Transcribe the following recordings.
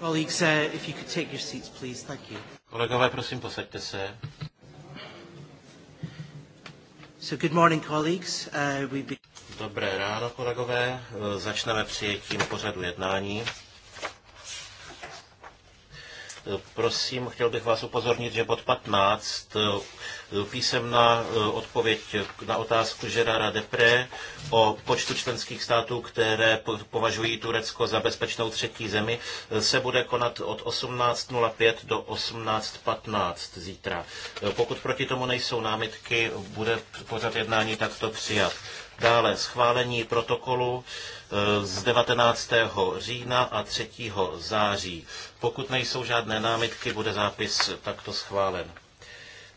Colleagues, uh, if you could take your seats, please. Thank you. Kolegové, prosím, posaďte se. So good morning, colleagues. Uh, we be... Dobré ráno, kolegové. Uh, začneme přijetím pořadu jednání. Prosím, chtěl bych vás upozornit, že bod 15 eh, písemná eh, odpověď na otázku Gerara Depré o počtu členských států, které považují Turecko za bezpečnou třetí zemi, eh, se bude konat od 18.05 do 18.15 zítra. Pokud proti tomu nejsou námitky, bude pořad jednání takto přijat. Dále schválení protokolu eh, z 19. října a 3. září. Pokud nejsou žádné námitky, bude zápis takto schválen.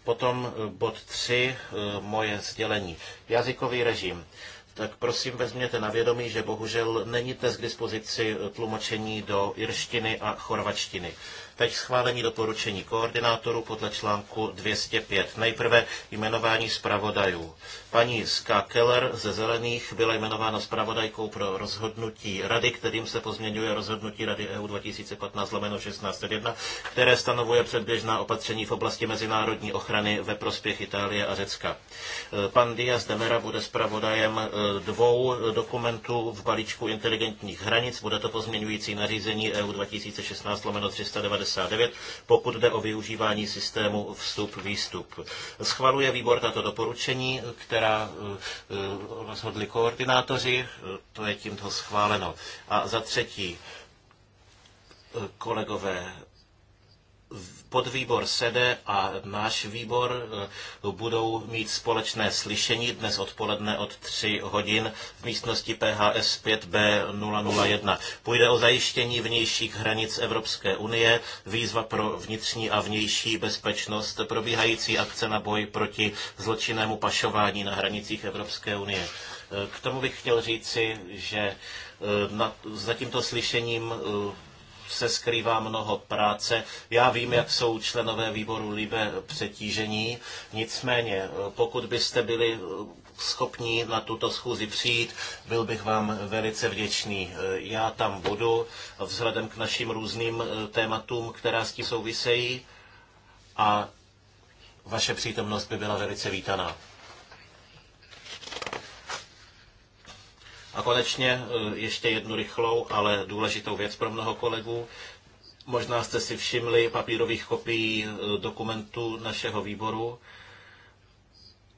Potom eh, bod 3, eh, moje sdělení. Jazykový režim tak prosím vezměte na vědomí, že bohužel není dnes k dispozici tlumočení do irštiny a chorvačtiny. Teď schválení doporučení koordinátorů podle článku 205. Nejprve jmenování zpravodajů. Paní Ska Keller ze Zelených byla jmenována zpravodajkou pro rozhodnutí rady, kterým se pozměňuje rozhodnutí rady EU 2015-1601, které stanovuje předběžná opatření v oblasti mezinárodní ochrany ve prospěch Itálie a Řecka. E, pan Díaz Demera bude zpravodajem e, dvou dokumentů v balíčku inteligentních hranic. Bude to pozměňující nařízení EU 2016-399, pokud jde o využívání systému vstup-výstup. Schvaluje výbor tato doporučení, které která eh, eh, rozhodli koordinátoři, eh, to je tímto schváleno. A za třetí, kolegové, podvýbor SEDE a náš výbor eh, budou mít společné slyšení dnes odpoledne od 3 hodin v místnosti PHS 5B001. Půjde o zajištění vnějších hranic Evropské unie, výzva pro vnitřní a vnější bezpečnost, probíhající akce na boj proti zločinnému pašování na hranicích Evropské unie. Eh, k tomu bych chtěl říci, že eh, za tímto slyšením se skrývá mnoho práce. Já vím, jak jsou členové výboru Libe přetížení, nicméně eh, pokud byste byli eh, schopní na tuto schůzi přijít, byl bych vám velice vděčný. Eh, já tam budu vzhledem k našim různým tématům, která s tím souvisejí a vaše přítomnost by byla velice vítaná. A konečně e, ještě jednu rychlou, ale důležitou věc pro mnoho kolegů. Možná jste si všimli papírových kopií e, dokumentů našeho výboru,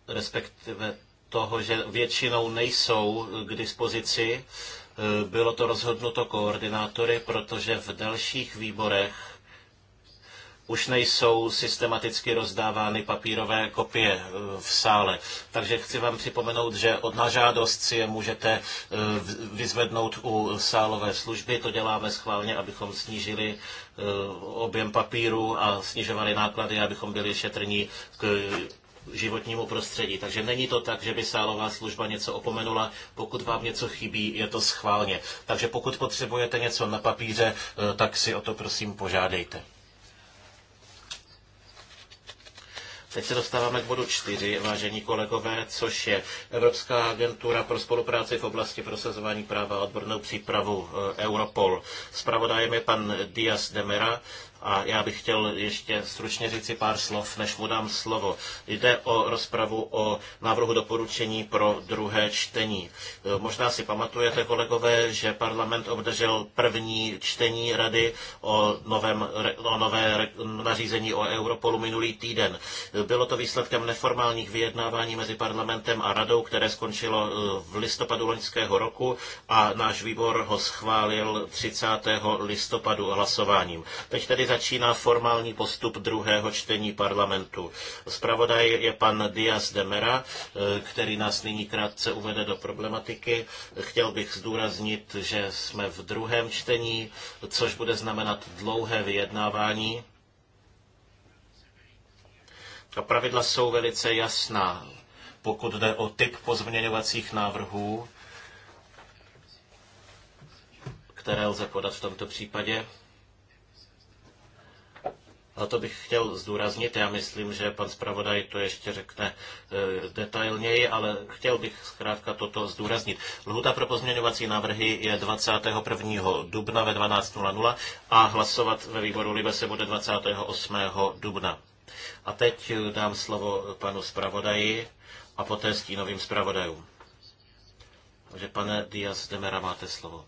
respektive toho, že většinou nejsou k dispozici. E, bylo to rozhodnuto koordinátory, protože v dalších výborech už nejsou systematicky rozdávány papírové kopie eh, v sále. Takže chci vám připomenout, že od na žádost si je můžete eh, vyzvednout u sálové služby. To děláme schválně, abychom snížili eh, objem papíru a snižovali náklady, abychom byli šetrní k životnímu prostředí. Takže není to tak, že by sálová služba něco opomenula. Pokud vám něco chybí, je to schválně. Takže pokud potřebujete něco na papíře, tak si o to prosím požádejte. Teď se dostáváme k bodu čtyři, vážení kolegové, což je Evropská agentura pro spolupráci v oblasti prosazování práva a odbornou přípravu eh, Europol. Spravodajem je pan Dias Demera. A já bych chtěl ještě stručně říci pár slov, než mu dám slovo. Jde o rozpravu o návrhu doporučení pro druhé čtení. E, možná si pamatujete, kolegové, že parlament obdržel první čtení rady o, novém, o nové nařízení o Europolu minulý týden. E, bylo to výsledkem neformálních vyjednávání mezi parlamentem a radou, které skončilo e, v listopadu loňského roku a náš výbor ho schválil 30. listopadu hlasováním. Teď tedy začíná formální postup druhého čtení parlamentu. Spravodaj je pan Diaz Demera, eh, který nás nyní krátce uvede do problematiky. Chtěl bych zdůraznit, že jsme v druhém čtení, což bude znamenat dlouhé vyjednávání. A pravidla jsou velice jasná, pokud jde o typ pozměňovacích návrhů, které lze podat v tomto případě. A to bych chtěl zdůraznit. Já myslím, že pan zpravodaj to ještě řekne eh, detailněji, ale chtěl bych zkrátka toto zdůraznit. Lhuta pro pozměňovací návrhy je 21. dubna ve 12.00 a hlasovat ve výboru Libe se bude 28. dubna. A teď eh, dám slovo panu zpravodaji a poté stínovým zpravodajům. Takže pane Díaz Demera, máte slovo.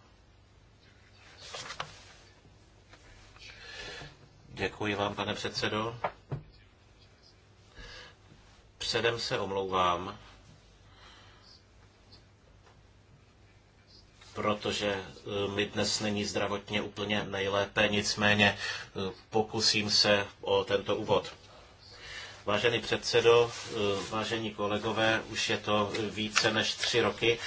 Děkuji vám, pane předsedo. Předem se omlouvám, protože eh, mi dnes není zdravotně úplně nejlépe, nicméně eh, pokusím se o tento úvod. Vážený předsedo, eh, vážení kolegové, už je to více než tři roky,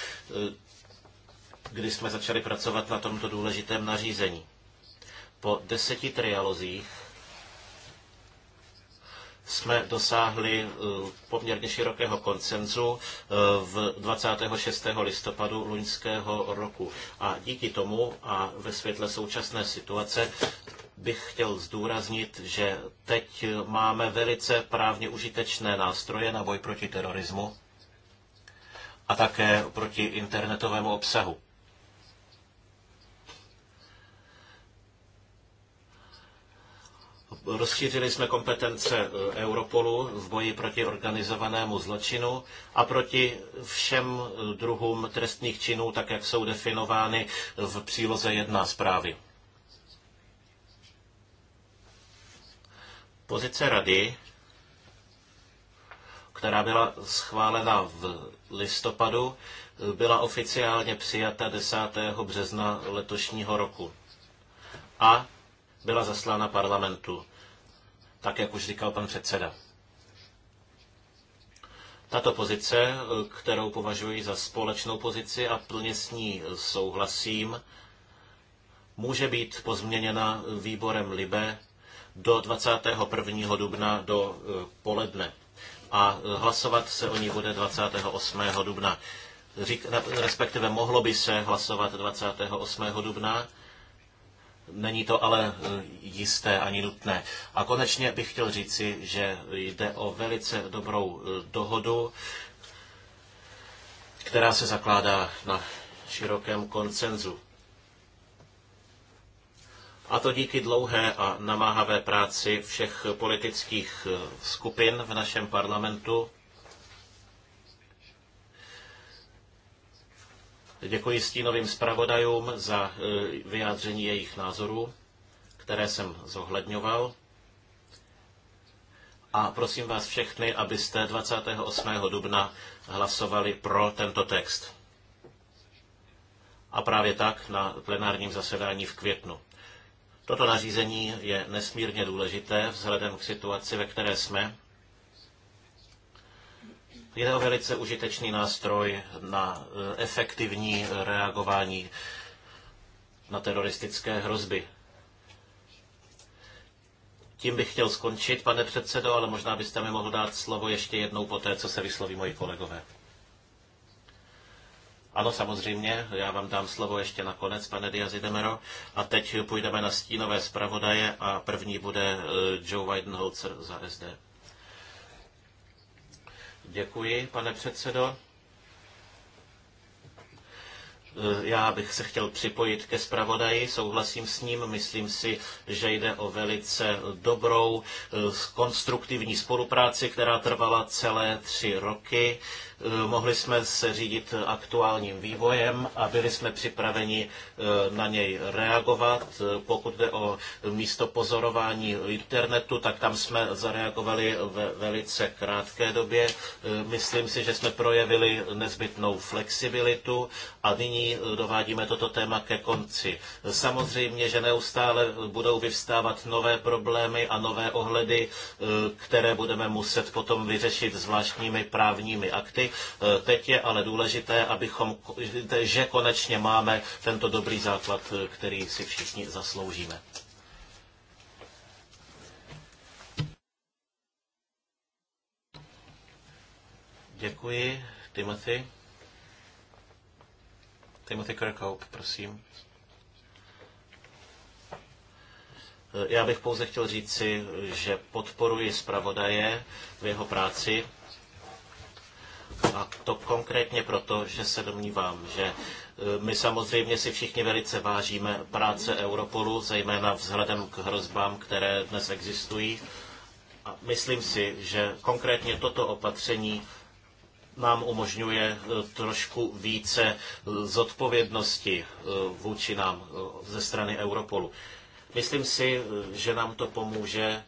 kdy jsme začali pracovat na tomto důležitém nařízení. Po deseti trialozích jsme dosáhli eh, poměrně širokého koncenzu eh, v 26. listopadu loňského roku. A díky tomu a ve světle současné situace bych chtěl zdůraznit, že teď máme velice právně užitečné nástroje na boj proti terorismu a také proti internetovému obsahu. Rozšířili jsme kompetence e, Europolu v boji proti organizovanému zločinu a proti všem e, druhům trestných činů, tak jak jsou definovány v příloze 1 zprávy. Pozice rady, která byla schválena v listopadu, e, byla oficiálně přijata 10. března letošního roku a byla zaslána parlamentu tak jak už říkal pan předseda. Tato pozice, kterou považuji za společnou pozici a plně s ní souhlasím, může být pozměněna výborem LIBE do 21. dubna do eh, poledne. A eh, hlasovat se o ní bude 28. dubna. Řík, respektive mohlo by se hlasovat 28. dubna, Není to ale e, jisté ani nutné. A konečně bych chtěl říci, že jde o velice dobrou e, dohodu, která se zakládá na širokém koncenzu. A to díky dlouhé a namáhavé práci všech politických e, skupin v našem parlamentu, Děkuji stínovým zpravodajům za e, vyjádření jejich názorů, které jsem zohledňoval. A prosím vás všechny, abyste 28. dubna hlasovali pro tento text. A právě tak na plenárním zasedání v květnu. Toto nařízení je nesmírně důležité vzhledem k situaci, ve které jsme Jde o velice užitečný nástroj na eh, efektivní eh, reagování na teroristické hrozby. Tím bych chtěl skončit, pane předsedo, ale možná byste mi mohl dát slovo ještě jednou po té, co se vysloví moji kolegové. Ano, samozřejmě, já vám dám slovo ještě na konec, pane Diazidemero. A teď půjdeme na stínové zpravodaje a první bude eh, Joe Weidenholzer za SD. Děkuji, pane předsedo. E, já bych se chtěl připojit ke zpravodaji, souhlasím s ním, myslím si, že jde o velice dobrou, e, konstruktivní spolupráci, která trvala celé tři roky. Eh, mohli jsme se řídit aktuálním vývojem a byli jsme připraveni eh, na něj reagovat. Eh, pokud jde o místo pozorování internetu, tak tam jsme zareagovali ve velice krátké době. Myslím si, že jsme projevili nezbytnou flexibilitu a nyní dovádíme toto téma ke konci. Samozřejmě, že neustále budou vyvstávat nové problémy a nové ohledy, které budeme muset potom vyřešit zvláštními právními akty Eh, teď je ale důležité, abychom, eh, že konečně máme tento dobrý základ, eh, který si všichni zasloužíme. Děkuji, Timothy. Timothy Kirkhope, prosím. Já bych pouze chtěl říci, že podporuji zpravodaje v jeho práci. A to konkrétně proto, že se domnívám, že e, my samozřejmě si všichni velice vážíme práce Europolu, zejména vzhledem k hrozbám, které dnes existují. A myslím si, že konkrétně toto opatření nám umožňuje e, trošku více e, zodpovědnosti vůči nám ze strany Europolu. Myslím si, že nám to pomůže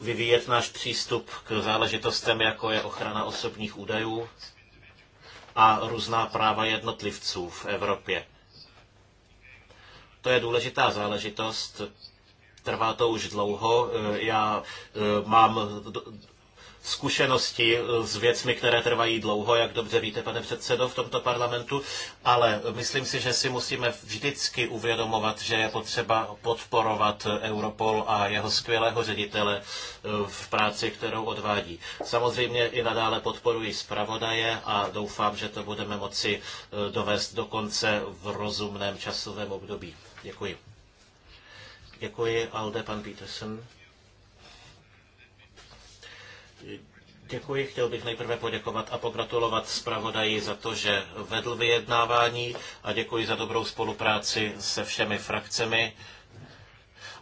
vyvíjet náš přístup k záležitostem, jako je ochrana osobních údajů a různá práva jednotlivců v Evropě. To je důležitá záležitost, trvá to už dlouho. Já eh, mám zkušenosti eh, s věcmi, které trvají dlouho, jak dobře víte, pane předsedo, v tomto parlamentu, ale myslím si, že si musíme vždycky uvědomovat, že je potřeba podporovat Europol a jeho skvělého ředitele eh, v práci, kterou odvádí. Samozřejmě i nadále podporuji zpravodaje a doufám, že to budeme moci eh, dovést do konce v rozumném časovém období. Děkuji. Děkuji, Alde, pan Peterson. Děkuji, chtěl bych nejprve poděkovat a pogratulovat zpravodaji za to, že vedl vyjednávání a děkuji za dobrou spolupráci se všemi frakcemi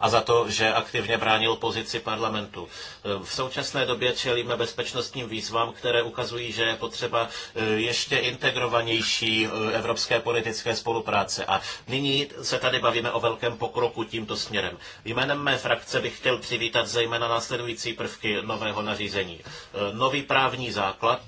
a za to, že aktivně bránil pozici parlamentu. E, v současné době čelíme bezpečnostním výzvám, které ukazují, že je potřeba e, ještě integrovanější e, evropské politické spolupráce. A nyní se tady bavíme o velkém pokroku tímto směrem. Jménem mé frakce bych chtěl přivítat zejména následující prvky nového nařízení. Nový právní základ,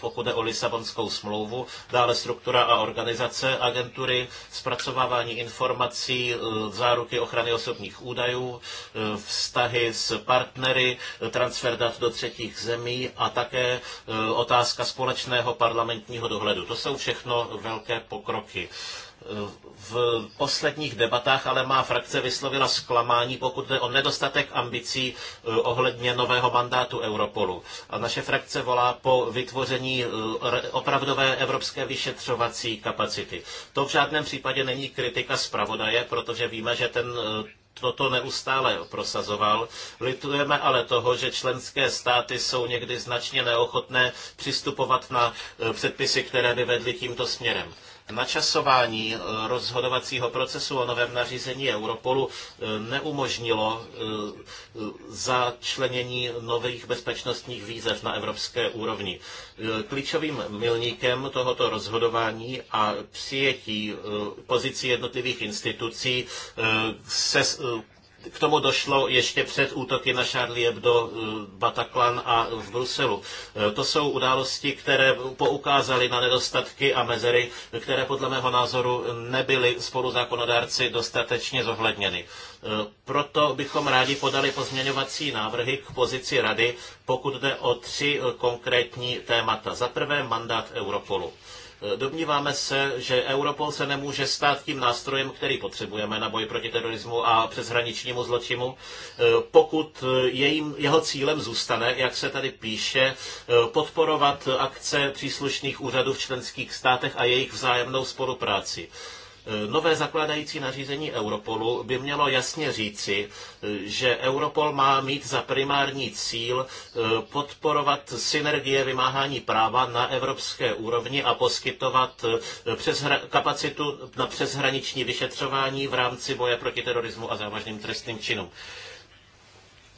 pokud je o Lisabonskou smlouvu, dále struktura a organizace agentury, zpracovávání informací, záruky ochrany osobních osobních údajů, eh, vztahy s partnery, eh, transfer dat do třetích zemí a také eh, otázka společného parlamentního dohledu. To jsou všechno velké pokroky v posledních debatách, ale má frakce vyslovila zklamání, pokud jde o nedostatek ambicí ohledně nového mandátu Europolu. A naše frakce volá po vytvoření opravdové evropské vyšetřovací kapacity. To v žádném případě není kritika zpravodaje, protože víme, že ten toto neustále prosazoval. Litujeme ale toho, že členské státy jsou někdy značně neochotné přistupovat na eh, předpisy, které by vedly tímto směrem. Načasování eh, rozhodovacího procesu o novém nařízení Europolu eh, neumožnilo eh, začlenění nových bezpečnostních výzev na evropské úrovni. Klíčovým milníkem tohoto rozhodování a přijetí pozici jednotlivých institucí se k tomu došlo ještě před útoky na Charlie Hebdo, eh, Bataclan a v Bruselu. Eh, to jsou události, které poukázaly na nedostatky a mezery, které podle mého názoru nebyly spoluzákonodárci dostatečně zohledněny. E, proto bychom rádi podali pozměňovací návrhy k pozici rady, pokud jde o tři e, konkrétní témata. Za prvé mandát Europolu. E, domníváme se, že Europol se nemůže stát tím nástrojem, který potřebujeme na boj proti terorismu a přeshraničnímu zločinu, pokud jejím, jeho cílem zůstane, jak se tady píše, podporovat akce příslušných úřadů v členských státech a jejich vzájemnou spolupráci. Eh, nové zakládající nařízení Europolu by mělo jasně říci, eh, že Europol má mít za primární cíl eh, podporovat synergie vymáhání práva na evropské úrovni a poskytovat přeshra- kapacitu na přeshraniční vyšetřování v rámci boje proti terorismu a závažným trestným činům.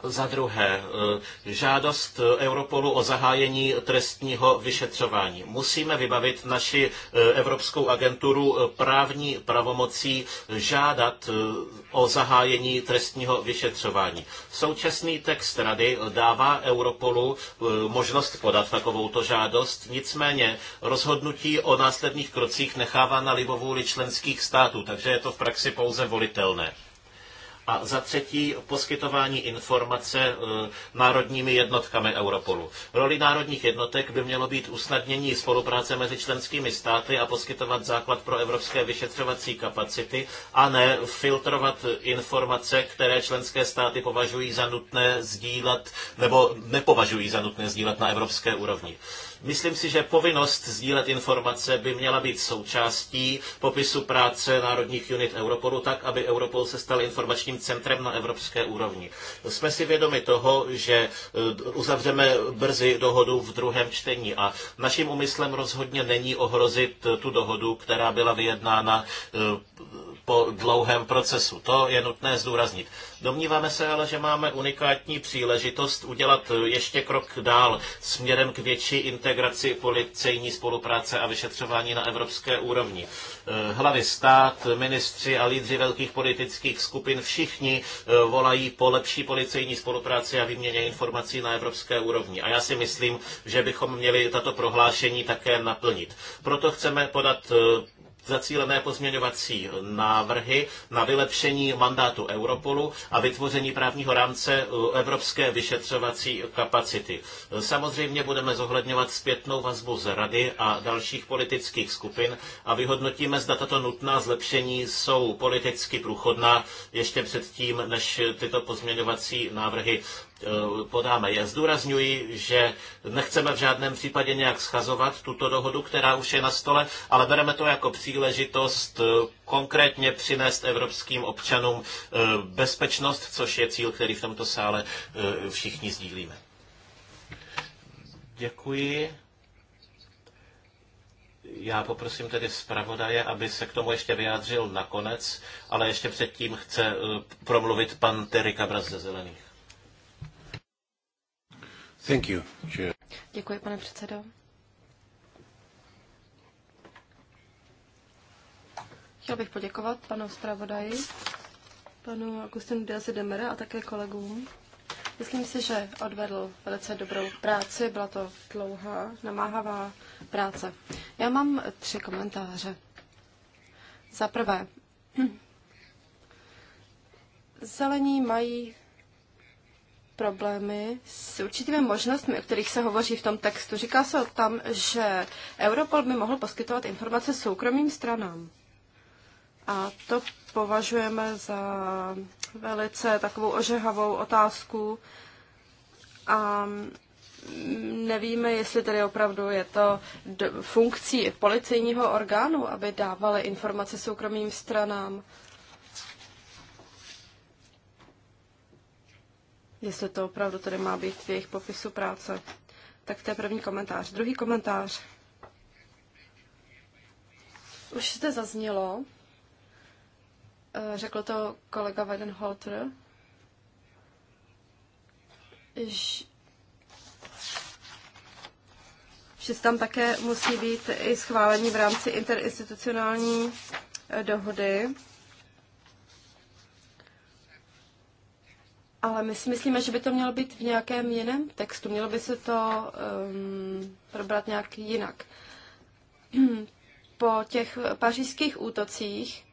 Za druhé, eh, žádost Europolu o zahájení trestního vyšetřování. Musíme vybavit naši eh, Evropskou agenturu eh, právní pravomocí žádat o zahájení trestního vyšetřování. Současný text rady dává Europolu možnost podat takovouto žádost, nicméně rozhodnutí o následných krocích nechává na libovůli členských států, takže je to v praxi pouze volitelné. A za třetí poskytování informace eh, národními jednotkami Europolu. Roli národních jednotek by mělo být usnadnění spolupráce mezi členskými státy a poskytovat základ pro evropské vyšetřovací kapacity a ne filtrovat informace, které členské státy považují za nutné sdílet nebo nepovažují za nutné sdílet na evropské úrovni. Myslím si, že povinnost sdílet informace by měla být součástí popisu práce národních unit Europolu tak, aby Europol se stal informačním centrem na evropské úrovni. Jsme si vědomi toho, že eh, uzavřeme brzy dohodu v druhém čtení a naším úmyslem rozhodně není ohrozit tu dohodu, která byla vyjednána eh, po dlouhém procesu. To je nutné zdůraznit. Domníváme se ale, že máme unikátní příležitost udělat ještě krok dál směrem k větší integraci policejní spolupráce a vyšetřování na evropské úrovni. Eh, hlavy stát, ministři a lídři velkých politických skupin všichni eh, volají po lepší policejní spolupráci a výměně informací na evropské úrovni. A já si myslím, že bychom měli tato prohlášení také naplnit. Proto chceme podat eh, zacílené pozměňovací návrhy na vylepšení mandátu Europolu a vytvoření právního rámce uh, evropské vyšetřovací kapacity. Samozřejmě budeme zohledňovat zpětnou vazbu z Rady a dalších politických skupin a vyhodnotíme, zda tato nutná zlepšení jsou politicky průchodná ještě předtím, než tyto pozměňovací návrhy Eh, podáme. Já zdůrazňuji, že nechceme v žádném případě nějak schazovat tuto dohodu, která už je na stole, ale bereme to jako příležitost eh, konkrétně přinést evropským občanům eh, bezpečnost, což je cíl, který v tomto sále všichni sdílíme. Děkuji. Já poprosím tedy zpravodaje, aby se k tomu ještě vyjádřil nakonec, ale ještě předtím chce promluvit pan Terry Cabras ze Zelených. Thank you. Sure. Děkuji, pane předsedo. Chtěl bych poděkovat panu zpravodaji, panu Agustinu Diazi Demera a také kolegům. Myslím si, že odvedl velice dobrou práci, byla to dlouhá, namáhavá práce. Já mám tři komentáře. Za prvé, zelení mají problémy s určitými možnostmi, o kterých se hovoří v tom textu. Říká se tam, že Europol by mohl poskytovat informace soukromým stranám. A to považujeme za velice takovou ožehavou otázku. A nevíme, jestli tedy opravdu je to funkcí policejního orgánu, aby dávali informace soukromým stranám. jestli to opravdu tady má být v jejich popisu práce. Tak to je první komentář. Druhý komentář. Už zde zaznělo, eh, řekl to kolega Weidenholter, že tam také musí být i schválení v rámci interinstitucionální eh, dohody Ale my si myslíme, že by to mělo být v nějakém jiném textu, mělo by se to um, probrat nějak jinak. Po těch pařížských útocích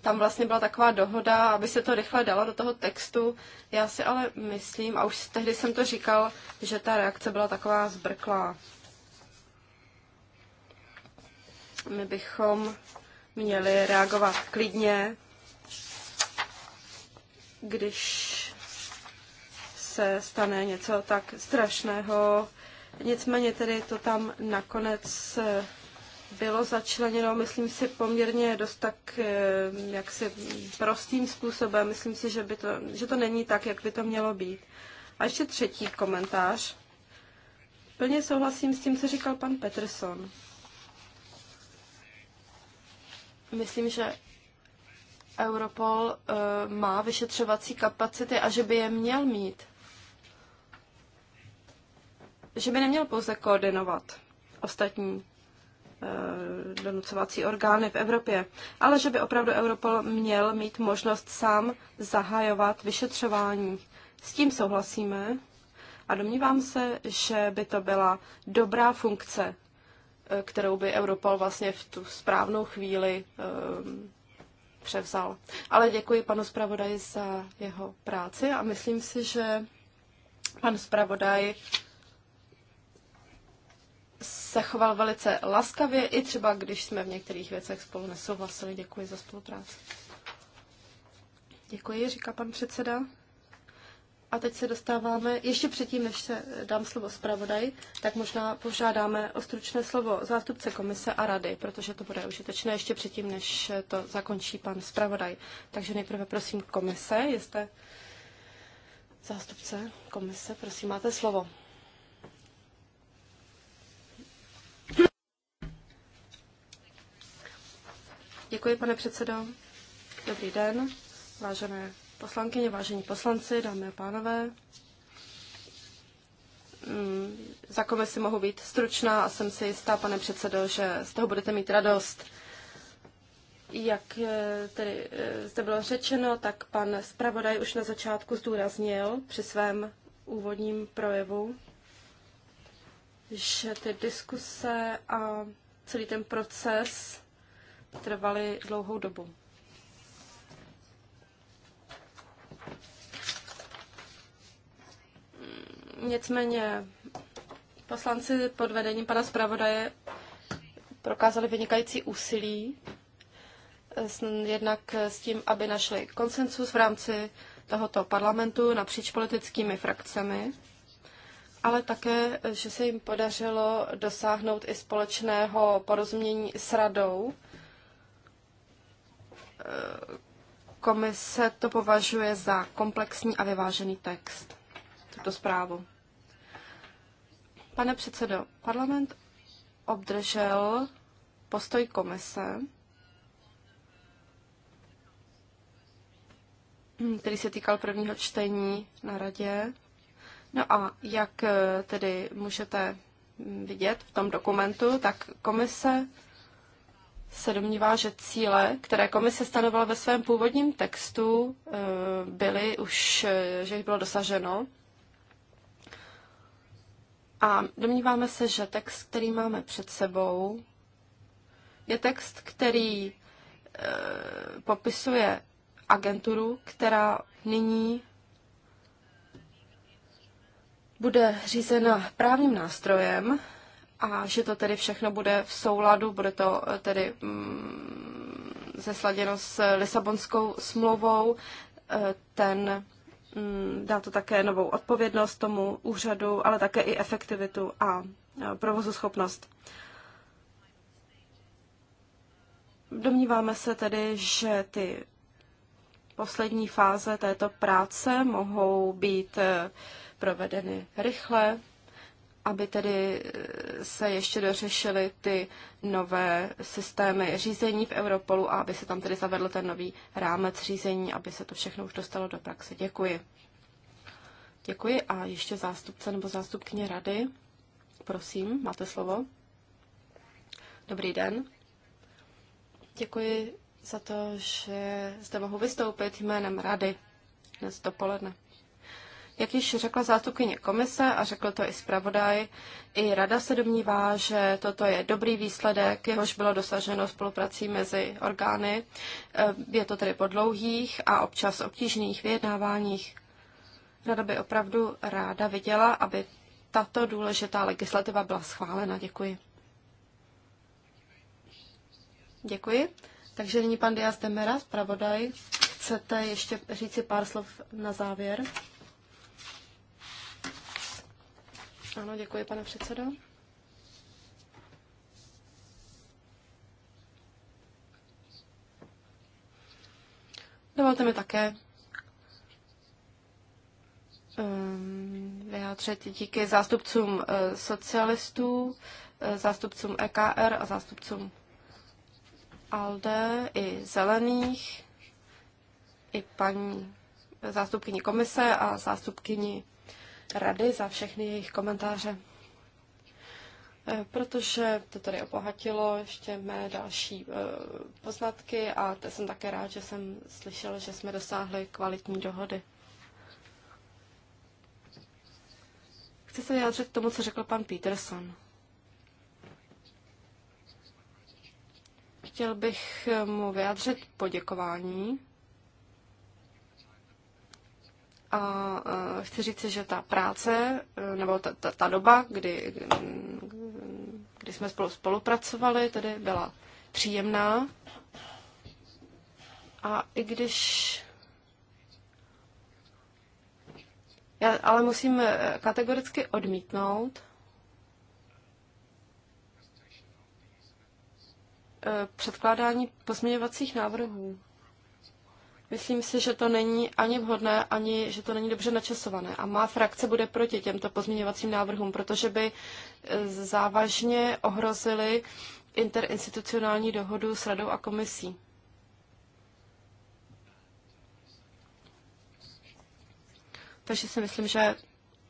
tam vlastně byla taková dohoda, aby se to rychle dalo do toho textu. Já si ale myslím, a už tehdy jsem to říkal, že ta reakce byla taková zbrklá. My bychom měli reagovat klidně, když se stane něco tak strašného. Nicméně tedy to tam nakonec eh, bylo začleněno, myslím si, poměrně dost tak eh, jaksi prostým způsobem. Myslím si, že, by to, že to není tak, jak by to mělo být. A ještě třetí komentář. Plně souhlasím s tím, co říkal pan Peterson. Myslím, že Europol eh, má vyšetřovací kapacity a že by je měl mít že by neměl pouze koordinovat ostatní eh, donucovací orgány v Evropě, ale že by opravdu Europol měl mít možnost sám zahajovat vyšetřování. S tím souhlasíme a domnívám se, že by to byla dobrá funkce, eh, kterou by Europol vlastně v tu správnou chvíli e, převzal. Ale děkuji panu zpravodaji za jeho práci a myslím si, že pan zpravodaj se choval velice laskavě, i třeba když jsme v některých věcech spolu nesouhlasili. Děkuji za spolupráci. Děkuji, říká pan předseda. A teď se dostáváme, ještě předtím, než se dám slovo zpravodaj, tak možná požádáme o stručné slovo zástupce komise a rady, protože to bude užitečné ještě předtím, než to zakončí pan zpravodaj. Takže nejprve prosím komise, jestli zástupce komise, prosím, máte slovo. Děkuji, pane předsedo. Dobrý den, vážené poslankyně, vážení poslanci, dámy a pánové. Mm, za komisi mohu být stručná a jsem si jistá, pane předsedo, že z toho budete mít radost. Jak eh, tedy eh, zde bylo řečeno, tak pan zpravodaj už na začátku zdůraznil při svém úvodním projevu, že ty diskuse a celý ten proces trvaly dlouhou dobu. Nicméně poslanci pod vedením pana zpravodaje prokázali vynikající úsilí, jednak s tím, aby našli konsensus v rámci tohoto parlamentu napříč politickými frakcemi, ale také, že se jim podařilo dosáhnout i společného porozumění s radou, komise to považuje za komplexní a vyvážený text, tuto zprávu. Pane předsedo, parlament obdržel postoj komise, který se týkal prvního čtení na radě. No a jak tedy můžete vidět v tom dokumentu, tak komise se domnívá, že cíle, které komise stanovala ve svém původním textu, eh, byly už, eh, že jich bylo dosaženo. A domníváme se, že text, který máme před sebou, je text, který eh, popisuje agenturu, která nyní bude řízena právním nástrojem, a že to tedy všechno bude v souladu, bude to eh, tedy mm, zesladěno s Lisabonskou smlouvou. Eh, ten mm, dá to také novou odpovědnost tomu úřadu, ale také i efektivitu a eh, provozuschopnost. Domníváme se tedy, že ty poslední fáze této práce mohou být provedeny rychle, aby tedy eh, se ještě dořešily ty nové systémy řízení v Europolu a aby se tam tedy zavedl ten nový rámec řízení, aby se to všechno už dostalo do praxe. Děkuji. Děkuji a ještě zástupce nebo zástupkyně rady. Prosím, máte slovo. Dobrý den. Děkuji za to, že zde mohu vystoupit jménem rady dnes dopoledne. Jak již řekla zástupkyně komise a řekl to i zpravodaj, i rada se domnívá, že toto je dobrý výsledek, jehož bylo dosaženo spoluprací mezi orgány. Eh, je to tedy po dlouhých a občas obtížných vyjednáváních. Rada by opravdu ráda viděla, aby tato důležitá legislativa byla schválena. Děkuji. Děkuji. Takže nyní pan Diaz Demera, zpravodaj. Chcete ještě říci pár slov na závěr? Ano, děkuji, pane předsedo. Dovolte mi také ehm, vyjádřit díky zástupcům eh, socialistů, eh, zástupcům EKR a zástupcům ALDE i zelených, i paní eh, zástupkyni komise a zástupkyni rady, za všechny jejich komentáře, eh, protože to tady obohatilo ještě mé další eh, poznatky a to jsem také rád, že jsem slyšel, že jsme dosáhli kvalitní dohody. Chci se vyjádřit k tomu, co řekl pan Peterson. Chtěl bych mu vyjádřit poděkování a e, chci říct, že ta práce, e, nebo ta, ta, ta doba, kdy, kdy jsme spolu spolupracovali, tedy byla příjemná. A i když Já ale musím e, kategoricky odmítnout předkládání pozměňovacích návrhů. Myslím si, že to není ani vhodné, ani že to není dobře načasované. A má frakce bude proti těmto pozměňovacím návrhům, protože by eh, závažně ohrozili interinstitucionální dohodu s radou a komisí. Takže si myslím, že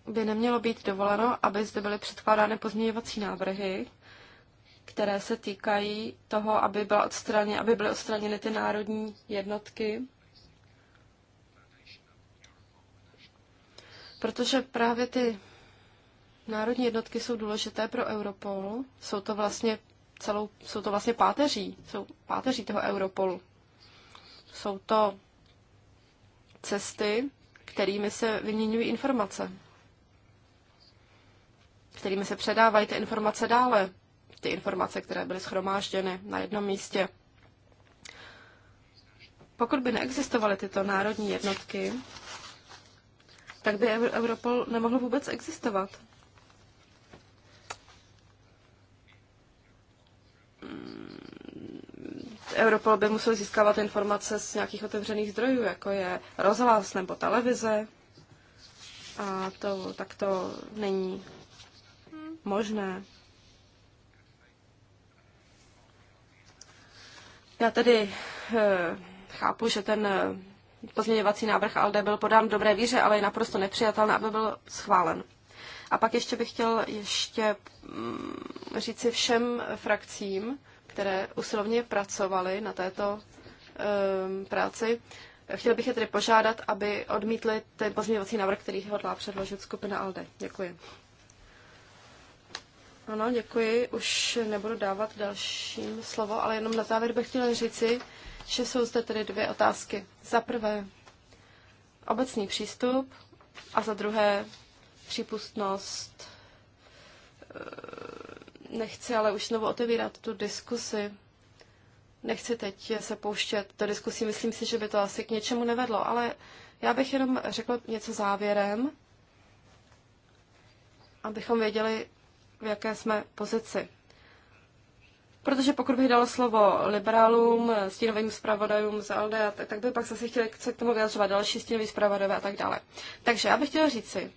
by nemělo být dovoleno, aby zde byly předkládány pozměňovací návrhy, které se týkají toho, aby, byla odstraně, aby byly odstraněny ty národní jednotky. protože právě ty národní jednotky jsou důležité pro Europol. Jsou to vlastně celou, jsou to vlastně páteří, jsou páteří toho Europolu. Jsou to cesty, kterými se vyměňují informace, kterými se předávají ty informace dále, ty informace, které byly schromážděny na jednom místě. Pokud by neexistovaly tyto národní jednotky, tak by Europol nemohl vůbec existovat. Mm, Europol by musel získávat informace z nějakých otevřených zdrojů, jako je rozhlas nebo televize. A to tak to není možné. Já tedy eh, chápu, že ten pozměňovací návrh ALDE byl podán v dobré víře, ale je naprosto nepřijatelné, aby byl schválen. A pak ještě bych chtěl ještě mm, říci všem frakcím, které usilovně pracovaly na této um, práci, Chtěl bych je tedy požádat, aby odmítli ten pozměňovací návrh, který hodlá předložit skupina ALDE. Děkuji. Ano, děkuji. Už nebudu dávat dalším slovo, ale jenom na závěr bych chtěla říci, že jsou zde tedy dvě otázky. Za prvé obecný přístup a za druhé přípustnost. Eh, nechci ale už znovu otevírat tu diskusi. Nechci teď se pouštět do diskusí, myslím si, že by to asi k něčemu nevedlo, ale já bych jenom řekla něco závěrem, abychom věděli, v jaké jsme pozici. Protože pokud bych dal slovo liberálům, stínovým zpravodajům z ALDE, tak, tak by pak zase chtěli se k tomu vyjadřovat další stínový zpravodajové a tak dále. Takže já bych chtěla říci,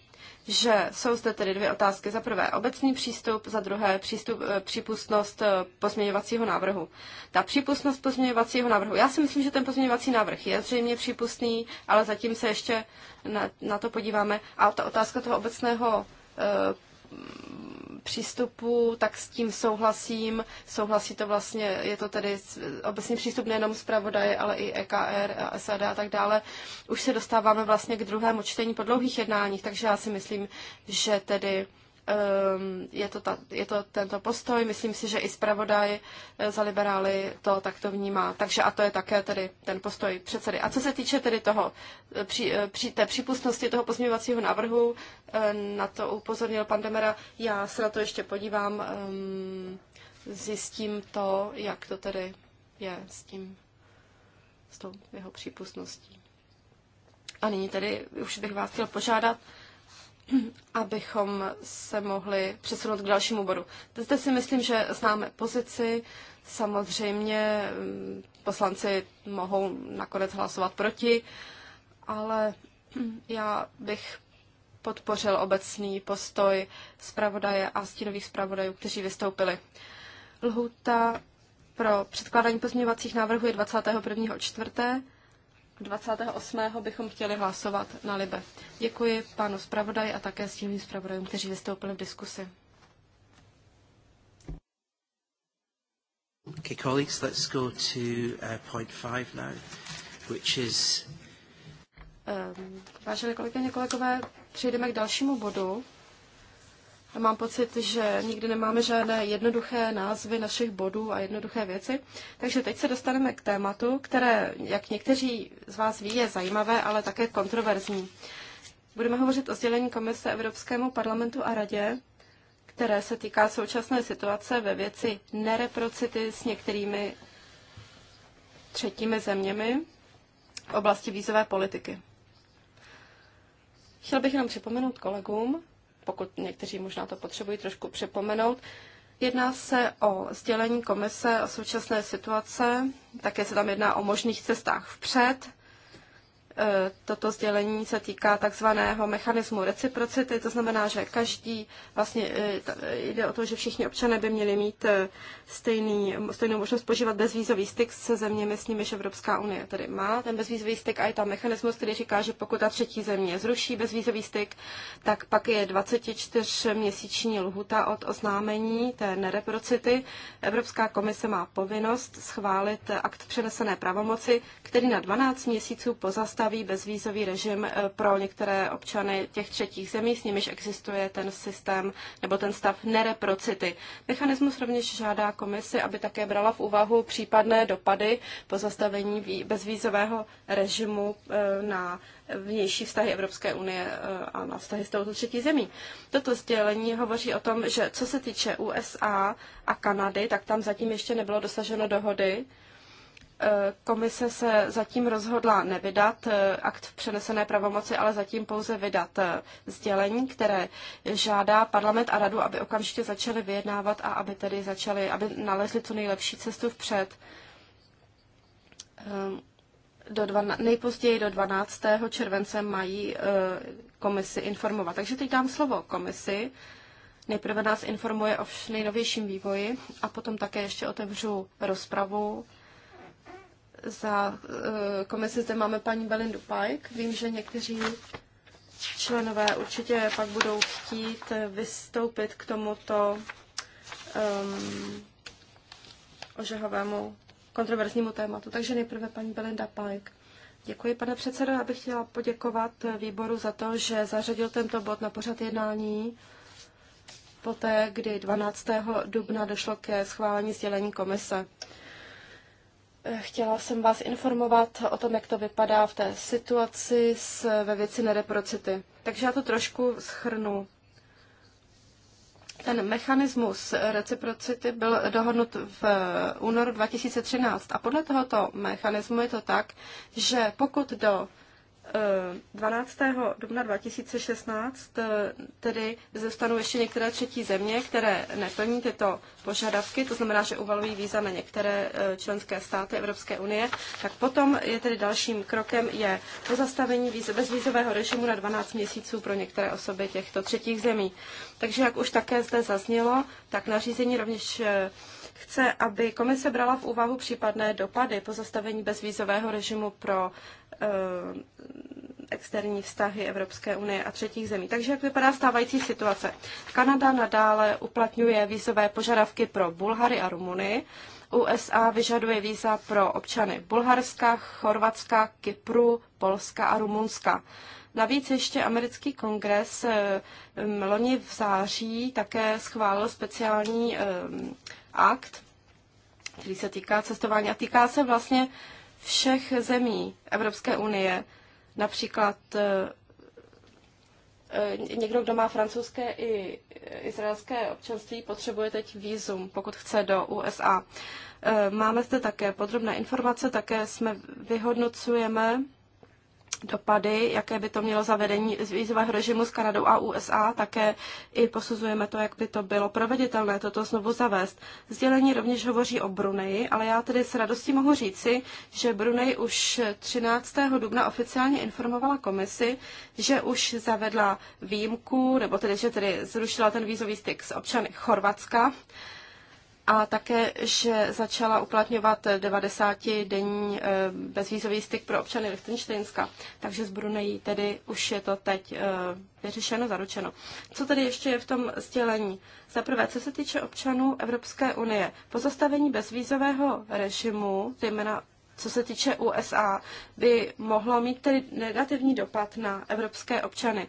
že jsou zde tedy dvě otázky. Za prvé obecný přístup, za druhé přístup, eh, přípustnost eh, pozměňovacího návrhu. Ta přípustnost pozměňovacího návrhu. Já si myslím, že ten pozměňovací návrh je zřejmě přípustný, ale zatím se ještě na, na to podíváme. A ta otázka toho obecného eh, přístupu, tak s tím souhlasím. Souhlasí to vlastně, je to tedy obecně přístup nejenom zpravodaje, ale i EKR, a SAD a tak dále. Už se dostáváme vlastně k druhému čtení po dlouhých jednáních, takže já si myslím, že tedy Ehm, je to, ta, je to tento postoj. Myslím si, že i zpravodaj eh, za liberály to takto vnímá. Takže a to je také tedy ten postoj předsedy. A co se týče tedy toho, eh, při, eh, při, té přípustnosti toho pozměňovacího návrhu, na to upozornil pan Demera, já se na to ještě podívám, ehm, zjistím to, jak to tedy je s tím, s tou jeho přípustností. A nyní tedy už bych vás chtěl požádat, abychom se mohli přesunout k dalšímu bodu. Zde si myslím, že známe pozici. Samozřejmě mm, poslanci mohou nakonec hlasovat proti, ale já bych podpořil obecný postoj zpravodaje a stínových zpravodajů, kteří vystoupili. Lhuta pro předkládání pozměňovacích návrhů je 21. čtvrté 28. bychom chtěli hlasovat na Libe. Děkuji panu zpravodaji a také stínovým zpravodajům, kteří vystoupili v diskusi. Okay, colleagues, let's go to uh, point five now, which is... Um, vážené kolegyně, kolegové, přejdeme k dalšímu bodu, Mám pocit, že nikdy nemáme žádné jednoduché názvy našich bodů a jednoduché věci. Takže teď se dostaneme k tématu, které, jak někteří z vás ví, je zajímavé, ale také kontroverzní. Budeme hovořit o sdělení Komise Evropskému parlamentu a Radě, které se týká současné situace ve věci nereprocity s některými třetími zeměmi v oblasti vízové politiky. Chtěl bych jenom připomenout kolegům, pokud někteří možná to potřebují trošku připomenout. Jedná se o sdělení komise o současné situace, také se tam jedná o možných cestách vpřed, E, toto sdělení se týká takzvaného mechanismu reciprocity, to znamená, že každý, vlastně e, jde o to, že všichni občané by měli mít e, stejný, stejnou možnost požívat bezvízový styk se zeměmi, s nimiž Evropská unie tedy má. Ten bezvízový styk a je tam mechanismus, který říká, že pokud ta třetí země zruší bezvízový styk, tak pak je 24-měsíční lhuta od oznámení té nereprocity. Evropská komise má povinnost schválit akt přenesené pravomoci, který na 12 měsíců pozastaví stanoví bezvízový režim eh, pro některé občany těch třetích zemí, s nimiž existuje ten systém nebo ten stav nereprocity. Mechanismus rovněž žádá komisi, aby také brala v úvahu případné dopady pozastavení bezvízového režimu eh, na vnější vztahy Evropské unie eh, a na vztahy s touto třetí zemí. Toto sdělení hovoří o tom, že co se týče USA a Kanady, tak tam zatím ještě nebylo dosaženo dohody Komise se zatím rozhodla nevydat eh, akt v přenesené pravomoci, ale zatím pouze vydat eh, sdělení, které žádá parlament a radu, aby okamžitě začaly vyjednávat a aby tedy začaly, aby nalezli co nejlepší cestu vpřed. Ehm, do dva, nejpozději do 12. července mají eh, komisi informovat. Takže teď dám slovo komisi. Nejprve nás informuje o nejnovějším vývoji a potom také ještě otevřu rozpravu za eh, komisi zde máme paní Belindu Pike. Vím, že někteří členové určitě pak budou chtít vystoupit k tomuto um, ehm, ožehavému kontroverznímu tématu. Takže nejprve paní Belinda Pike. Děkuji, pane předsedo. Já bych chtěla poděkovat výboru za to, že zařadil tento bod na pořad jednání poté, kdy 12. dubna došlo ke schválení sdělení komise. Chtěla jsem vás informovat o tom, jak to vypadá v té situaci s, ve věci nereprocity. Takže já to trošku schrnu. Ten mechanismus reciprocity byl dohodnut v eh, únoru 2013 a podle tohoto mechanismu je to tak, že pokud do 12. Eh, dubna 2016 eh, tedy zůstanou ještě některé třetí země, které neplní tyto požadavky, to znamená, že uvalují víza na některé eh, členské státy Evropské unie, tak potom je tedy dalším krokem je pozastavení víze bezvízového režimu na 12 měsíců pro některé osoby těchto třetích zemí. Takže jak už také zde zaznělo, tak nařízení rovněž chce, aby komise brala v úvahu případné dopady pozastavení bezvízového režimu pro Eh, externí vztahy Evropské unie a třetích zemí. Takže jak vypadá stávající situace? Kanada nadále uplatňuje vízové požadavky pro Bulhary a Rumuny. USA vyžaduje víza pro občany Bulharska, Chorvatska, Kypru, Polska a Rumunska. Navíc ještě americký kongres eh, loni v září také schválil speciální eh, akt, který se týká cestování a týká se vlastně všech zemí Evropské unie, například eh, eh, někdo, kdo má francouzské i izraelské občanství, potřebuje teď výzum, pokud chce do USA. Eh, máme zde také podrobné informace, také jsme vyhodnocujeme dopady, jaké by to mělo zavedení vízového režimu s Kanadou a USA, také i posuzujeme to, jak by to bylo proveditelné toto znovu zavést. Sdělení rovněž hovoří o Bruneji, ale já tedy s radostí mohu říci, že Brunej už 13. dubna oficiálně informovala komisi, že už zavedla výjimku, nebo tedy, že tedy zrušila ten vízový styk s občany Chorvatska a také, že začala uplatňovat 90-denní eh, bezvízový styk pro občany Lichtensteinska. Takže z Brunejí tedy už je to teď eh, vyřešeno, zaručeno. Co tedy ještě je v tom sdělení? Za prvé, co se týče občanů Evropské unie, pozastavení bezvízového režimu, zejména co se týče USA, by mohlo mít tedy negativní dopad na evropské občany.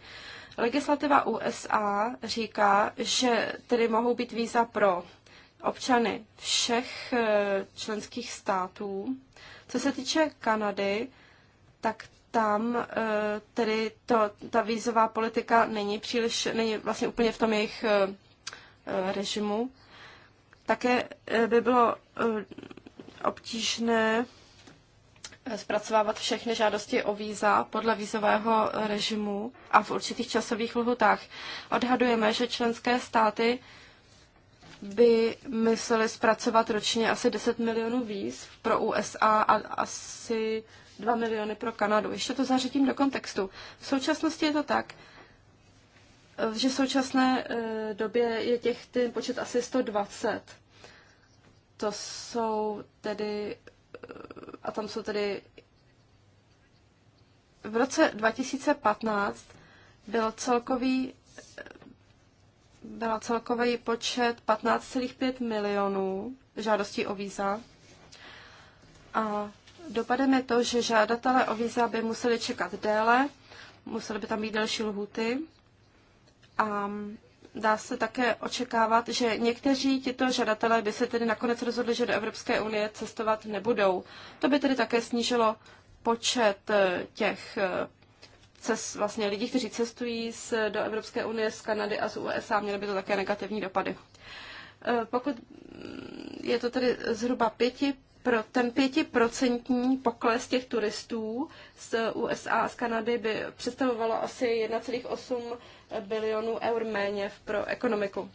Legislativa USA říká, že tedy mohou být víza pro občany všech eh, členských států. Co se týče Kanady, tak tam eh, tedy to, ta vízová politika není příliš, není vlastně úplně v tom jejich eh, režimu. Také by bylo obtížné zpracovávat všechny žádosti o víza podle vízového režimu a v určitých časových lhutách. Odhadujeme, že členské státy by mysleli zpracovat ročně asi 10 milionů víz pro USA a asi 2 miliony pro Kanadu. Ještě to zařadím do kontextu. V současnosti je to tak, že v současné eh, době je těch ten počet asi 120. To jsou tedy, eh, a tam jsou tedy, v roce 2015 byl celkový eh, byla celkový počet 15,5 milionů žádostí o víza. A dopadem je to, že žádatelé o víza by museli čekat déle, museli by tam být delší lhuty. A dá se také očekávat, že někteří tito žadatelé by se tedy nakonec rozhodli, že do Evropské unie cestovat nebudou. To by tedy také snížilo počet eh, těch eh, cest, vlastně lidí, kteří cestují z, do Evropské unie, z Kanady a z USA, měly by to také negativní dopady. E, pokud mm, je to tedy zhruba pěti pro ten pětiprocentní pokles těch turistů z USA a z Kanady by představovalo asi 1,8 bilionů eur méně pro ekonomiku.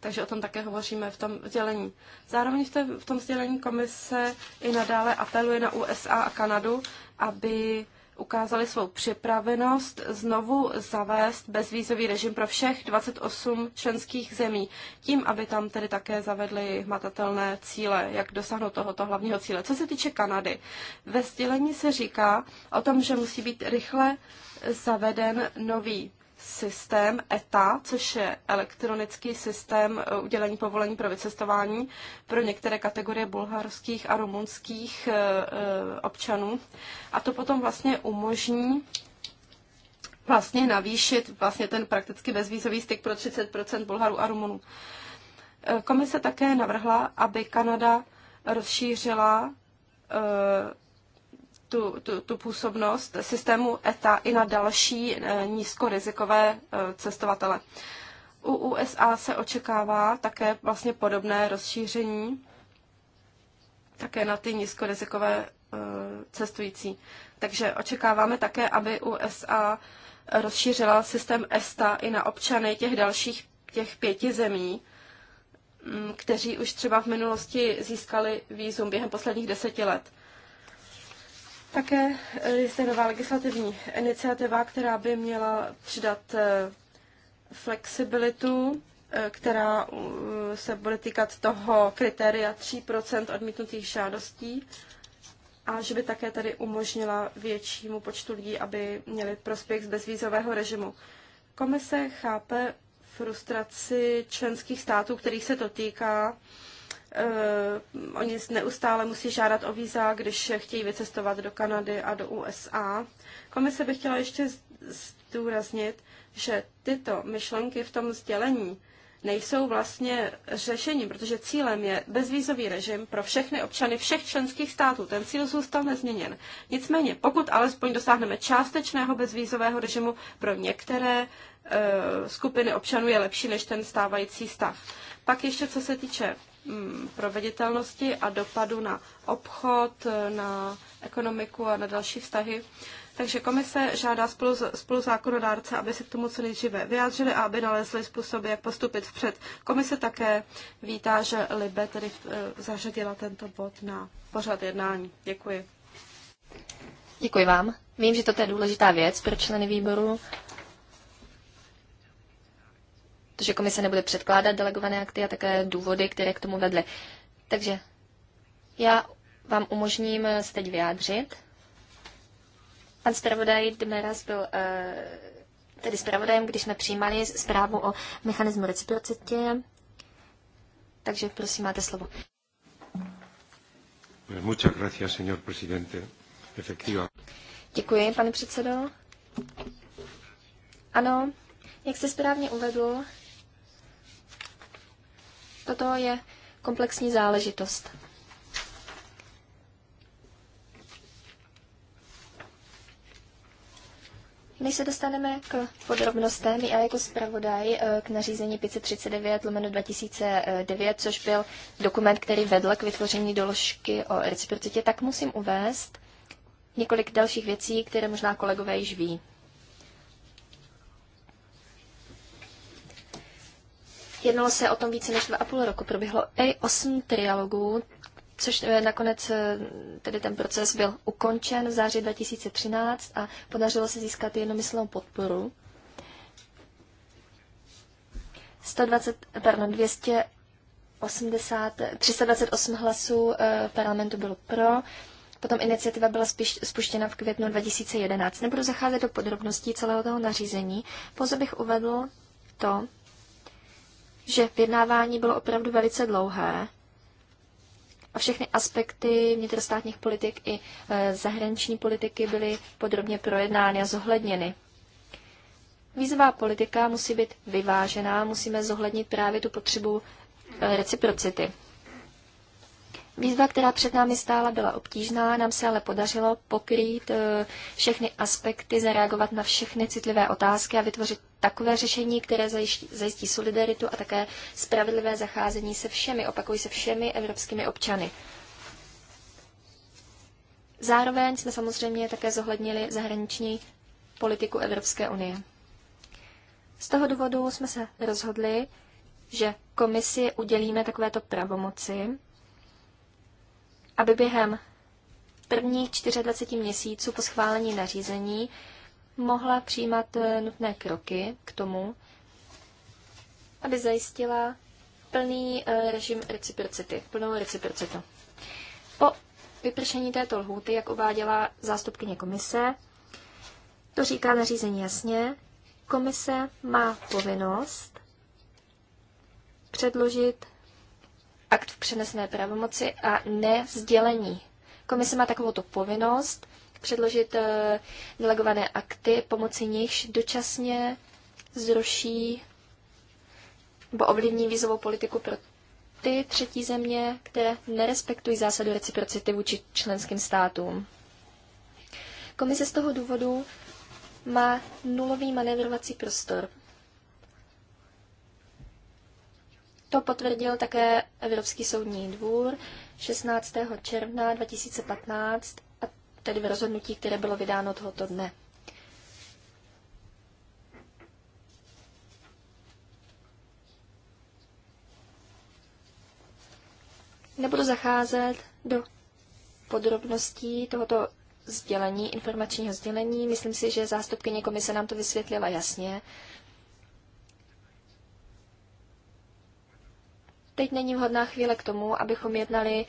Takže o tom také hovoříme v tom sdělení. Zároveň v, té, v tom sdělení komise i nadále apeluje na USA a Kanadu, aby ukázali svou připravenost znovu zavést bezvízový režim pro všech 28 členských zemí, tím, aby tam tedy také zavedli hmatatelné cíle, jak dosáhnout tohoto hlavního cíle. Co se týče Kanady, ve sdělení se říká o tom, že musí být rychle zaveden nový systém ETA, což je elektronický systém eh, udělení povolení pro vycestování pro některé kategorie bulharských a rumunských eh, eh, občanů. A to potom vlastně umožní vlastně navýšit vlastně ten prakticky bezvýzový styk pro 30 Bulharů a Rumunů. Komise také navrhla, aby Kanada rozšířila tu, tu, tu působnost systému ETA i na další eh, nízkorizikové eh, cestovatele. U USA se očekává také vlastně podobné rozšíření také na ty nízkorizikové eh, cestující. Takže očekáváme také, aby USA rozšířila systém ESTA i na občany těch dalších těch pěti zemí, mm, kteří už třeba v minulosti získali výzum během posledních deseti let. Také eh, je zde nová legislativní iniciativa, která by měla přidat eh, flexibilitu, eh, která se bude týkat toho kritéria 3 odmítnutých žádostí a že by také tady umožnila většímu počtu lidí, aby měli prospěch z bezvízového režimu. Komise chápe frustraci členských států, kterých se to týká, Uh, oni neustále musí žádat o víza, když chtějí vycestovat do Kanady a do USA. Komise by chtěla ještě zdůraznit, že tyto myšlenky v tom sdělení nejsou vlastně řešením, protože cílem je bezvízový režim pro všechny občany všech členských států. Ten cíl zůstal nezměněn. Nicméně, pokud alespoň dosáhneme částečného bezvízového režimu pro některé uh, skupiny občanů, je lepší než ten stávající stav. Pak ještě co se týče Mm, proveditelnosti a dopadu na obchod, na ekonomiku a na další vztahy. Takže komise žádá spolu, spolu zákonodárce, aby se k tomu co nejdříve vyjádřili a aby nalezli způsoby, jak postupit vpřed. Komise také vítá, že Libe tedy eh, zařadila tento bod na pořad jednání. Děkuji. Děkuji vám. Vím, že to je důležitá věc pro členy výboru to, že komise nebude předkládat delegované akty a také důvody, které k tomu vedly. Takže já vám umožním se teď vyjádřit. Pan zpravodaj Dmeras byl eh, tedy zpravodajem, když jsme přijímali zprávu o mechanismu reciprocitě. Takže prosím, máte slovo. Muchas gracias, señor presidente. Děkuji, pane předsedo. Ano, jak jste správně uvedl, Toto je komplexní záležitost. Než se dostaneme k podrobnostem, já jako zpravodaj eh, k nařízení 539 lomeno 2009, což byl dokument, který vedl k vytvoření doložky o reciprocitě, tak musím uvést několik dalších věcí, které možná kolegové již ví. Jednalo se o tom více než dva a půl roku. Proběhlo i osm trialogů, což eh, nakonec eh, tedy ten proces byl ukončen v září 2013 a podařilo se získat jednomyslnou podporu. 120, pardon, 280, 328 hlasů v eh, parlamentu bylo pro, Potom iniciativa byla spíš spuštěna v květnu 2011. Nebudu zacházet do podrobností celého toho nařízení, pouze bych uvedl to, že vyjednávání bylo opravdu velice dlouhé a všechny aspekty vnitrostátních politik i e, zahraniční politiky byly podrobně projednány a zohledněny. Vízová politika musí být vyvážená, musíme zohlednit právě tu potřebu e, reciprocity. Výzva, která před námi stála, byla obtížná, nám se ale podařilo pokrýt eh, všechny aspekty, zareagovat na všechny citlivé otázky a vytvořit takové řešení, které zajistí, zajistí solidaritu a také spravedlivé zacházení se všemi, opakují se všemi evropskými občany. Zároveň jsme samozřejmě také zohlednili zahraniční politiku Evropské unie. Z toho důvodu jsme se rozhodli, že komisi udělíme takovéto pravomoci, aby během prvních 24 měsíců po schválení nařízení mohla přijímat eh, nutné kroky k tomu, aby zajistila plný eh, režim reciprocity, plnou reciprocitu. Po vypršení této lhůty, jak uváděla zástupkyně komise, to říká nařízení jasně, komise má povinnost předložit akt v přenesné pravomoci a ne sdělení. Komise má takovou tu povinnost předložit eh, delegované akty, pomocí nichž dočasně zruší nebo ovlivní vízovou politiku pro ty třetí země, které nerespektují zásadu reciprocity vůči členským státům. Komise z toho důvodu má nulový manévrovací prostor To potvrdil také Evropský soudní dvůr 16. června 2015 a tedy v rozhodnutí, které bylo vydáno tohoto dne. Nebudu zacházet do podrobností tohoto sdělení, informačního sdělení. Myslím si, že zástupkyně komise nám to vysvětlila jasně. teď není vhodná chvíle k tomu, abychom jednali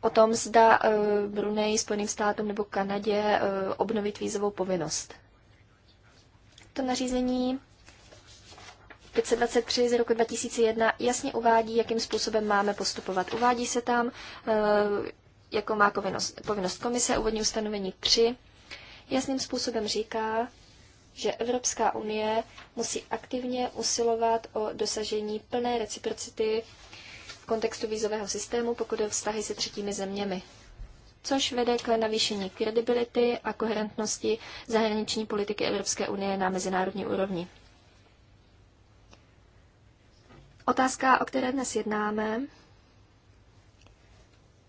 o tom, zda eh, Brunei, Spojeným státům nebo Kanadě eh, obnovit vízovou povinnost. To nařízení 523 z roku 2001 jasně uvádí, jakým způsobem máme postupovat. Uvádí se tam, jako má povinnost, povinnost komise, úvodní ustanovení 3, jasným způsobem říká, že Evropská unie musí aktivně usilovat o dosažení plné reciprocity v kontextu vízového systému, pokud je vztahy se třetími zeměmi což vede k navýšení kredibility a koherentnosti zahraniční politiky Evropské unie na mezinárodní úrovni. Otázka, o které dnes jednáme,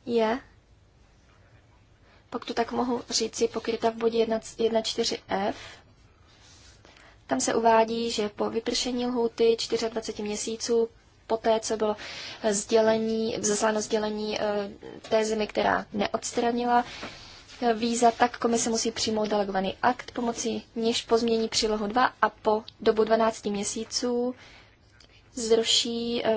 je, pokud to tak mohu říci, pokryta v bodě 1.4f tam se uvádí, že po vypršení lhůty 24 měsíců poté, co bylo sdělení, zasláno sdělení eh, té zemi, která neodstranila eh, víza, tak komise musí přijmout delegovaný akt, pomocí něž pozmění přílohu 2 a po dobu 12 měsíců zruší eh,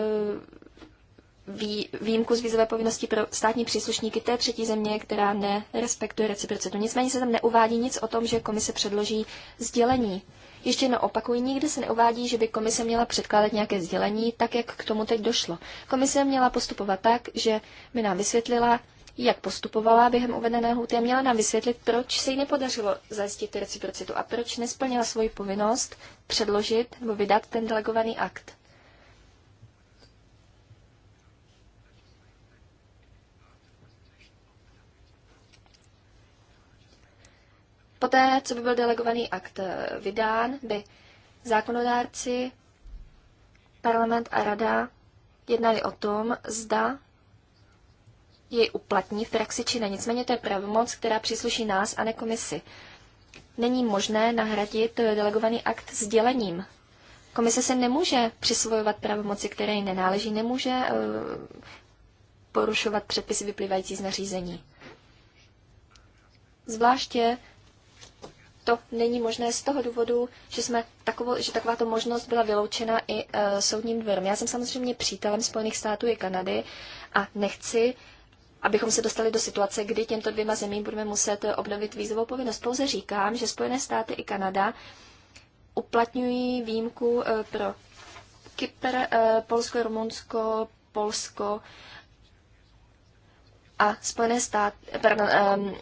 výjimku z vízové povinnosti pro státní příslušníky té třetí země, která nerespektuje reciprocitu. Nicméně se tam neuvádí nic o tom, že komise předloží sdělení ještě jednou opakuji, nikde se neuvádí, že by komise měla předkládat nějaké sdělení, tak jak k tomu teď došlo. Komise měla postupovat tak, že by nám vysvětlila, jak postupovala během uvedené lhuty a měla nám vysvětlit, proč se jí nepodařilo zajistit reciprocitu a proč nesplnila svoji povinnost předložit nebo vydat ten delegovaný akt. Poté, co by byl delegovaný akt eh, vydán, by zákonodárci, parlament a rada jednali o tom, zda jej uplatní v praxi či ne. Nicméně to je pravomoc, která přísluší nás a ne komisi. Není možné nahradit eh, delegovaný akt dělením. Komise se nemůže přisvojovat pravomoci, které jí nenáleží, nemůže eh, porušovat předpisy vyplývající z nařízení. Zvláště to není možné z toho důvodu, že, jsme takovou, že takováto možnost byla vyloučena i e, soudním dvorem. Já jsem samozřejmě přítelem Spojených států i Kanady a nechci, abychom se dostali do situace, kdy těmto dvěma zemím budeme muset obnovit vízovou povinnost. Pouze říkám, že Spojené státy i Kanada uplatňují výjimku e, pro Kypr, e, Polsko, Rumunsko, Polsko a Spojené státy, pardon, ehm,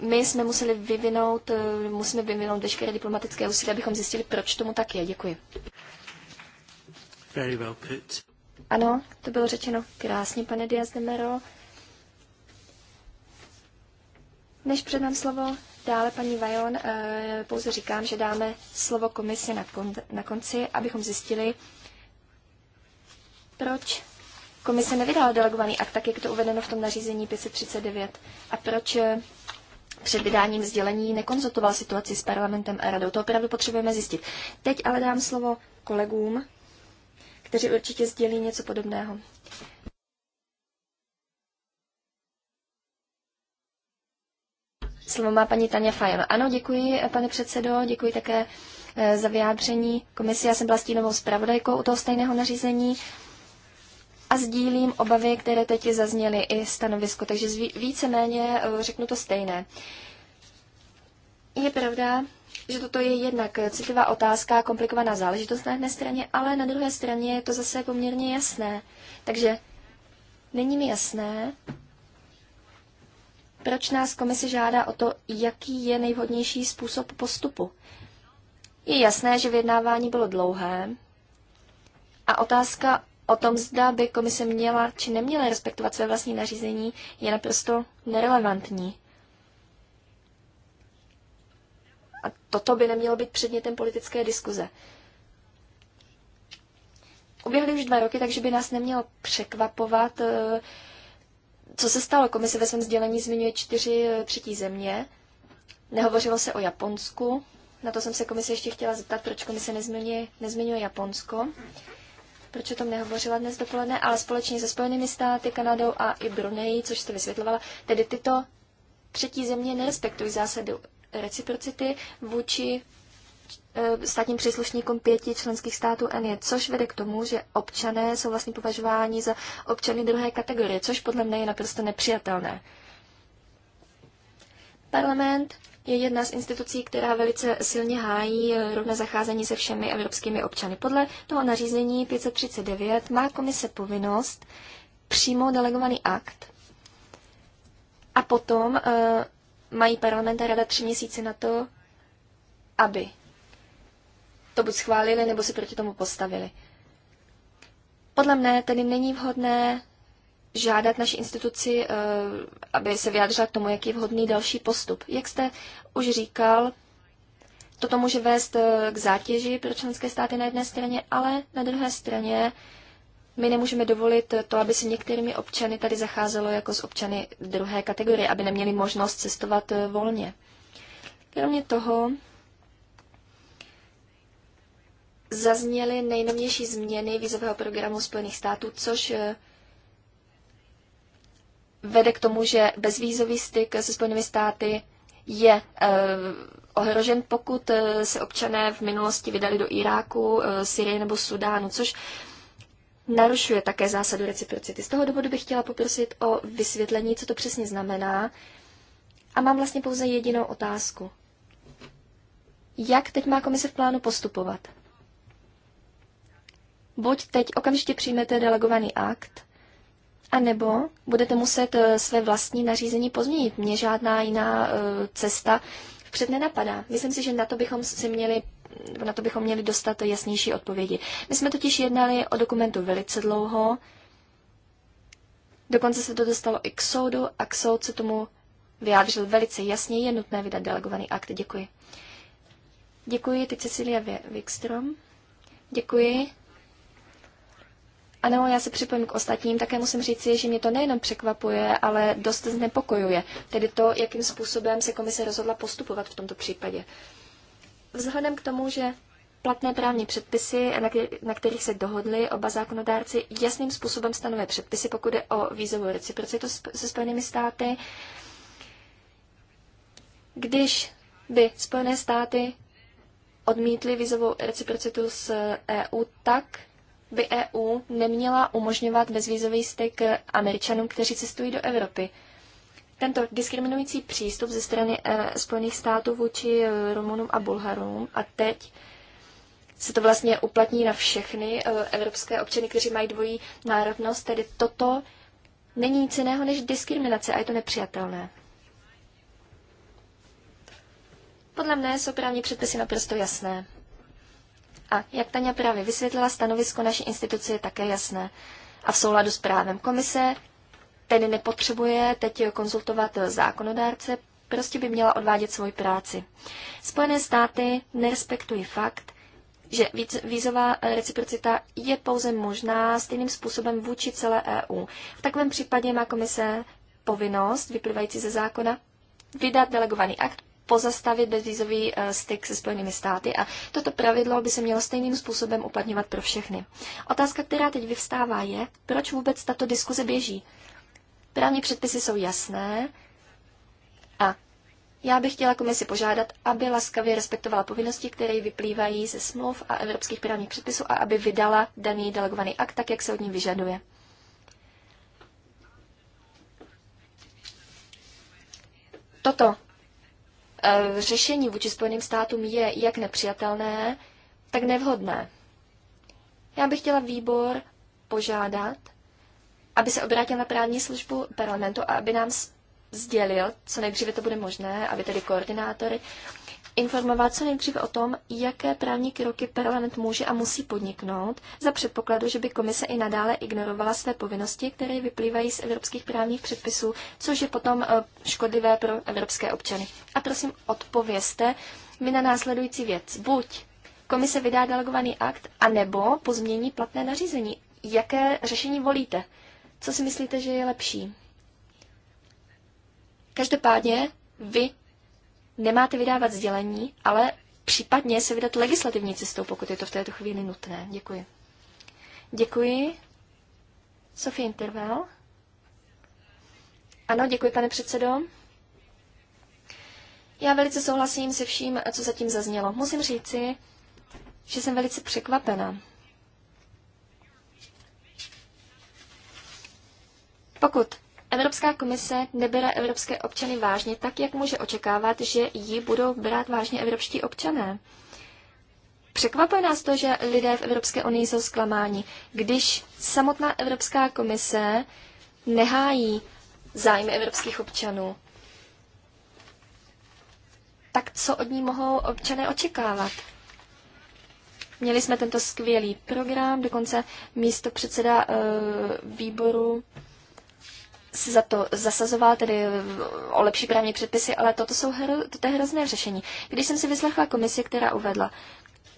my jsme museli vyvinout, eh, musíme vyvinout veškeré diplomatické úsilí, abychom zjistili, proč tomu tak je. Děkuji. Very well put. Ano, to bylo řečeno krásně, pane Diaz de Mero. Než předám slovo dále paní Vajon, eh, pouze říkám, že dáme slovo komisi na, kon, na konci, abychom zjistili, proč komise nevydala delegovaný akt, tak jak to uvedeno v tom nařízení 539 a proč eh, před vydáním sdělení nekonzultoval situaci s parlamentem a radou. To opravdu potřebujeme zjistit. Teď ale dám slovo kolegům, kteří určitě sdělí něco podobného. Slovo má paní Tania Fajon. Ano, děkuji, pane předsedo, děkuji také eh, za vyjádření komisi. Já jsem byla stínovou zpravodajkou u toho stejného nařízení a sdílím obavy, které teď zazněly i stanovisko, takže víceméně eh, řeknu to stejné. Je pravda, že toto je jednak citlivá otázka, komplikovaná záležitost na jedné straně, ale na druhé straně je to zase poměrně jasné. Takže není mi jasné, proč nás komise žádá o to, jaký je nejvhodnější způsob postupu. Je jasné, že vyjednávání bylo dlouhé a otázka o tom, zda by komise měla či neměla respektovat své vlastní nařízení, je naprosto nerelevantní. A toto by nemělo být předmětem politické diskuze. Uběhly už dva roky, takže by nás nemělo překvapovat, eh, co se stalo. Komise ve svém sdělení zmiňuje čtyři eh, třetí země. Nehovořilo se o Japonsku. Na to jsem se komise ještě chtěla zeptat, proč komise nezmiňuje, nezmiňuje Japonsko proč o tom nehovořila dnes dopoledne, ale společně se Spojenými státy, Kanadou a i Brunei, což jste vysvětlovala, tedy tyto třetí země nerespektují zásadu reciprocity vůči e, státním příslušníkům pěti členských států Unie, což vede k tomu, že občané jsou vlastně považováni za občany druhé kategorie, což podle mne je naprosto nepřijatelné. Parlament je jedna z institucí, která velice silně hájí rovné zacházení se všemi evropskými občany. Podle toho nařízení 539 má komise povinnost přímo delegovaný akt a potom uh, mají parlament a rada tři měsíce na to, aby to buď schválili, nebo se proti tomu postavili. Podle mne tedy není vhodné žádat naši instituci, eh, aby se vyjádřila k tomu, jaký je vhodný další postup. Jak jste už říkal, toto může vést eh, k zátěži pro členské státy na jedné straně, ale na druhé straně my nemůžeme dovolit to, aby se některými občany tady zacházelo jako s občany druhé kategorie, aby neměli možnost cestovat eh, volně. Kromě toho zazněly nejnovější změny vízového programu Spojených států, což vede k tomu, že bezvýzový styk se Spojenými státy je eh, ohrožen, pokud eh, se občané v minulosti vydali do Iráku, eh, Syrie nebo Sudánu, což narušuje také zásadu reciprocity. Z toho důvodu bych chtěla poprosit o vysvětlení, co to přesně znamená. A mám vlastně pouze jedinou otázku. Jak teď má komise v plánu postupovat? Buď teď okamžitě přijmete delegovaný akt, a nebo budete muset eh, své vlastní nařízení pozměnit. Mně žádná jiná eh, cesta vpřed nenapadá. Myslím si, že na to bychom si měli na to bychom měli dostat jasnější odpovědi. My jsme totiž jednali o dokumentu velice dlouho, dokonce se to dostalo i k soudu a k soud se tomu vyjádřil velice jasně, je nutné vydat delegovaný akt. Děkuji. Děkuji, teď Cecilia Wikström. Děkuji. Ano, já se připojím k ostatním, také musím říci, že mě to nejenom překvapuje, ale dost znepokojuje, tedy to, jakým způsobem se komise rozhodla postupovat v tomto případě. Vzhledem k tomu, že platné právní předpisy, na kterých se dohodli oba zákonodárci, jasným způsobem stanovuje předpisy, pokud je o vízovou reciprocitu se Spojenými státy. Když by Spojené státy odmítly vízovou reciprocitu s EU, tak by EU neměla umožňovat bezvízový styk američanům, kteří cestují do Evropy. Tento diskriminující přístup ze strany eh, Spojených států vůči eh, Rumunům a Bulharům a teď se to vlastně uplatní na všechny eh, evropské občany, kteří mají dvojí národnost, tedy toto není nic jiného než diskriminace a je to nepřijatelné. Podle mne jsou právní předpisy naprosto jasné. A jak Tania právě vysvětlila, stanovisko naší instituce je také jasné. A v souladu s právem komise tedy nepotřebuje teď konzultovat zákonodárce, prostě by měla odvádět svoji práci. Spojené státy nerespektují fakt, že vízová reciprocita je pouze možná stejným způsobem vůči celé EU. V takovém případě má komise povinnost vyplývající ze zákona vydat delegovaný akt pozastavit bezvízový eh, styk se Spojenými státy a toto pravidlo by se mělo stejným způsobem uplatňovat pro všechny. Otázka, která teď vyvstává, je, proč vůbec tato diskuze běží. Právní předpisy jsou jasné a já bych chtěla komisi požádat, aby laskavě respektovala povinnosti, které vyplývají ze smluv a evropských právních předpisů a aby vydala daný delegovaný akt tak, jak se od ní vyžaduje. Toto E, řešení vůči Spojeným státům je jak nepřijatelné, tak nevhodné. Já bych chtěla výbor požádat, aby se obrátil na právní službu parlamentu a aby nám sdělil, co nejdříve to bude možné, aby tedy koordinátory informovat co nejdříve o tom, jaké právní kroky parlament může a musí podniknout, za předpokladu, že by komise i nadále ignorovala své povinnosti, které vyplývají z evropských právních předpisů, což je potom eh, škodlivé pro evropské občany. A prosím, odpovězte mi na následující věc. Buď komise vydá delegovaný akt, anebo pozmění platné nařízení. Jaké řešení volíte? Co si myslíte, že je lepší? Každopádně vy nemáte vydávat sdělení, ale případně se vydat legislativní cestou, pokud je to v této chvíli nutné. Děkuji. Děkuji. Sofie Interval. Ano, děkuji, pane předsedo. Já velice souhlasím se vším, co zatím zaznělo. Musím říci, že jsem velice překvapena. Pokud Evropská komise nebere evropské občany vážně tak, jak může očekávat, že ji budou brát vážně evropští občané. Překvapuje nás to, že lidé v Evropské unii jsou zklamáni, když samotná Evropská komise nehájí zájmy evropských občanů. Tak co od ní mohou občané očekávat? Měli jsme tento skvělý program, dokonce místo předseda e, eh, výboru se za to zasazoval, tedy o lepší právní předpisy, ale toto jsou hro, toto je hrozné řešení. Když jsem si vyslechla komisi, která uvedla,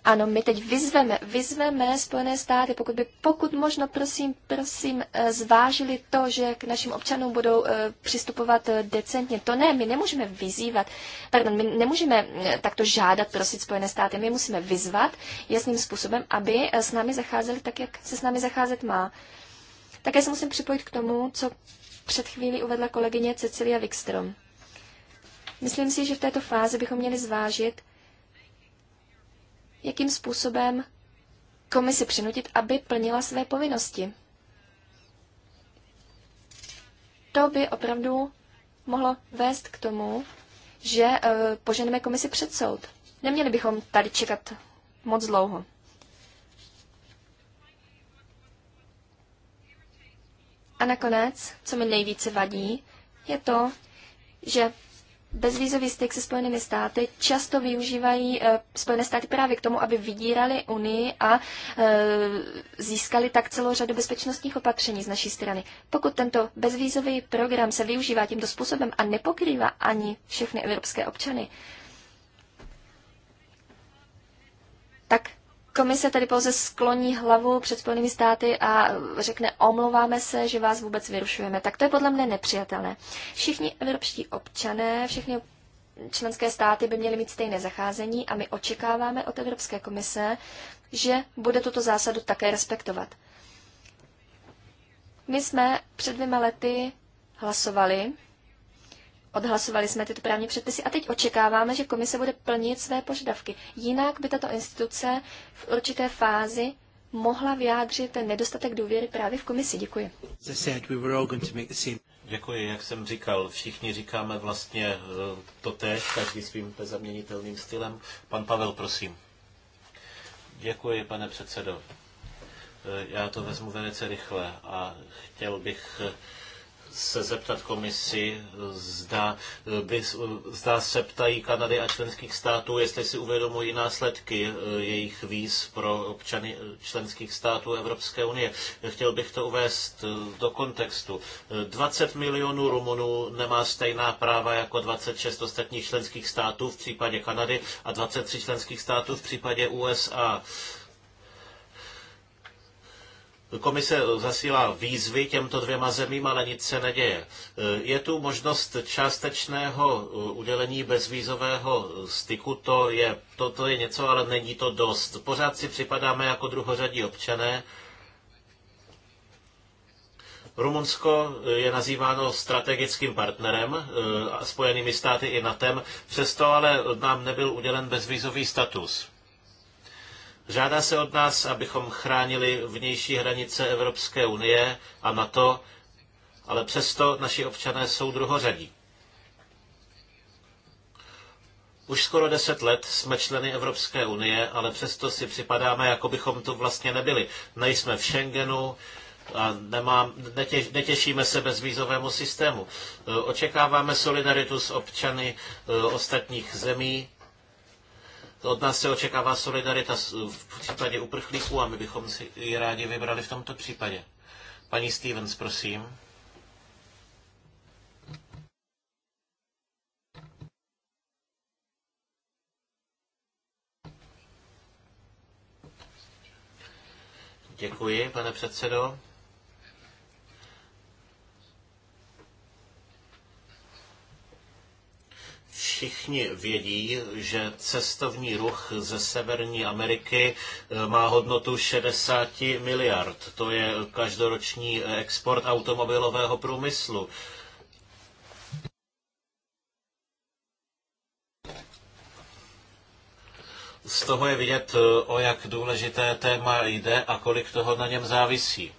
ano, my teď vyzveme, vyzveme Spojené státy, pokud by pokud možno, prosím, prosím, eh, zvážili to, že k našim občanům budou eh, přistupovat eh, decentně. To ne, my nemůžeme vyzývat, pardon, my nemůžeme takto žádat, prosit Spojené státy, my musíme vyzvat jasným způsobem, aby s námi zacházeli tak, jak se s námi zacházet má. Také se musím připojit k tomu, co před chvílí uvedla kolegyně Cecilia Wikström. Myslím si, že v této fázi bychom měli zvážit, jakým způsobem komisi přinutit, aby plnila své povinnosti. To by opravdu mohlo vést k tomu, že e, poženeme komisi před soud. Neměli bychom tady čekat moc dlouho. A nakonec, co mi nejvíce vadí, je to, že bezvízový styk se Spojenými státy často využívají uh, Spojené státy právě k tomu, aby vydírali Unii a uh, získali tak celou řadu bezpečnostních opatření z naší strany. Pokud tento bezvízový program se využívá tímto způsobem a nepokrývá ani všechny evropské občany, tak Komise tedy pouze skloní hlavu před Spojenými státy a řekne, omlouváme se, že vás vůbec vyrušujeme. Tak to je podle mne nepřijatelné. Všichni evropští občané, všechny členské státy by měly mít stejné zacházení a my očekáváme od Evropské komise, že bude tuto zásadu také respektovat. My jsme před dvěma lety hlasovali Odhlasovali jsme tyto právní předpisy a teď očekáváme, že komise bude plnit své požadavky. Jinak by tato instituce v určité fázi mohla vyjádřit ten nedostatek důvěry právě v komisi. Děkuji. Děkuji, jak jsem říkal, všichni říkáme vlastně eh, to tež, každý svým zaměnitelným stylem. Pan Pavel, prosím. Děkuji, pane předsedo. Eh, já to vezmu velice rychle a chtěl bych eh, se zeptat komisi, zda, by, zda se ptají Kanady a členských států, jestli si uvědomují následky eh, jejich víz pro občany členských států Evropské unie. Chtěl bych to uvést eh, do kontextu. 20 eh, milionů Rumunů nemá stejná práva jako 26 ostatních členských států v případě Kanady a 23 členských států v případě USA. Komise zasílá výzvy těmto dvěma zemím, ale nic se neděje. Je tu možnost částečného uh, udělení bezvízového styku, to je, to, to je něco, ale není to dost. Pořád si připadáme jako druhořadí občané. Rumunsko uh, je nazýváno strategickým partnerem uh, spojenými státy i NATO, přesto ale nám nebyl udělen bezvízový status. Žádá se od nás, abychom chránili vnější hranice Evropské unie a NATO, ale přesto naši občané jsou druhořadí. Už skoro deset let jsme členy Evropské unie, ale přesto si připadáme, jako bychom tu vlastně nebyli. Nejsme v Schengenu a nemám, netěšíme se bezvízovému systému. Očekáváme solidaritu s občany e, ostatních zemí, od nás se očekává solidarita v případě uprchlíků a my bychom si ji rádi vybrali v tomto případě. Paní Stevens, prosím. Děkuji, pane předsedo. všichni vědí, že cestovní ruch ze Severní Ameriky eh, má hodnotu 60 miliard. To je každoroční eh, export automobilového průmyslu. Z toho je vidět, eh, o jak důležité téma jde a kolik toho na něm závisí.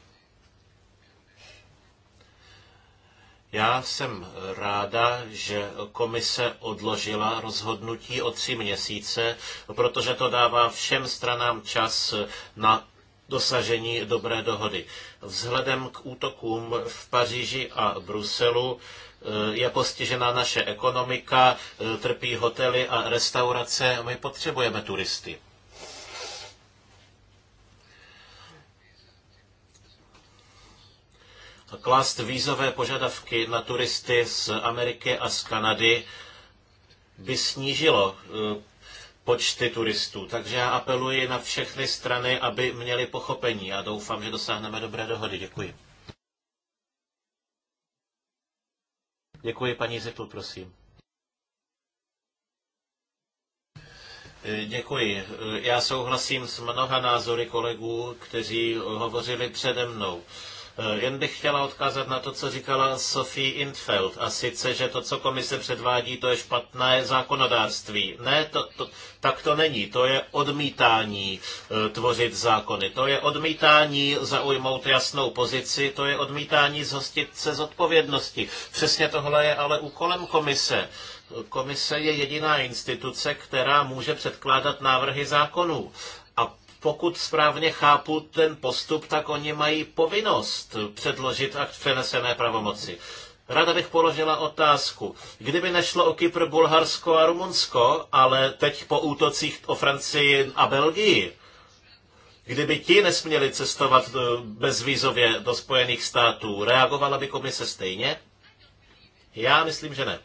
Já jsem ráda, že komise odložila rozhodnutí o tři měsíce, protože to dává všem stranám čas na dosažení dobré dohody. Vzhledem k útokům v Paříži a Bruselu eh, je postižena naše ekonomika, eh, trpí hotely a restaurace. My potřebujeme turisty. klást vízové požadavky na turisty z Ameriky a z Kanady by snížilo eh, počty turistů. Takže já apeluji na všechny strany, aby měli pochopení a doufám, že dosáhneme dobré dohody. Děkuji. Děkuji, paní Zipl, prosím. Děkuji. Já souhlasím s mnoha názory kolegů, kteří hovořili přede mnou. Eh, jen bych chtěla odkázat na to, co říkala Sophie Intfeld, a sice, že to, co komise předvádí, to je špatné zákonodárství. Ne, to, to, tak to není. To je odmítání eh, tvořit zákony. To je odmítání zaujmout jasnou pozici, to je odmítání zhostit se zodpovědnosti. Přesně tohle je ale úkolem komise. Komise je jediná instituce, která může předkládat návrhy zákonů pokud správně chápu ten postup, tak oni mají povinnost předložit akt přenesené pravomoci. Rada bych položila otázku. Kdyby nešlo o Kypr, Bulharsko a Rumunsko, ale teď po útocích o Francii a Belgii, kdyby ti nesměli cestovat eh, bezvízově do Spojených států, reagovala by komise stejně? Já myslím, že ne.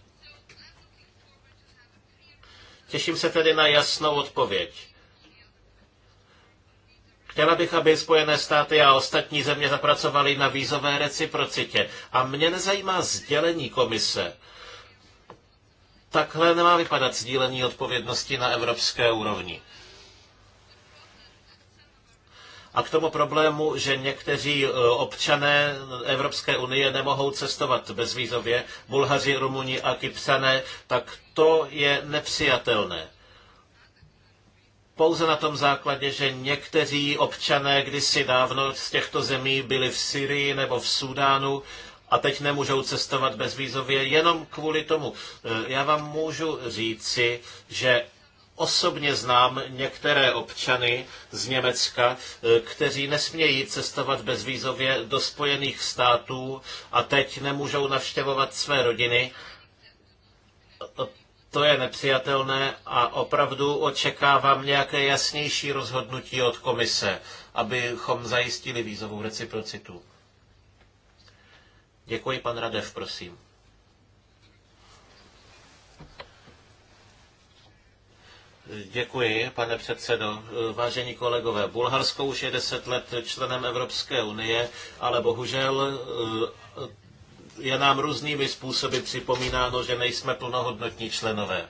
Těším se tedy na jasnou odpověď. Chtěla bych, aby Spojené státy a ostatní země zapracovali na vízové reciprocitě. A mě nezajímá sdělení komise. Takhle nemá vypadat sdílení odpovědnosti na evropské úrovni. A k tomu problému, že někteří e, občané Evropské unie nemohou cestovat bezvízově, Bulhaři, Rumuni a Kypsané, tak to je nepřijatelné pouze na tom základě, že někteří občané kdysi dávno z těchto zemí byli v Syrii nebo v Súdánu a teď nemůžou cestovat bezvízově jenom kvůli tomu. E, já vám můžu říci, že osobně znám některé občany z Německa, e, kteří nesmějí cestovat bezvízově do Spojených států a teď nemůžou navštěvovat své rodiny, to je nepřijatelné a opravdu očekávám nějaké jasnější rozhodnutí od komise, abychom zajistili výzovou reciprocitu. Děkuji, pan Radev, prosím. Děkuji, pane předsedo. Vážení kolegové, Bulharsko už je deset let členem Evropské unie, ale bohužel je nám různými způsoby připomínáno, že nejsme plnohodnotní členové.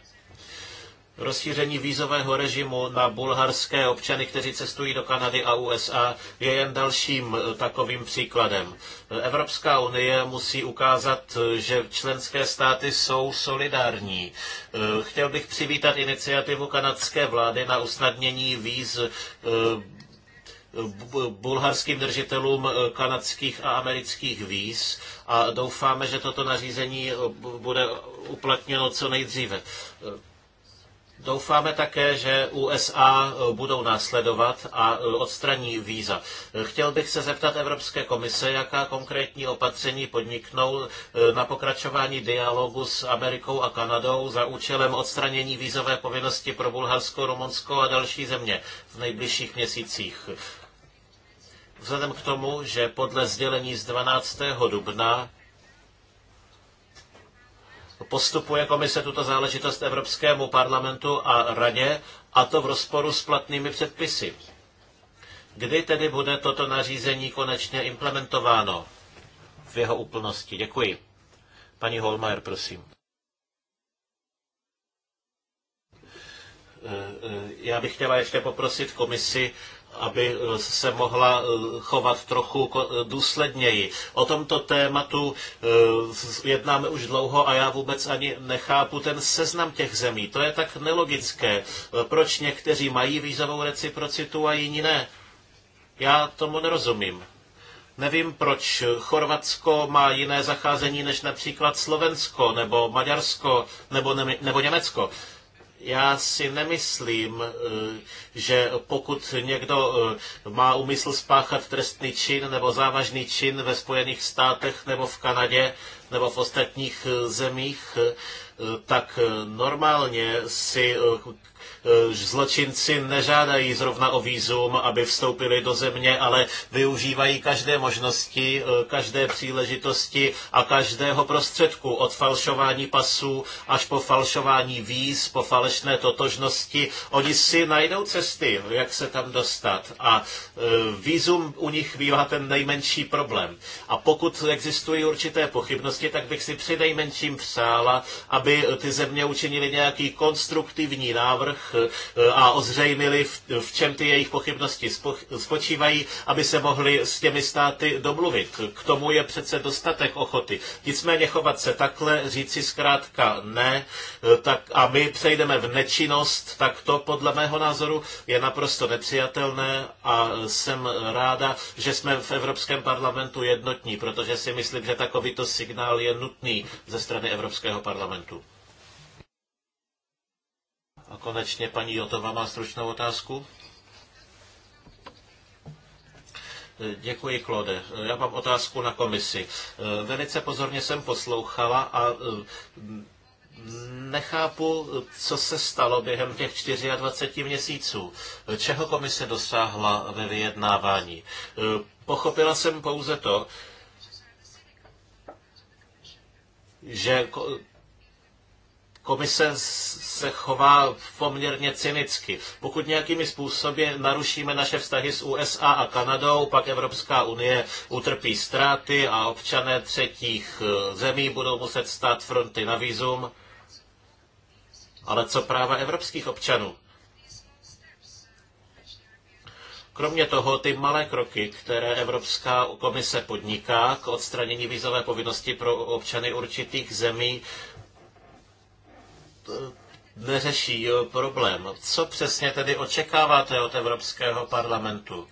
Rozšíření vízového režimu na bulharské občany, kteří cestují do Kanady a USA, je jen dalším eh, takovým příkladem. Evropská unie musí ukázat, eh, že členské státy jsou solidární. Eh, chtěl bych přivítat iniciativu kanadské vlády na usnadnění víz bulharským držitelům eh, kanadských a amerických víz a doufáme, že toto nařízení eh, bude uplatněno co nejdříve. Eh, doufáme také, že USA budou následovat a odstraní víza. Chtěl bych se zeptat Evropské komise, jaká konkrétní opatření podniknou na pokračování dialogu s Amerikou a Kanadou za účelem odstranění vízové povinnosti pro Bulharsko, Rumunsko a další země v nejbližších měsících. Vzhledem k tomu, že podle sdělení z 12. dubna postupuje komise tuto záležitost Evropskému parlamentu a radě, a to v rozporu s platnými předpisy. Kdy tedy bude toto nařízení konečně implementováno v jeho úplnosti? Děkuji. Paní Holmajer, prosím. Eh, eh, já bych chtěla ještě poprosit komisi, aby eh, se mohla eh, chovat trochu eh, důsledněji. O tomto tématu jednáme už dlouho a já vůbec ani nechápu ten seznam těch zemí. To je tak nelogické. Proč někteří mají vízovou reciprocitu a jiní ne? Já tomu nerozumím. Nevím, proč Chorvatsko má jiné zacházení než například Slovensko, nebo Maďarsko, nebo, ne- nebo Německo. Já si nemyslím, eh, že pokud někdo eh, má úmysl spáchat trestný čin nebo závažný čin ve Spojených státech nebo v Kanadě nebo v ostatních eh, zemích, tak normálně si Eh, zločinci nežádají zrovna o výzum, aby vstoupili do země, ale využívají každé možnosti, eh, každé příležitosti a každého prostředku od falšování pasů až po falšování víz, po falešné totožnosti. Oni si najdou cesty, jak se tam dostat. A eh, výzum u nich bývá ten nejmenší problém. A pokud existují určité pochybnosti, tak bych si při nejmenším přála, aby ty země učinili nějaký konstruktivní návrh, Eh, a ozřejmili, v čem ty jejich pochybnosti spočívají, aby se mohli s těmi státy domluvit. K tomu je přece dostatek ochoty. Nicméně chovat se takhle, říci zkrátka ne, eh, tak a my přejdeme v nečinnost, tak to podle mého názoru je naprosto nepřijatelné a jsem ráda, že jsme v Evropském parlamentu jednotní, protože si myslím, že takovýto signál je nutný ze strany Evropského parlamentu. A konečně paní Jotová má stručnou otázku. Děkuji, Klode. Já mám otázku na komisi. Velice pozorně jsem poslouchala a mm, nechápu, co se stalo během těch 24 měsíců. Čeho komise dosáhla ve vyjednávání? Pochopila jsem pouze to, že komise se chová poměrně cynicky. Pokud nějakými způsoby narušíme naše vztahy s USA a Kanadou, pak Evropská unie utrpí ztráty a občané třetích eh, zemí budou muset stát fronty na výzum. Ale co práva evropských občanů? Kromě toho ty malé kroky, které Evropská komise podniká k odstranění vízové povinnosti pro občany určitých zemí, Eh, neřeší problém. Co přesně tedy očekáváte od Evropského parlamentu?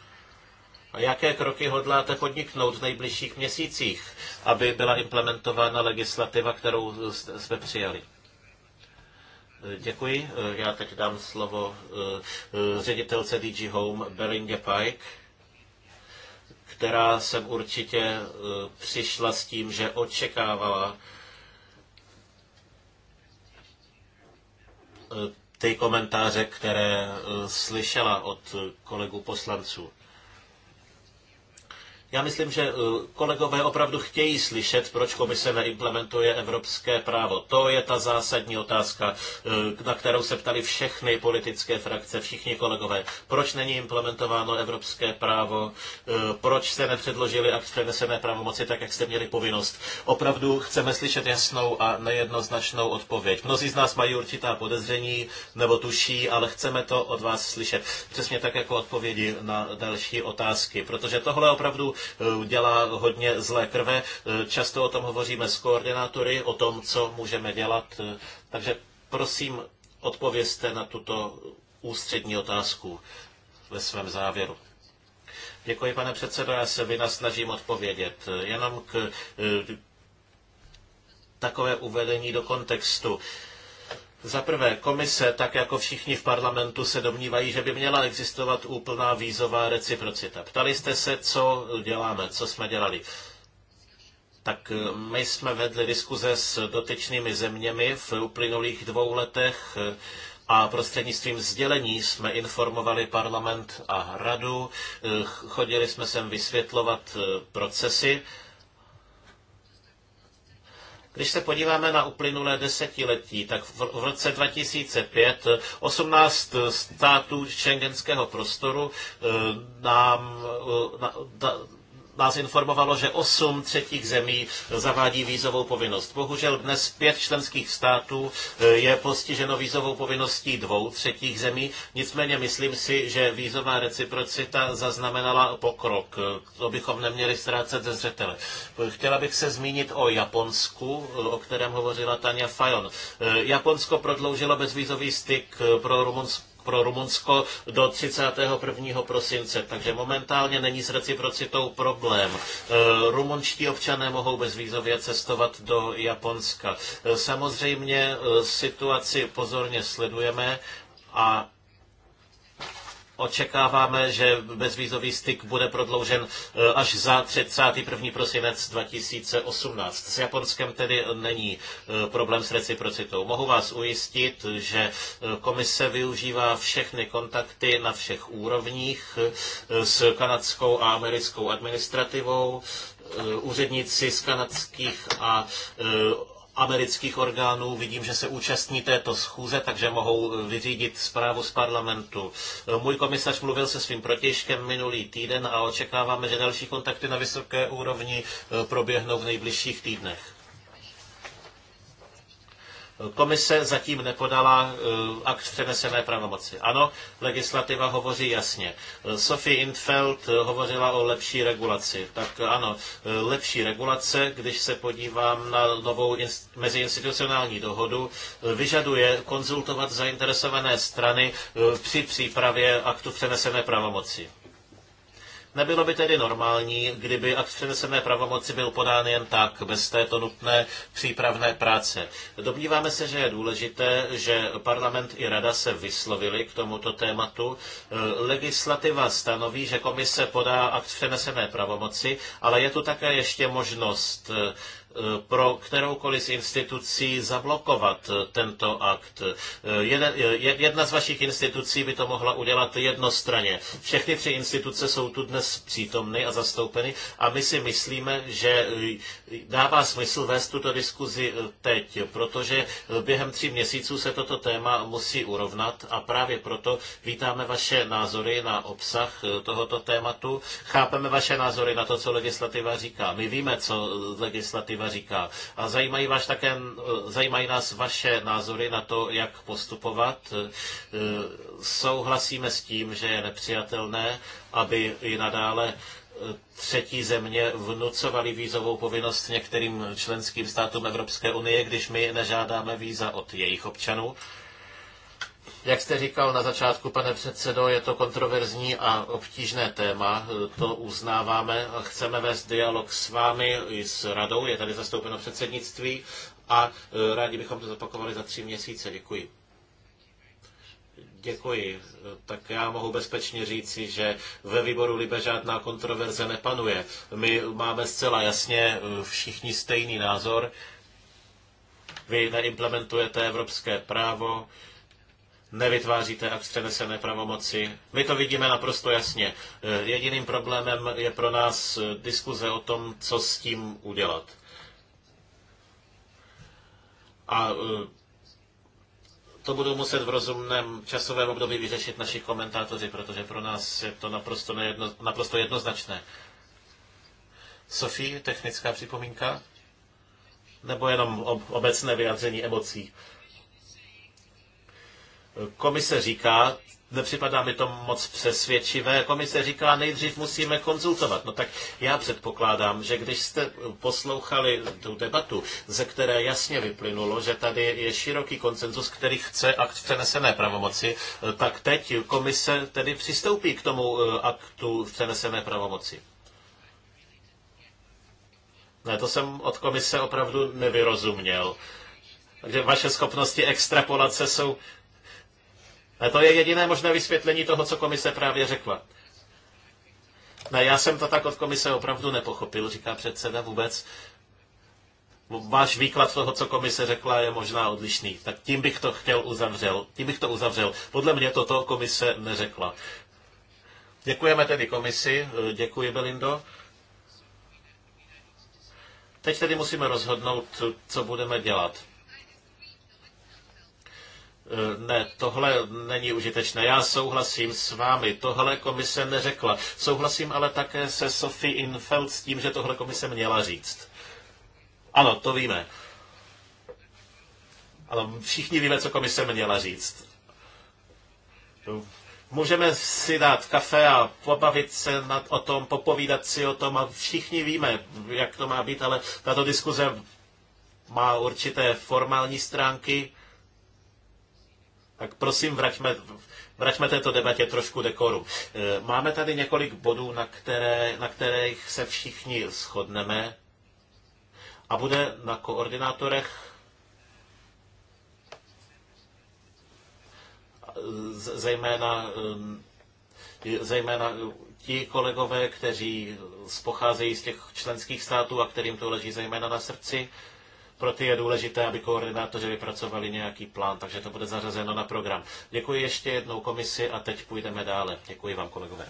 A jaké kroky hodláte podniknout v nejbližších měsících, aby byla implementována legislativa, kterou jsme přijali? Eh, děkuji. Eh, já teď dám slovo ředitelce DG Home Berlingě Pike, která jsem určitě přišla s tím, že očekávala Eh, ty komentáře, které eh, slyšela od kolegů poslanců. Já myslím, že eh, kolegové opravdu chtějí slyšet, proč komise neimplementuje evropské právo. To je ta zásadní otázka, eh, na kterou se ptali všechny politické frakce, všichni kolegové. Proč není implementováno evropské právo? Eh, proč jste nepředložili akt přenesené pravomoci tak, jak jste měli povinnost? Opravdu chceme slyšet jasnou a nejednoznačnou odpověď. Mnozí z nás mají určitá podezření nebo tuší, ale chceme to od vás slyšet. Přesně tak jako odpovědi na další otázky, protože tohle opravdu Eh, dělá hodně zlé krve. Eh, často o tom hovoříme s koordinátory, o tom, co můžeme dělat. Eh, takže prosím, odpovězte na tuto ústřední otázku ve svém závěru. Děkuji, pane předsedo, já se snažím odpovědět. Jenom k takové uvedení do kontextu. Za prvé, komise, tak jako všichni v parlamentu, se domnívají, že by měla existovat úplná vízová reciprocita. Ptali jste se, co děláme, co jsme dělali. Tak eh, my jsme vedli diskuze s dotyčnými zeměmi v uplynulých dvou letech eh, a prostřednictvím sdělení jsme informovali parlament a radu, eh, chodili jsme sem vysvětlovat procesy když se podíváme na uplynulé desetiletí, tak v roce 2005 18 států šengenského prostoru eh, nám eh, nás informovalo, že osm třetích zemí zavádí vízovou povinnost. Bohužel dnes pět členských států eh, je postiženo vízovou povinností dvou třetích zemí, nicméně myslím si, že vízová reciprocita zaznamenala pokrok. To bychom neměli ztrácet ze zřetele. Chtěla bych se zmínit o Japonsku, o kterém hovořila Tania Fajon. Eh, Japonsko prodloužilo bezvízový styk eh, pro Rumunsko pro Rumunsko do 31. prosince, takže momentálně není s reciprocitou problém. E, rumunští občané mohou bezvízově cestovat do Japonska. E, samozřejmě e, situaci pozorně sledujeme a očekáváme, že bezvízový styk bude prodloužen eh, až za 31. prosinec 2018. S Japonskem tedy není eh, problém s reciprocitou. Mohu vás ujistit, že eh, komise využívá všechny kontakty na všech úrovních s kanadskou a americkou administrativou, úředníci z kanadských a amerických orgánů. Vidím, že se účastní této schůze, takže mohou eh, vyřídit zprávu z parlamentu. Eh, můj komisař mluvil se svým protěžkem minulý týden a očekáváme, že další kontakty na vysoké úrovni eh, proběhnou v nejbližších týdnech. Komise zatím nepodala eh, akt přenesené pravomoci. Ano, legislativa hovoří jasně. Eh, Sophie Infeld eh, hovořila o lepší regulaci. Tak ano, lepší regulace, když se podívám na novou meziinstitucionální dohodu, vyžaduje konzultovat zainteresované strany při přípravě aktu přenesené pravomoci. Nebylo by tedy normální, kdyby akt přenesené pravomoci byl podán jen tak, bez této nutné přípravné práce. Domníváme se, že je důležité, že parlament i rada se vyslovili k tomuto tématu. E, legislativa stanoví, že komise podá akt přenesené pravomoci, ale je tu také ještě možnost e, Eh, pro kteroukoliv z institucí zablokovat eh, tento akt. Eh, jedna z vašich institucí by to mohla udělat jednostranně. Všechny tři instituce jsou tu dnes přítomny a zastoupeny a my si myslíme, že dává smysl vést tuto diskuzi teď, protože během tří měsíců se toto téma musí urovnat a právě proto vítáme vaše názory na obsah tohoto tématu, chápeme vaše názory na to, co legislativa říká. My víme, co legislativa Barcelona říká. A zajímají, vás také, e, zajímají nás vaše názory na to, jak postupovat. E, souhlasíme s tím, že je nepřijatelné, aby i nadále e, třetí země vnucovali vízovou povinnost některým členským státům Evropské unie, když my nežádáme víza od jejich občanů. Jak jste říkal na začátku, pane předsedo, je to kontroverzní a obtížné téma, to uznáváme. Chceme vést dialog s vámi i s radou, je tady zastoupeno předsednictví a eh, rádi bychom to zopakovali za tři měsíce. Děkuji. Děkuji. Tak já mohu bezpečně říci, že ve výboru Libe žádná kontroverze nepanuje. My máme zcela jasně eh, všichni stejný názor. Vy neimplementujete evropské právo, nevytváříte akt přenesené pravomoci. My to vidíme naprosto jasně. E, jediným problémem je pro nás e, diskuze o tom, co s tím udělat. A e, to budou muset v rozumném časovém období vyřešit naši komentátoři, protože pro nás je to naprosto, nejedno, naprosto jednoznačné. Sofie, technická připomínka? Nebo jenom ob, obecné vyjádření emocí? Komise říká, nepřipadá mi to moc přesvědčivé. Komise říká, nejdřív musíme konzultovat. No tak já předpokládám, že když jste poslouchali tu debatu, ze které jasně vyplynulo, že tady je široký koncenzus, který chce akt přenesené pravomoci, tak teď komise tedy přistoupí k tomu eh, aktu přenesené pravomoci. Ne, to jsem od komise opravdu nevyrozuměl. Takže vaše schopnosti extrapolace jsou a to je jediné možné vysvětlení toho, co komise právě řekla. Ne, já jsem to tak od komise opravdu nepochopil, říká předseda vůbec. Váš výklad toho, co komise řekla, je možná odlišný. Tak tím bych to chtěl uzavřel. Tím bych to uzavřel. Podle mě toto komise neřekla. Děkujeme tedy komisi. Děkuji, Belindo. Teď tedy musíme rozhodnout, co budeme dělat. Eh, ne, tohle není užitečné. Já souhlasím s vámi. Tohle komise neřekla. Souhlasím ale také se Sophie Infeld s tím, že tohle komise měla říct. Ano, to víme. Ale všichni víme, co komise měla říct. Můžeme si dát kafe a pobavit se nad, o tom, popovídat si o tom a všichni víme, jak to má být, ale tato diskuze má určité formální stránky tak prosím, vraťme, vraťme této debatě trošku dekoru. E, máme tady několik bodů, na, které, na kterých se všichni shodneme a bude na koordinátorech zejména, e, zejména ti kolegové, kteří pocházejí z těch členských států a kterým to leží zejména na srdci, pro ty je důležité, aby koordinátoři vypracovali nějaký plán, takže to bude zařazeno na program. Děkuji ještě jednou komisi a teď půjdeme dále. Děkuji vám, kolegové.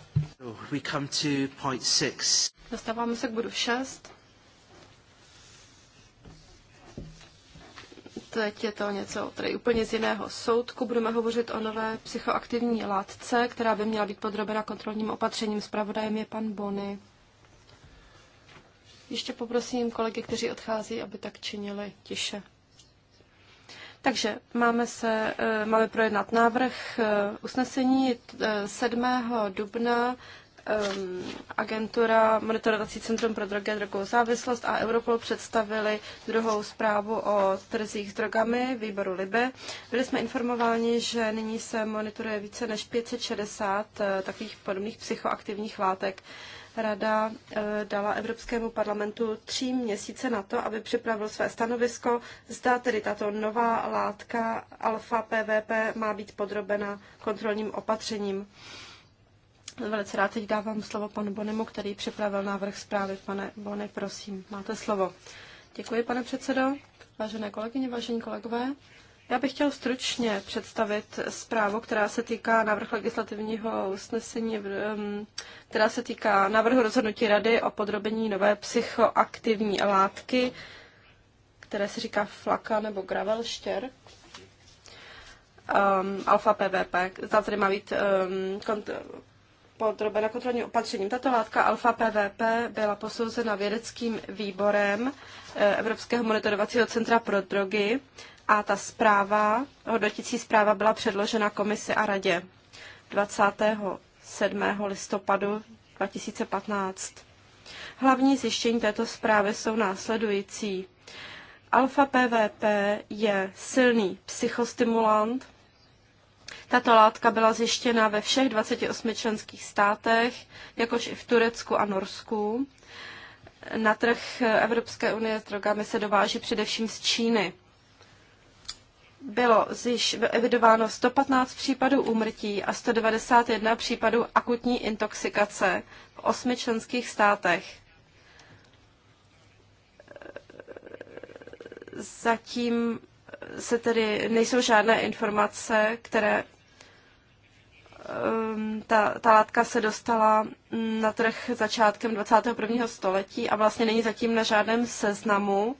We come to point six. Dostáváme se k bodu 6. Teď je to něco tady úplně z jiného soudku. Budeme hovořit o nové psychoaktivní látce, která by měla být podrobena kontrolním opatřením. Spravodajem je pan Bony. Ještě poprosím kolegy, kteří odchází, aby tak činili tiše. Takže máme, se, eh, máme projednat návrh eh, usnesení 7. Eh, dubna ehm, agentura Monitorovací centrum pro drogy a drogovou závislost a Europol představili druhou zprávu o trzích s drogami výboru Libe. Byli jsme informováni, že nyní se monitoruje více než 560 takových podobných psychoaktivních látek. Rada eh, dala Evropskému parlamentu tři měsíce na to, aby připravil své stanovisko, zda tedy tato nová látka alfa PVP má být podrobena kontrolním opatřením. Velice rád teď dávám slovo panu Bonemu, který připravil návrh zprávy. Pane Bony, prosím, máte slovo. Děkuji, pane předsedo. Vážené kolegyně, vážení kolegové, já bych chtěl stručně představit zprávu, která se týká návrh legislativního usnesení, která se týká návrhu rozhodnutí Rady o podrobení nové psychoaktivní látky, které se říká flaka nebo gravel štěrk um, alfa PVP, ta tady má být um, kont- podrobena kontrolním opatřením. Tato látka alfa PVP byla posouzena vědeckým výborem eh, Evropského monitorovacího centra pro drogy a ta zpráva, hodnotící zpráva byla předložena komisi a radě 27. listopadu 2015. Hlavní zjištění této zprávy jsou následující. Alfa PVP je silný psychostimulant. Tato látka byla zjištěna ve všech 28 členských státech, jakož i v Turecku a Norsku. Na trh Evropské unie s drogami se dováží především z Číny bylo již evidováno 115 případů úmrtí a 191 případů akutní intoxikace v osmi členských státech. Zatím se tedy nejsou žádné informace, které um, ta, ta látka se dostala na trh začátkem 21. století a vlastně není zatím na žádném seznamu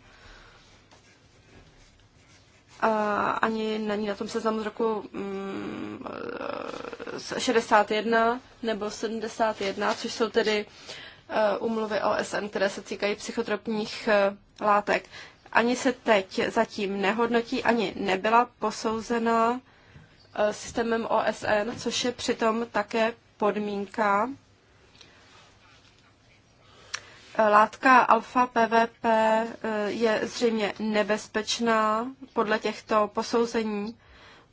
ani není na tom seznamu z roku 61 mm, e, nebo 71, což jsou tedy umluvy e, OSN, které se týkají psychotropních e, látek. Ani se teď zatím nehodnotí, ani nebyla posouzena systémem OSN, což je přitom také podmínka Látka alfa PVP eh, je zřejmě nebezpečná podle těchto posouzení.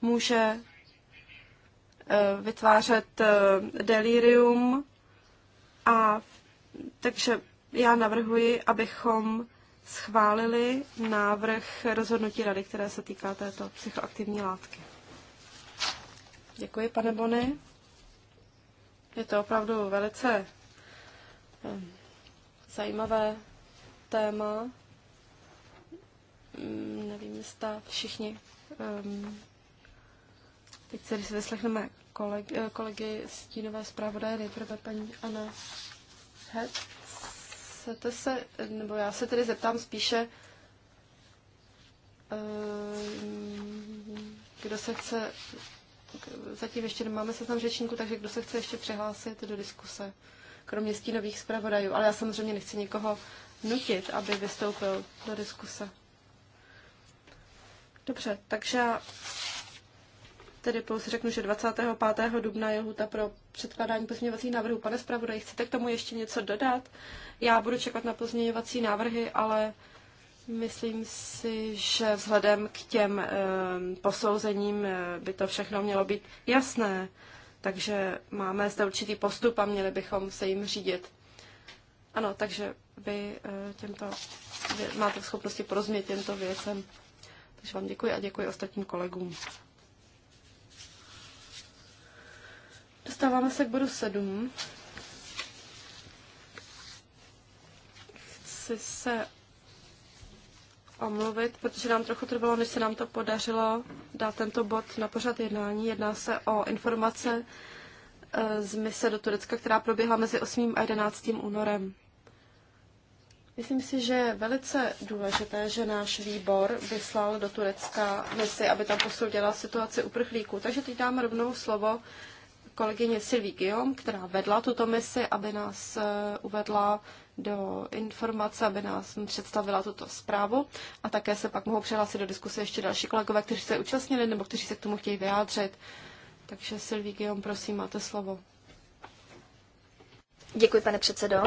Může eh, vytvářet eh, delirium a takže já navrhuji, abychom schválili návrh rozhodnutí rady, které se týká této psychoaktivní látky. Děkuji, pane Bony. Je to opravdu velice zajímavé téma. Mm, nevím, jestli všichni. Um, teď se, když se vyslechneme koleg, eh, kolegy stínové zpravodaje, nejprve paní Anna Het. Chcete se, nebo já se tedy zeptám spíše, ehm, kdo se chce, zatím ještě nemáme tam řečníku, takže kdo se chce ještě přihlásit do diskuse kromě stínových zpravodajů, ale já samozřejmě nechci nikoho nutit, aby vystoupil do diskuse. Dobře, takže já tedy pouze řeknu, že 25. dubna je lhuta pro předkládání pozměňovacích návrhů. Pane zpravodaj, chcete k tomu ještě něco dodat? Já budu čekat na pozměňovací návrhy, ale myslím si, že vzhledem k těm e, posouzením eh, by to všechno mělo být jasné. Takže máme zde určitý postup a měli bychom se jim řídit. Ano, takže vy eh, těmto vy máte v schopnosti porozumět těmto věcem. Takže vám děkuji a děkuji ostatním kolegům. Dostáváme se k bodu 7. Chci se omluvit, protože nám trochu trvalo, než se nám to podařilo dát tento bod na pořad jednání. Jedná se o informace eh, z mise do Turecka, která proběhla mezi 8. a 11. únorem. Myslím si, že je velice důležité, že náš výbor vyslal do Turecka misi, aby tam posoudila situaci uprchlíků. Takže teď dáme rovnou slovo kolegyně Sylvie Guillaume, která vedla tuto misi, aby nás eh, uvedla do informace, aby nás představila tuto zprávu a také se pak mohou přihlásit do diskuse ještě další kolegové, kteří se účastnili nebo kteří se k tomu chtějí vyjádřit. Takže Silví Gion, prosím, máte slovo. Děkuji, pane předsedo.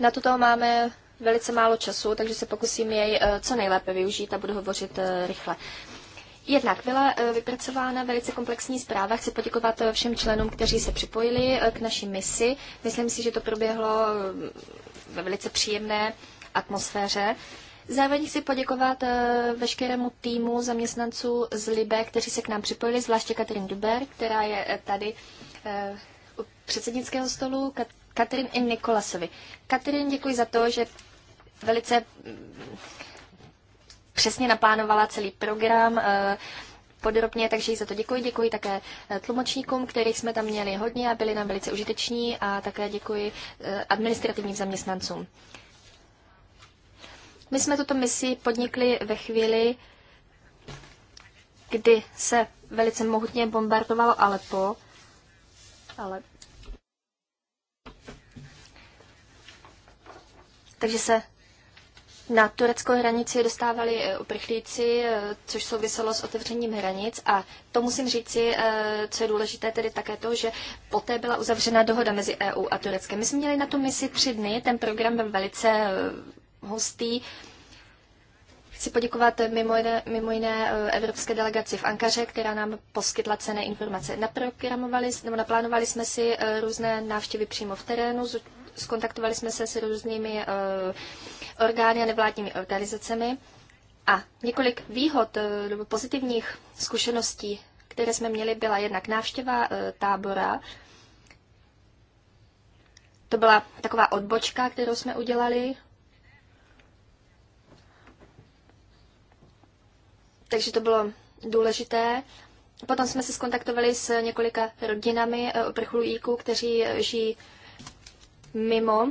Na tuto máme velice málo času, takže se pokusím jej eh, co nejlépe využít a budu hovořit eh, rychle. Jednak byla eh, vypracována velice komplexní zpráva. Chci poděkovat všem členům, kteří se připojili k naší misi. Myslím si, že to proběhlo velice příjemné atmosféře. Zároveň chci poděkovat eh, veškerému týmu zaměstnanců z Libe, kteří se k nám připojili, zvláště Katrin Duber, která je eh, tady eh, u předsednického stolu, Katrin i Nikolasovi. Katrin, děkuji za to, že velice mm, přesně naplánovala celý program, podrobně, takže za to děkuji. Děkuji také eh, tlumočníkům, kterých jsme tam měli hodně a byli nám velice užiteční a také děkuji eh, administrativním zaměstnancům. My jsme tuto misi podnikli ve chvíli, kdy se velice mohutně bombardovalo Alepo, ale... Takže se na tureckou hranici dostávali eh, uprchlíci, eh, což souviselo s otevřením hranic a to musím říci, eh, co je důležité tedy také to, že poté byla uzavřena dohoda mezi EU a Tureckem. My jsme měli na tu misi tři dny, ten program byl velice hustý. Chci poděkovat mimo jiné, mimo jiné evropské delegaci v Ankaře, která nám poskytla cené informace. Naprogramovali, nebo naplánovali jsme si různé návštěvy přímo v terénu, skontaktovali jsme se s různými uh, orgány a nevládními organizacemi. A několik výhod eh, nebo uh, pozitivních zkušeností, které jsme měli, byla jednak návštěva uh, tábora. To byla taková odbočka, kterou jsme udělali. Takže to bylo důležité. Potom jsme se skontaktovali s několika rodinami uprchlíků, kteří žijí mimo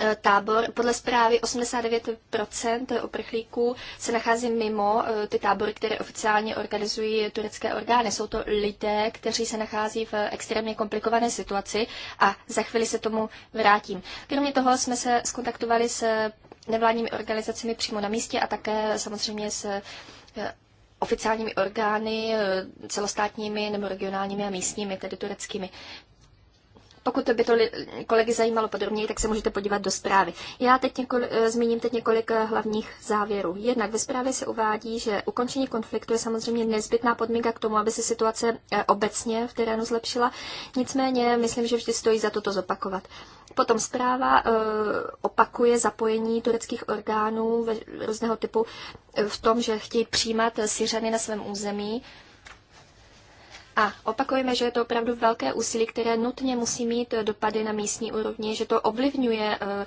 eh, tábor. Podle zprávy 89% uprchlíků se nachází mimo eh, ty tábory, které oficiálně organizují turecké orgány. Jsou to lidé, kteří se nachází v extrémně komplikované situaci a za chvíli se tomu vrátím. Kromě toho jsme se skontaktovali s nevládními organizacemi přímo na místě a také samozřejmě s eh, oficiálními orgány, celostátními nebo regionálními a místními, tedy tureckými. Pokud to by to kolegy zajímalo podrobněji, tak se můžete podívat do zprávy. Já teď několik, eh, zmíním teď několik eh, hlavních závěrů. Jednak ve zprávě se uvádí, že ukončení konfliktu je samozřejmě nezbytná podmínka k tomu, aby se situace eh, obecně v terénu zlepšila. Nicméně myslím, že vždy stojí za to to zopakovat. Potom zpráva opakuje zapojení tureckých orgánů různého typu v tom, že chtějí přijímat Syřany na svém území. A opakujeme, že je to opravdu velké úsilí, které nutně musí mít eh, dopady na místní úrovni, že to ovlivňuje eh, eh,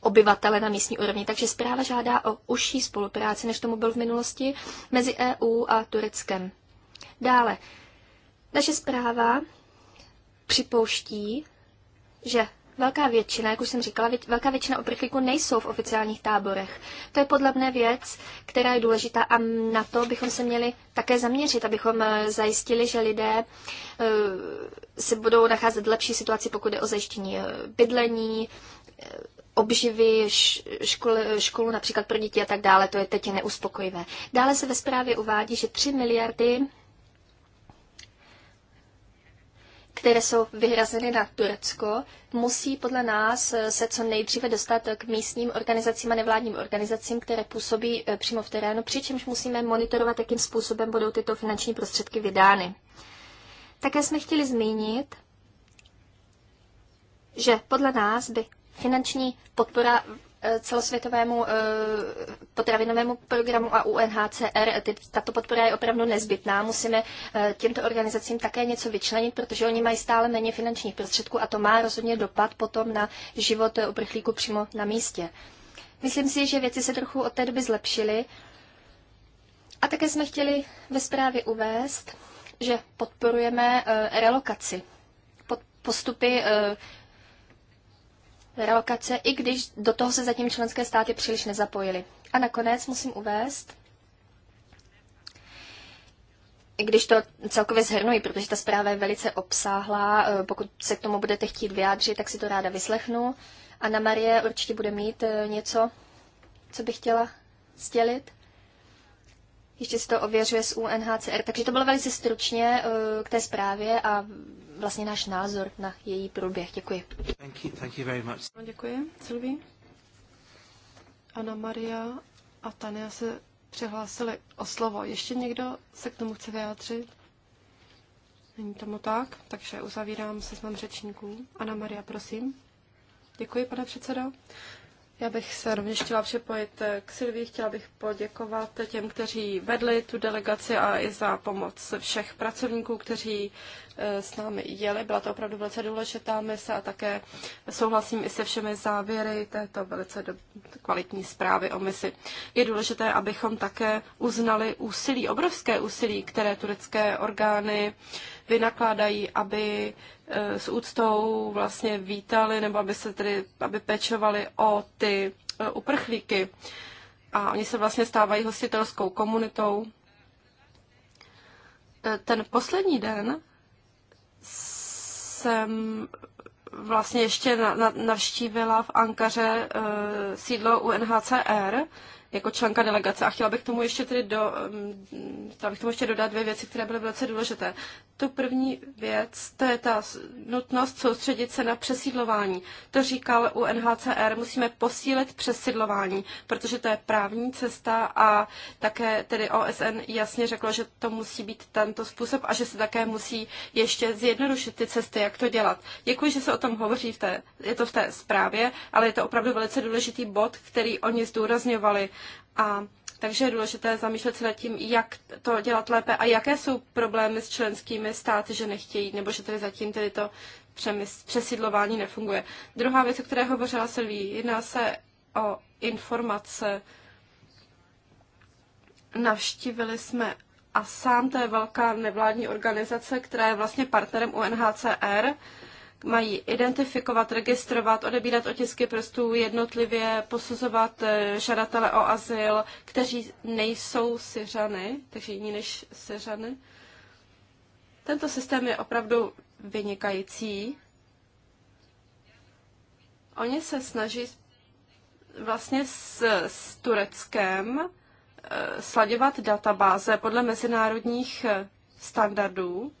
obyvatele na místní úrovni. Takže zpráva žádá o užší spolupráci, než tomu byl v minulosti, mezi EU a Tureckem. Dále, naše zpráva připouští, že Velká většina, jak už jsem říkala, velká většina uprchlíků nejsou v oficiálních táborech. To je podle mne věc, která je důležitá a na to bychom se měli také zaměřit, abychom eh, zajistili, že lidé eh, se budou nacházet v lepší situaci, pokud je o zajištění eh, bydlení, obživy, škol, školu například pro děti a tak dále. To je teď neuspokojivé. Dále se ve zprávě uvádí, že 3 miliardy které jsou vyhrazeny na Turecko, musí podle nás eh, se co nejdříve dostat eh, k místním organizacím a nevládním organizacím, které působí eh, přímo v terénu, přičemž musíme monitorovat, jakým způsobem budou tyto finanční prostředky vydány. Také jsme chtěli zmínit, že podle nás by finanční podpora Eh, celosvětovému eh, potravinovému programu a UNHCR. Tato podpora je opravdu nezbytná. Musíme eh, těmto organizacím také něco vyčlenit, protože oni mají stále méně finančních prostředků a to má rozhodně dopad potom na život uprchlíků přímo na místě. Myslím si, že věci se trochu od té doby zlepšily. A také jsme chtěli ve zprávě uvést, že podporujeme relokaci postupy relokace, i když do toho se zatím členské státy příliš nezapojily. A nakonec musím uvést, i když to celkově zhrnuji, protože ta zpráva je velice obsáhlá, eh, pokud se k tomu budete chtít vyjádřit, tak si to ráda vyslechnu. Anna Marie určitě bude mít eh, něco, co bych chtěla sdělit. Ještě si to ověřuje z UNHCR. Takže to bylo velice stručně eh, k té zprávě a vlastně náš názor na její průběh. Děkuji. Thank you, thank you very much. No, děkuji, Silví. Ana Maria a Tania se přihlásili o slovo. Ještě někdo se k tomu chce vyjádřit? Není tomu tak, takže uzavírám se mám řečníků. Ana Maria, prosím. Děkuji, pane předsedo. Já bych se rovněž chtěla připojit k Silvii, chtěla bych poděkovat těm, kteří vedli tu delegaci a i za pomoc všech pracovníků, kteří eh, s námi jeli. Byla to opravdu velice důležitá mise a také souhlasím i se všemi závěry této velice do, kvalitní zprávy o misi. Je důležité, abychom také uznali úsilí, obrovské úsilí, které turecké orgány uh, vynakládají, aby eh, s úctou vlastně vítali nebo aby se tedy, aby pečovali o ty eh, uprchlíky. A oni se vlastně stávají hostitelskou komunitou. Eh, ten poslední den jsem vlastně ještě navštívila v Ankaře sídlo UNHCR, jako členka delegace. A chtěla bych tomu ještě tedy do, mm, chtěla bych tomu ještě dodat dvě věci, které byly velice důležité. Tu první věc, to je ta nutnost soustředit se na přesídlování. To říkal u NHCR, musíme posílit přesídlování, protože to je právní cesta a také tedy OSN jasně řeklo, že to musí být tento způsob a že se také musí ještě zjednodušit ty cesty, jak to dělat. Děkuji, že se o tom hovoří, v té, je to v té zprávě, ale je to opravdu velice důležitý bod, který oni zdůrazňovali. A takže je důležité zamýšlet se nad tím, jak to dělat lépe a jaké jsou problémy s členskými státy, že nechtějí, nebo že tady zatím tedy to přesidlování nefunguje. Druhá věc, o které hovořila Silví, jedná se o informace. Navštívili jsme a sám to je velká nevládní organizace, která je vlastně partnerem UNHCR mají identifikovat, registrovat, odebírat otisky prstů, jednotlivě posuzovat eh, žadatele o azyl, kteří nejsou Syřany, takže jiní než Syřany. Tento systém je opravdu vynikající. Oni se snaží vlastně s, s Tureckem eh, sladěvat databáze podle mezinárodních eh, standardů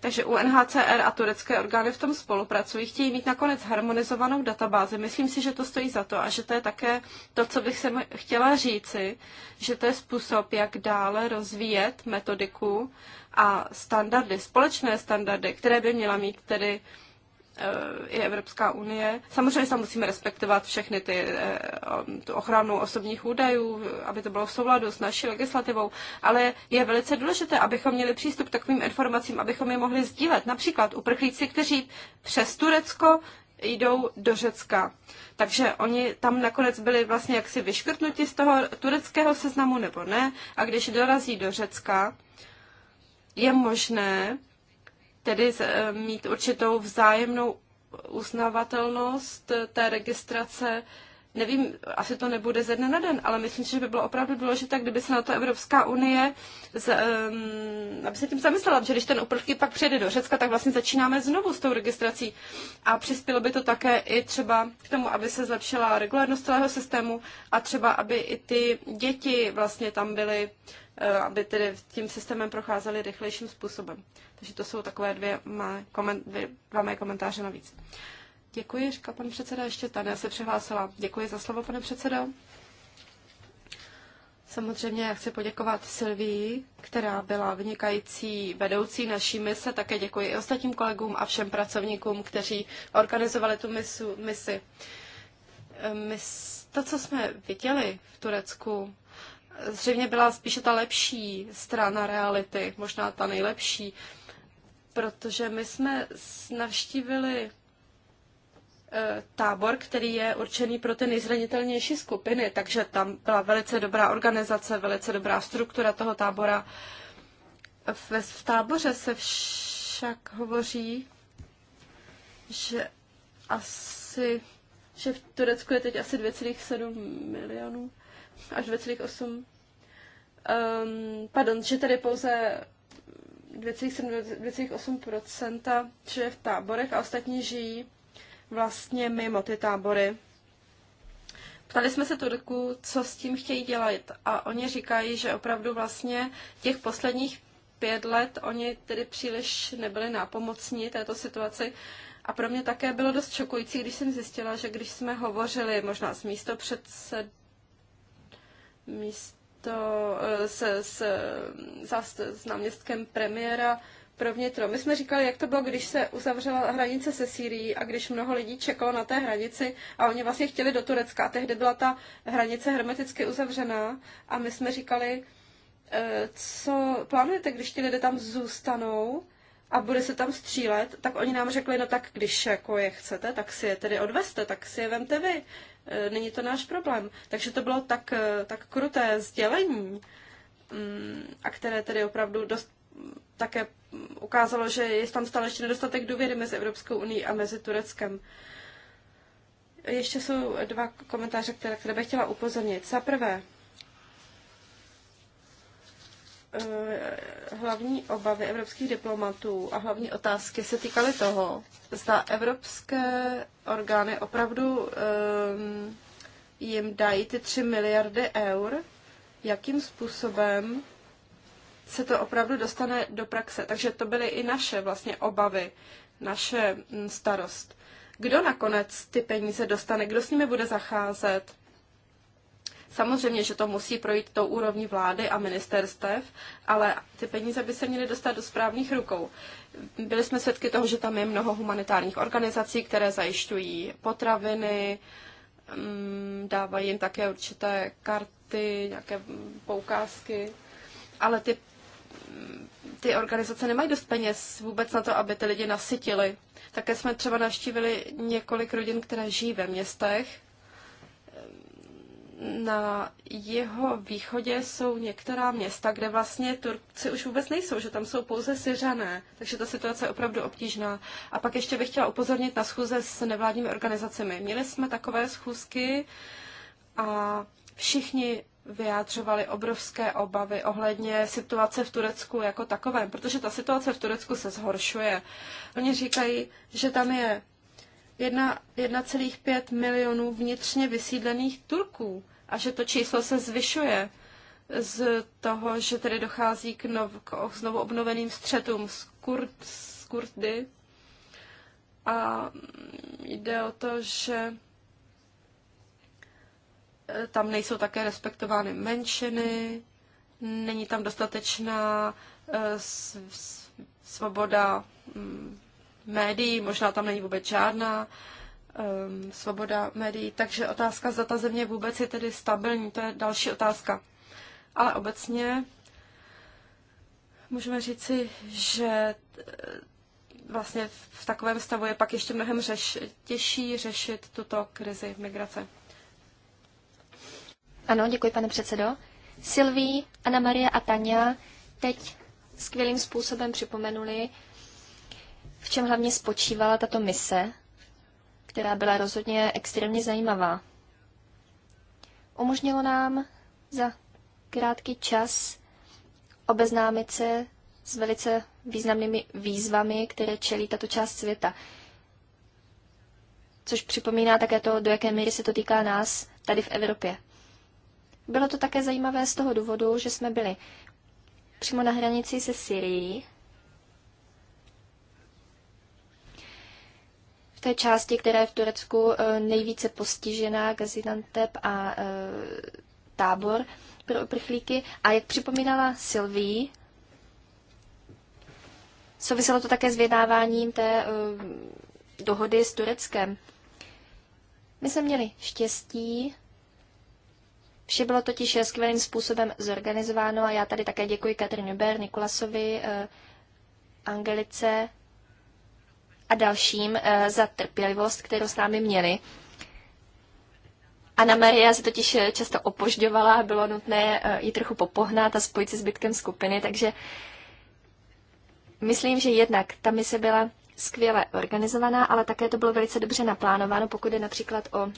takže UNHCR a turecké orgány v tom spolupracují, chtějí mít nakonec harmonizovanou databázi. Myslím si, že to stojí za to a že to je také to, co bych se chtěla říci, že to je způsob, jak dále rozvíjet metodiku a standardy, společné standardy, které by měla mít tedy Eh, i Evropská unie. Samozřejmě se musíme respektovat všechny ty eh, tu ochranu osobních údajů, aby to bylo v souladu s naší legislativou, ale je velice důležité, abychom měli přístup k takovým informacím, abychom je mohli sdílet. Například uprchlíci, kteří přes Turecko jdou do Řecka. Takže oni tam nakonec byli vlastně jaksi vyškrtnuti z toho tureckého seznamu nebo ne. A když dorazí do Řecka, je možné, tedy eh, mít určitou vzájemnou uznavatelnost eh, té registrace. Nevím, asi to nebude ze dne na den, ale myslím, že by bylo opravdu důležité, kdyby se na to Evropská unie, z, um, aby se tím zamyslela, že když ten uprchlík pak přijede do Řecka, tak vlastně začínáme znovu s tou registrací a přispělo by to také i třeba k tomu, aby se zlepšila regulárnost celého systému a třeba, aby i ty děti vlastně tam byly Eh, aby tedy tím systémem procházeli rychlejším způsobem. Takže to jsou takové dvě, má koment, dvě, dva mé komentáře navíc. Děkuji, říká pan předseda, ještě tady se přihlásila. Děkuji za slovo, pane předsedo. Samozřejmě já chci poděkovat Silvii, která byla vynikající vedoucí naší mise. Také děkuji i ostatním kolegům a všem pracovníkům, kteří organizovali tu misu, misi. Ehm, mis, to, co jsme viděli v Turecku, zřejmě byla spíše ta lepší strana reality, možná ta nejlepší, protože my jsme navštívili eh, tábor, který je určený pro ty nejzranitelnější skupiny, takže tam byla velice dobrá organizace, velice dobrá struktura toho tábora. V, v táboře se však hovoří, že asi, že v Turecku je teď asi 2,7 milionů až 2,8 um, ehm, pardon, že tady pouze 2,8% žije v táborech a ostatní žijí vlastně mimo ty tábory. Ptali jsme se Turku, co s tím chtějí dělat a oni říkají, že opravdu vlastně těch posledních pět let oni tedy příliš nebyli nápomocní této situaci. A pro mě také bylo dost šokující, když jsem zjistila, že když jsme hovořili možná s místo předsedou, místo eh, se, se, se, s náměstkem premiéra pro vnitro. My jsme říkali, jak to bylo, když se uzavřela hranice se Sýrií a když mnoho lidí čekalo na té hranici a oni vlastně chtěli do Turecka a tehdy byla ta hranice hermeticky uzavřená a my jsme říkali, eh, co plánujete, když ti lidé tam zůstanou a bude se tam střílet, tak oni nám řekli, no tak když jako je chcete, tak si je tedy odveste, tak si je vemte vy. Eh, není to náš problém. Takže to bylo tak, eh, tak kruté sdělení, mm, a které tedy opravdu dost také ukázalo, že je tam stále ještě nedostatek důvěry mezi Evropskou unii a mezi Tureckem. Ještě jsou dva komentáře, které, které bych chtěla upozornit. Za prvé, Eh, hlavní obavy evropských diplomatů a hlavní otázky se týkaly toho, zda evropské orgány opravdu eh, jim dají ty 3 miliardy eur, jakým způsobem se to opravdu dostane do praxe. Takže to byly i naše vlastně obavy, naše mm, starost. Kdo nakonec ty peníze dostane, kdo s nimi bude zacházet, Samozřejmě, že to musí projít tou úrovní vlády a ministerstev, ale ty peníze by se měly dostat do správných rukou. Byli jsme svědky toho, že tam je mnoho humanitárních organizací, které zajišťují potraviny, mm, dávají jim také určité karty, nějaké mm, poukázky, ale ty, mm, ty organizace nemají dost peněz vůbec na to, aby ty lidi nasytili. Také jsme třeba navštívili několik rodin, které žijí ve městech na jeho východě jsou některá města, kde vlastně Turci už vůbec nejsou, že tam jsou pouze Syřané, takže ta situace je opravdu obtížná. A pak ještě bych chtěla upozornit na schůze s nevládními organizacemi. Měli jsme takové schůzky a všichni vyjádřovali obrovské obavy ohledně situace v Turecku jako takové, protože ta situace v Turecku se zhoršuje. Oni říkají, že tam je 1,5 milionů vnitřně vysídlených Turků a že to číslo se zvyšuje z toho, že tedy dochází k, nov, k znovu obnoveným střetům s, Kurd, s Kurdy. A jde o to, že e, tam nejsou také respektovány menšiny, není tam dostatečná e, svoboda mm, médií, možná tam není vůbec žádná um, svoboda médií, takže otázka, zda ta země vůbec je tedy stabilní, to je další otázka. Ale obecně můžeme říci, že e, vlastně v takovém stavu je pak ještě mnohem řeš, těžší řešit tuto krizi migrace. Ano, děkuji, pane předsedo. Silví, Ana Maria a Tania teď skvělým způsobem připomenuli, v čem hlavně spočívala tato mise, která byla rozhodně extrémně zajímavá. Umožnilo nám za krátký čas obeznámit se s velice významnými výzvami, které čelí tato část světa. Což připomíná také to, do jaké míry se to týká nás tady v Evropě. Bylo to také zajímavé z toho důvodu, že jsme byli přímo na hranici se Syrií, v té části, která je v Turecku eh, nejvíce postižená, Gaziantep a eh, tábor pro uprchlíky. A jak připomínala Sylvie, souviselo to také s vyjednáváním té eh, dohody s Tureckem. My jsme měli štěstí, Vše bylo totiž skvělým způsobem zorganizováno a já tady také děkuji Katrinu Ber, Nikolasovi, Angelice a dalším eh, za trpělivost, kterou s námi měli. Anna Maria se totiž eh, často opožďovala a bylo nutné eh, ji trochu popohnat a spojit se zbytkem skupiny, takže myslím, že jednak ta mise byla skvěle organizovaná, ale také to bylo velice dobře naplánováno, pokud je například o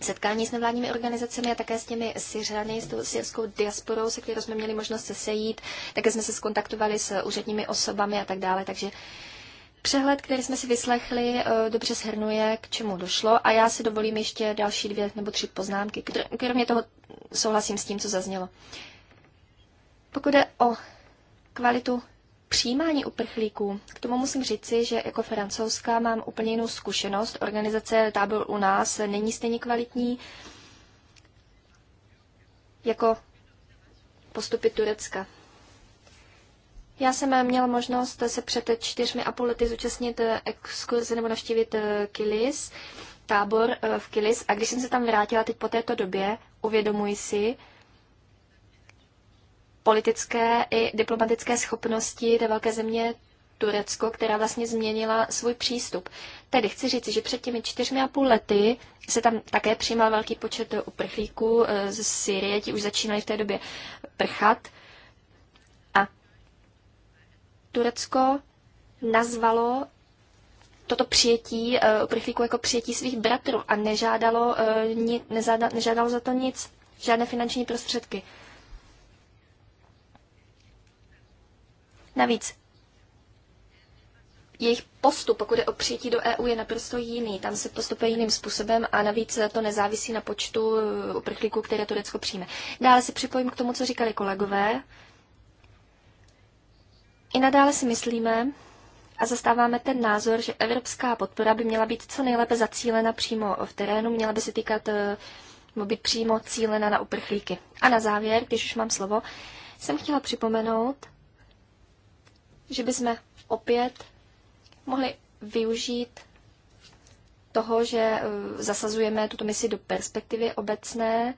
setkání s nevládními organizacemi a také s těmi Syřany, s tou syrskou diasporou, se kterou jsme měli možnost se sejít, také jsme se skontaktovali s úředními osobami a tak dále, takže Přehled, který jsme si vyslechli, eh, dobře shrnuje, k čemu došlo a já si dovolím ještě další dvě nebo tři poznámky. Kromě toho souhlasím s tím, co zaznělo. Pokud jde o kvalitu přijímání uprchlíků, k tomu musím říci, že jako francouzská mám úplně jinou zkušenost. Organizace tábor u nás není stejně kvalitní jako postupy Turecka. Já jsem měla možnost se před čtyřmi a půl lety zúčastnit eh, exkurzi nebo navštívit eh, Kilis, tábor eh, v Kilis a když jsem se tam vrátila teď po této době, uvědomuji si politické i diplomatické schopnosti té velké země Turecko, která vlastně změnila svůj přístup. Tedy chci říct, že před těmi čtyřmi a půl lety se tam také přijímal velký počet uprchlíků z Syrie, ti už začínali v té době prchat. Turecko nazvalo toto přijetí eh, uprchlíků jako přijetí svých bratrů a nežádalo, eh, nezáda, nežádalo za to nic, žádné finanční prostředky. Navíc jejich postup, pokud je o přijetí do EU, je naprosto jiný. Tam se postupuje jiným způsobem a navíc to nezávisí na počtu eh, uprchlíků, které Turecko přijme. Dále se připojím k tomu, co říkali kolegové i nadále si myslíme a zastáváme ten názor, že evropská podpora by měla být co nejlépe zacílena přímo v terénu, měla by se týkat eh, nebo být přímo cílena na uprchlíky. A na závěr, když už mám slovo, jsem chtěla připomenout, že bychom opět mohli využít toho, že eh, zasazujeme tuto misi do perspektivy obecné,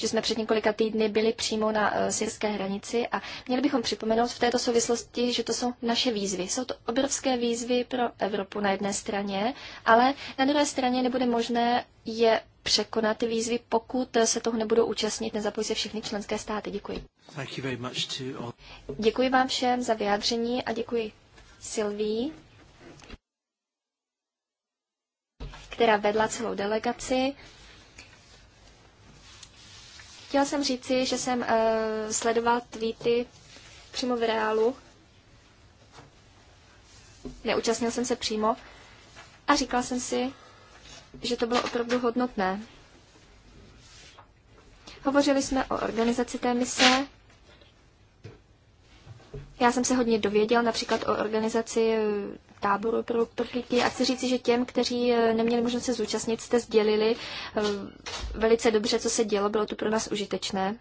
že jsme před několika týdny byli přímo na eh, syrské hranici a měli bychom připomenout v této souvislosti, že to jsou naše výzvy. Jsou to obrovské výzvy pro Evropu na jedné straně, ale na druhé straně nebude možné je překonat ty výzvy, pokud se toho nebudou účastnit, nezapojí se všechny členské státy. Děkuji. Thank you very much to all. Děkuji vám všem za vyjádření a děkuji Silví, která vedla celou delegaci. Chtěla jsem říci, že jsem uh, sledoval tweety přímo v reálu. Neúčastnil jsem se přímo. A říkal jsem si, že to bylo opravdu hodnotné. Hovořili jsme o organizaci té mise. Já jsem se hodně dověděl například o organizaci táboru pro uprchlíky a chci říci, že těm, kteří eh, neměli možnost se zúčastnit, jste sdělili eh, velice dobře, co se dělo, bylo to pro nás užitečné.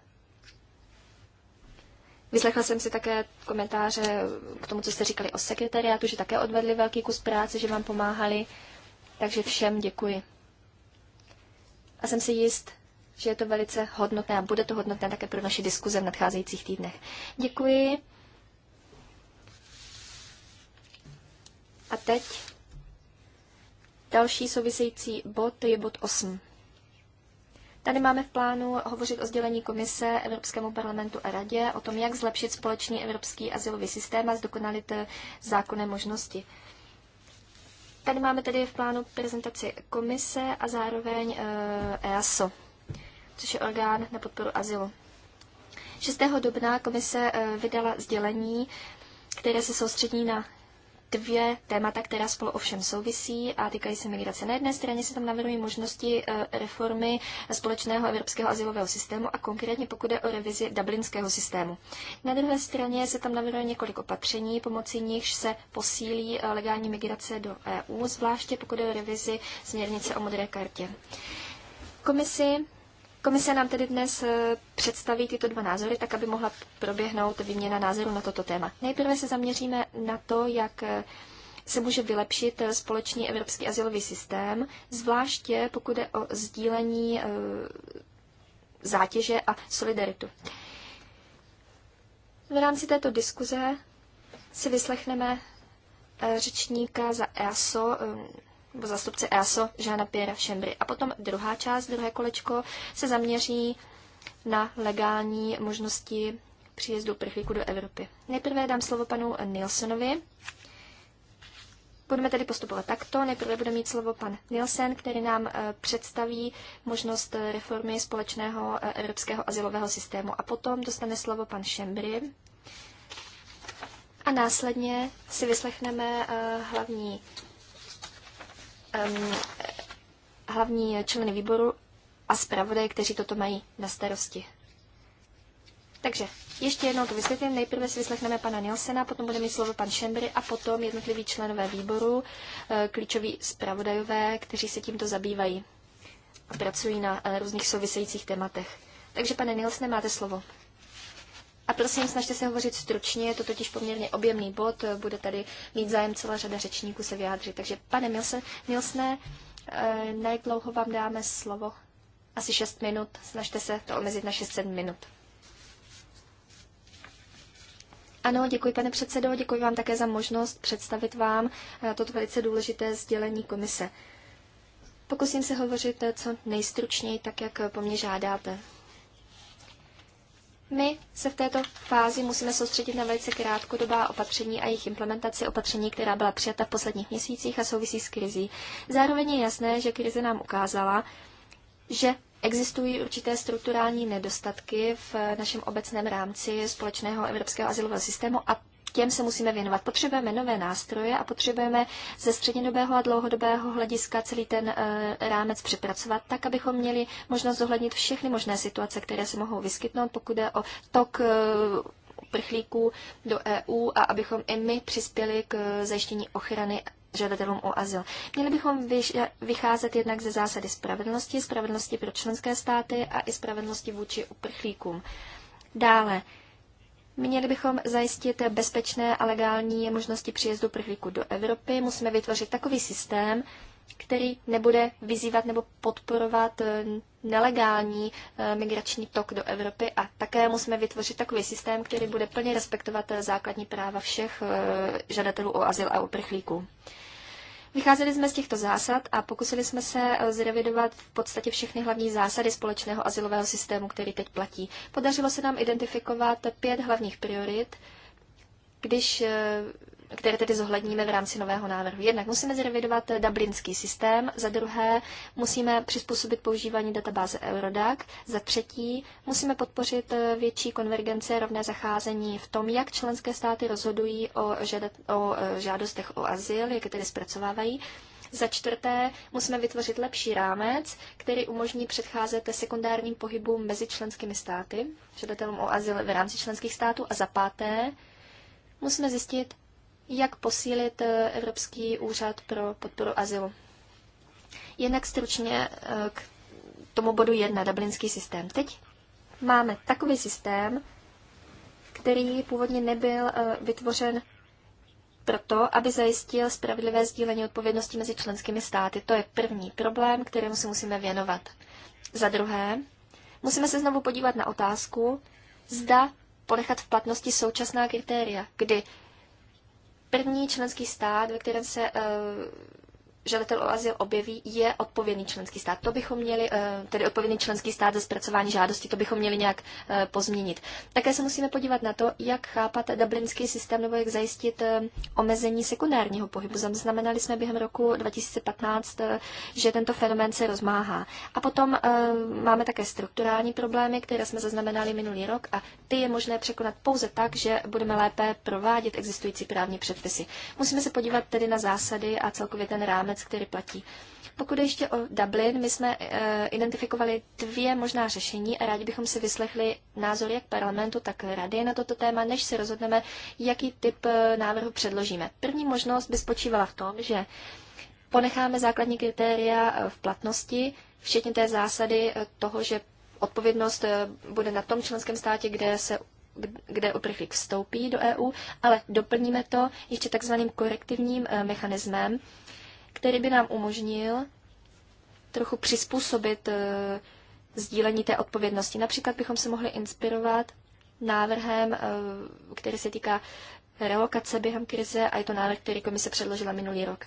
Vyslechla jsem si také komentáře k tomu, co jste říkali o sekretariátu, že také odvedli velký kus práce, že vám pomáhali. Takže všem děkuji. A jsem si jist, že je to velice hodnotné a bude to hodnotné také pro naše diskuze v nadcházejících týdnech. Děkuji. A teď další související bod je bod 8. Tady máme v plánu hovořit o sdělení komise Evropskému parlamentu a radě o tom, jak zlepšit společný evropský asilový systém a zdokonalit zákonné možnosti. Tady máme tedy v plánu prezentaci komise a zároveň eh, EASO, což je orgán na podporu asilu. 6. dubna komise eh, vydala sdělení, které se soustředí na dvě témata, která spolu ovšem souvisí a týkají se migrace. Na jedné straně se tam navrhují možnosti e, reformy společného evropského asilového systému a konkrétně pokud je o revizi dublinského systému. Na druhé straně se tam navrhuje několik opatření, pomocí nichž se posílí e, legální migrace do EU, zvláště pokud je o revizi směrnice o modré kartě. Komisi Komise nám tedy dnes eh, představí tyto dva názory, tak aby mohla proběhnout výměna názorů na toto téma. Nejprve se zaměříme na to, jak eh, se může vylepšit eh, společný evropský asilový systém, zvláště pokud je o sdílení zátěže a solidaritu. V rámci této diskuze si vyslechneme řečníka za EASO, nebo zastupce ESO Žána Pěra Šembry. A potom druhá část, druhé kolečko, se zaměří na legální možnosti příjezdu prchlíků do Evropy. Nejprve dám slovo panu Nilsonovi. Budeme tedy postupovat takto. Nejprve bude mít slovo pan Nielsen, který nám eh, představí možnost reformy společného eh, evropského asilového systému. A potom dostane slovo pan Šembry. A následně si vyslechneme eh, hlavní um, hlavní členy výboru a zpravodaj, kteří toto mají na starosti. Takže ještě jednou to vysvětlím. Nejprve si vyslechneme pana Nielsena, potom bude mít slovo pan Šembry a potom jednotliví členové výboru, eh, klíčoví zpravodajové, kteří se tímto zabývají a pracují na eh, různých souvisejících tématech. Takže pane Nielsene, máte slovo. A prosím, snažte se hovořit stručně, je to totiž poměrně objemný bod, bude tady mít zájem celá řada řečníků se vyjádřit. Takže pane Milse, Milsné, eh, na jak dlouho vám dáme slovo? Asi 6 minut, snažte se to omezit na 600 minut. Ano, děkuji pane předsedo, děkuji vám také za možnost představit vám eh, toto velice důležité sdělení komise. Pokusím se hovořit eh, co nejstručněji, tak jak po mně žádáte. My se v této fázi musíme soustředit na velice krátkodobá opatření a jejich implementaci opatření, která byla přijata v posledních měsících a souvisí s krizí. Zároveň je jasné, že krize nám ukázala, že existují určité strukturální nedostatky v našem obecném rámci společného evropského asilového systému a těm se musíme věnovat. Potřebujeme nové nástroje a potřebujeme ze střednědobého a dlouhodobého hlediska celý ten eh, rámec přepracovat tak, abychom měli možnost zohlednit všechny možné situace, které se mohou vyskytnout, pokud jde o tok eh, prchlíků do EU a abychom i my přispěli k eh, zajištění ochrany žadatelům o azyl. Měli bychom vycházet jednak ze zásady spravedlnosti, spravedlnosti pro členské státy a i spravedlnosti vůči uprchlíkům. Dále Měli bychom zajistit bezpečné a legální možnosti příjezdu prchlíků do Evropy. Musíme vytvořit takový systém, který nebude vyzývat nebo podporovat eh, nelegální eh, migrační tok do Evropy a také musíme vytvořit takový systém, který bude plně respektovat základní práva všech eh, žadatelů o azyl a uprchlíků. Vycházeli jsme z těchto zásad a pokusili jsme se eh, zrevidovat v podstatě všechny hlavní zásady společného asilového systému, který teď platí. Podařilo se nám identifikovat pět hlavních priorit, když eh, které tedy zohledníme v rámci nového návrhu. Jednak musíme zrevidovat dublinský systém, za druhé musíme přizpůsobit používání databáze Eurodac, za třetí musíme podpořit větší konvergenci rovné zacházení v tom, jak členské státy rozhodují o, žadat, o e, žádostech o azyl, jak je tedy zpracovávají. Za čtvrté, musíme vytvořit lepší rámec, který umožní předcházet sekundárním pohybům mezi členskými státy, žadatelům o azyl v rámci členských států. A za páté, musíme zjistit, jak posílit eh, Evropský úřad pro podporu azylu. Jinak stručně eh, k tomu bodu jedna: dublinský systém. Teď máme takový systém, který původně nebyl eh, vytvořen proto, aby zajistil spravedlivé sdílení odpovědnosti mezi členskými státy. To je první problém, kterému se musíme věnovat. Za druhé, musíme se znovu podívat na otázku, zda ponechat v platnosti současná kritéria, kdy první členský stát, ve kterém se eh, žadatel o azyl objeví, je odpovědný členský stát. To bychom měli, eh, tedy odpovědný členský stát za zpracování žádosti, to bychom měli nějak eh, pozměnit. Také se musíme podívat na to, jak chápat dublinský systém nebo jak zajistit eh, omezení sekundárního pohybu. Zaznamenali jsme během roku 2015, že tento fenomén se rozmáhá. A potom máme také strukturální problémy, které jsme zaznamenali minulý rok a ty je možné překonat pouze tak, že budeme lépe provádět existující právní předpisy. Musíme se podívat tedy na zásady a celkově ten rámec rámec, který platí. Pokud ještě o Dublin, my jsme e, identifikovali dvě možná řešení a rádi bychom si vyslechli názor jak parlamentu, tak rady na toto téma, než si rozhodneme, jaký typ eh, návrhu předložíme. První možnost by spočívala v tom, že ponecháme základní kritéria eh, v platnosti, včetně té zásady toho, že odpovědnost bude na tom členském státě, kde se kde uprchlík vstoupí do EU, ale doplníme to ještě takzvaným korektivním mechanismem, který by nám umožnil trochu přizpůsobit eh, sdílení té odpovědnosti. Například bychom se mohli inspirovat návrhem, eh, který se týká relokace během krize a je to návrh, který komise předložila minulý rok.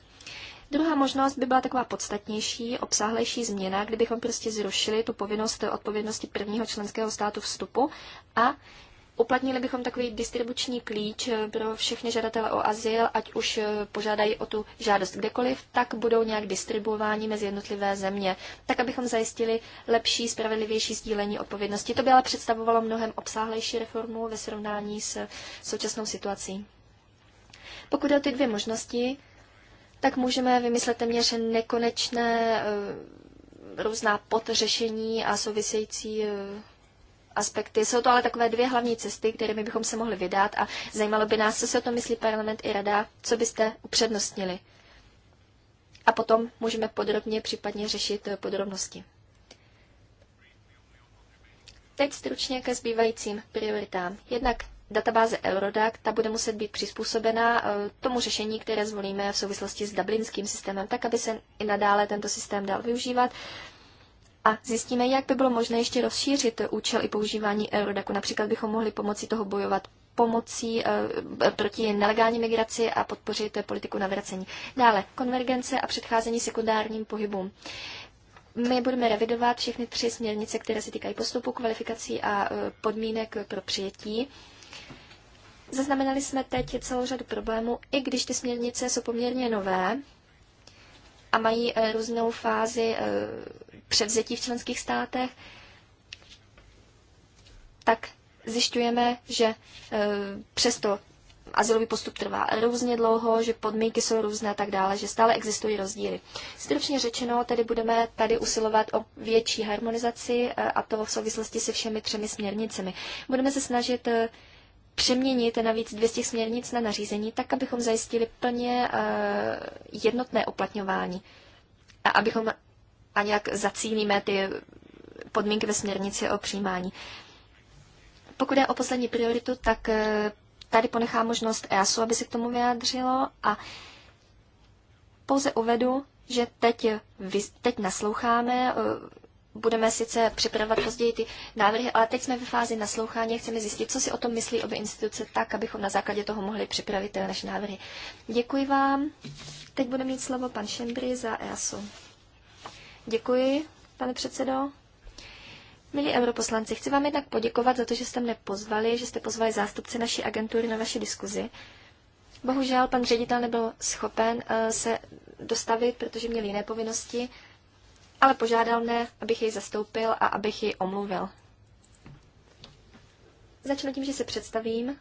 Druhá možnost by byla taková podstatnější, obsáhlejší změna, kdybychom prostě zrušili tu povinnost odpovědnosti prvního členského státu vstupu a Uplatnili bychom takový distribuční klíč eh, pro všechny žadatele o azyl, ať už eh, požádají o tu žádost kdekoliv, tak budou nějak distribuováni mezi jednotlivé země, tak abychom zajistili lepší, spravedlivější sdílení odpovědnosti. To by ale představovalo mnohem obsáhlejší reformu ve srovnání s současnou situací. Pokud jde o ty dvě možnosti, tak můžeme vymyslet téměř nekonečné eh, různá podřešení a související aspekty. Jsou to ale takové dvě hlavní cesty, kterými bychom se mohli vydat a zajímalo by nás, co si o tom myslí parlament i rada, co byste upřednostnili. A potom můžeme podrobně případně řešit eh, podrobnosti. Teď stručně ke zbývajícím prioritám. Jednak databáze Eurodac, ta bude muset být přizpůsobena eh, tomu řešení, které zvolíme v souvislosti s dublinským systémem, tak aby se i nadále tento systém dal využívat a zjistíme, jak by bylo možné ještě rozšířit účel i používání Eurodacu. Například bychom mohli pomocí toho bojovat pomocí e, proti nelegální migraci a podpořit politiku navracení. Dále, konvergence a předcházení sekundárním pohybům. My budeme revidovat všechny tři směrnice, které se týkají postupu, kvalifikací a eh, podmínek pro přijetí. Zaznamenali jsme teď celou řadu problémů, i když ty směrnice jsou poměrně nové a mají eh, různou fázi převzetí v členských státech, tak zjišťujeme, že e, přesto azylový postup trvá různě dlouho, že podmínky jsou různé a tak dále, že stále existují rozdíly. Stručně řečeno, tedy budeme tady usilovat o větší harmonizaci e, a to v souvislosti se všemi třemi směrnicemi. Budeme se snažit e, přeměnit navíc 200 směrnic na nařízení, tak abychom zajistili plně jednotné uplatňování a abychom a nějak zacílíme ty podmínky ve směrnici o přijímání. Pokud je o poslední prioritu, tak eh, tady ponechám možnost EASu, aby se k tomu vyjádřilo a pouze uvedu, že teď, teď nasloucháme, eh, budeme sice připravovat později ty návrhy, ale teď jsme ve fázi naslouchání a chceme zjistit, co si o tom myslí obě instituce tak, abychom na základě toho mohli připravit eh, naše návrhy. Děkuji vám. Teď bude mít slovo pan Šembry za EASu. Děkuji, pane předsedo. Milí europoslanci, chci vám jednak poděkovat za to, že jste mne pozvali, že jste pozvali zástupce naší agentury na vaši diskuzi. Bohužel pan ředitel nebyl schopen eh, se dostavit, protože měl jiné povinnosti, ale požádal mne, abych jej zastoupil a abych jej omluvil. Začnu tím, že se představím.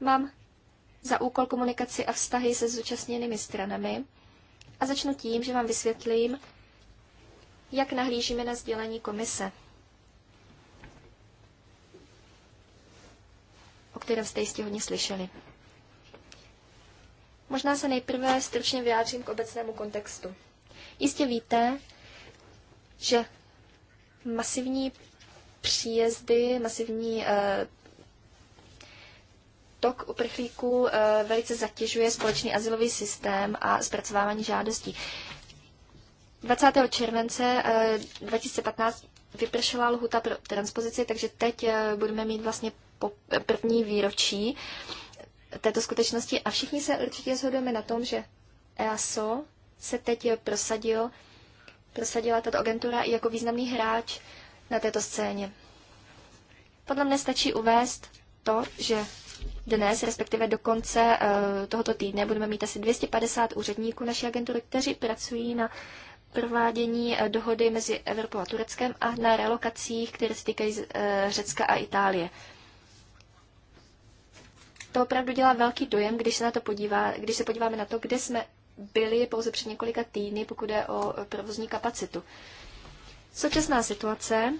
Mám za úkol komunikaci a vztahy se zúčastněnými stranami a začnu tím, že vám vysvětlím, jak nahlížíme na sdělení komise, o kterém jste jistě hodně slyšeli. Možná se nejprve stručně vyjádřím k obecnému kontextu. Jistě víte, že masivní příjezdy, masivní e, tok uprchlíků eh, velice zatěžuje společný asilový systém a zpracovávání žádostí. 20. července 2015 eh, vypršela lhuta pro transpozici, takže teď eh, budeme mít vlastně první výročí této skutečnosti a všichni se určitě shodujeme na tom, že EASO se teď prosadil, prosadila tato agentura i jako významný hráč na této scéně. Podle mě stačí uvést to, že dnes, respektive do konce eh, tohoto týdne, budeme mít asi 250 úředníků naší agentury, kteří pracují na provádění eh, dohody mezi Evropou a Tureckem a na relokacích, které se týkají eh, Řecka a Itálie. To opravdu dělá velký dojem, když se, na to podívá, když se podíváme na to, kde jsme byli pouze před několika týdny, pokud je o provozní kapacitu. Současná situace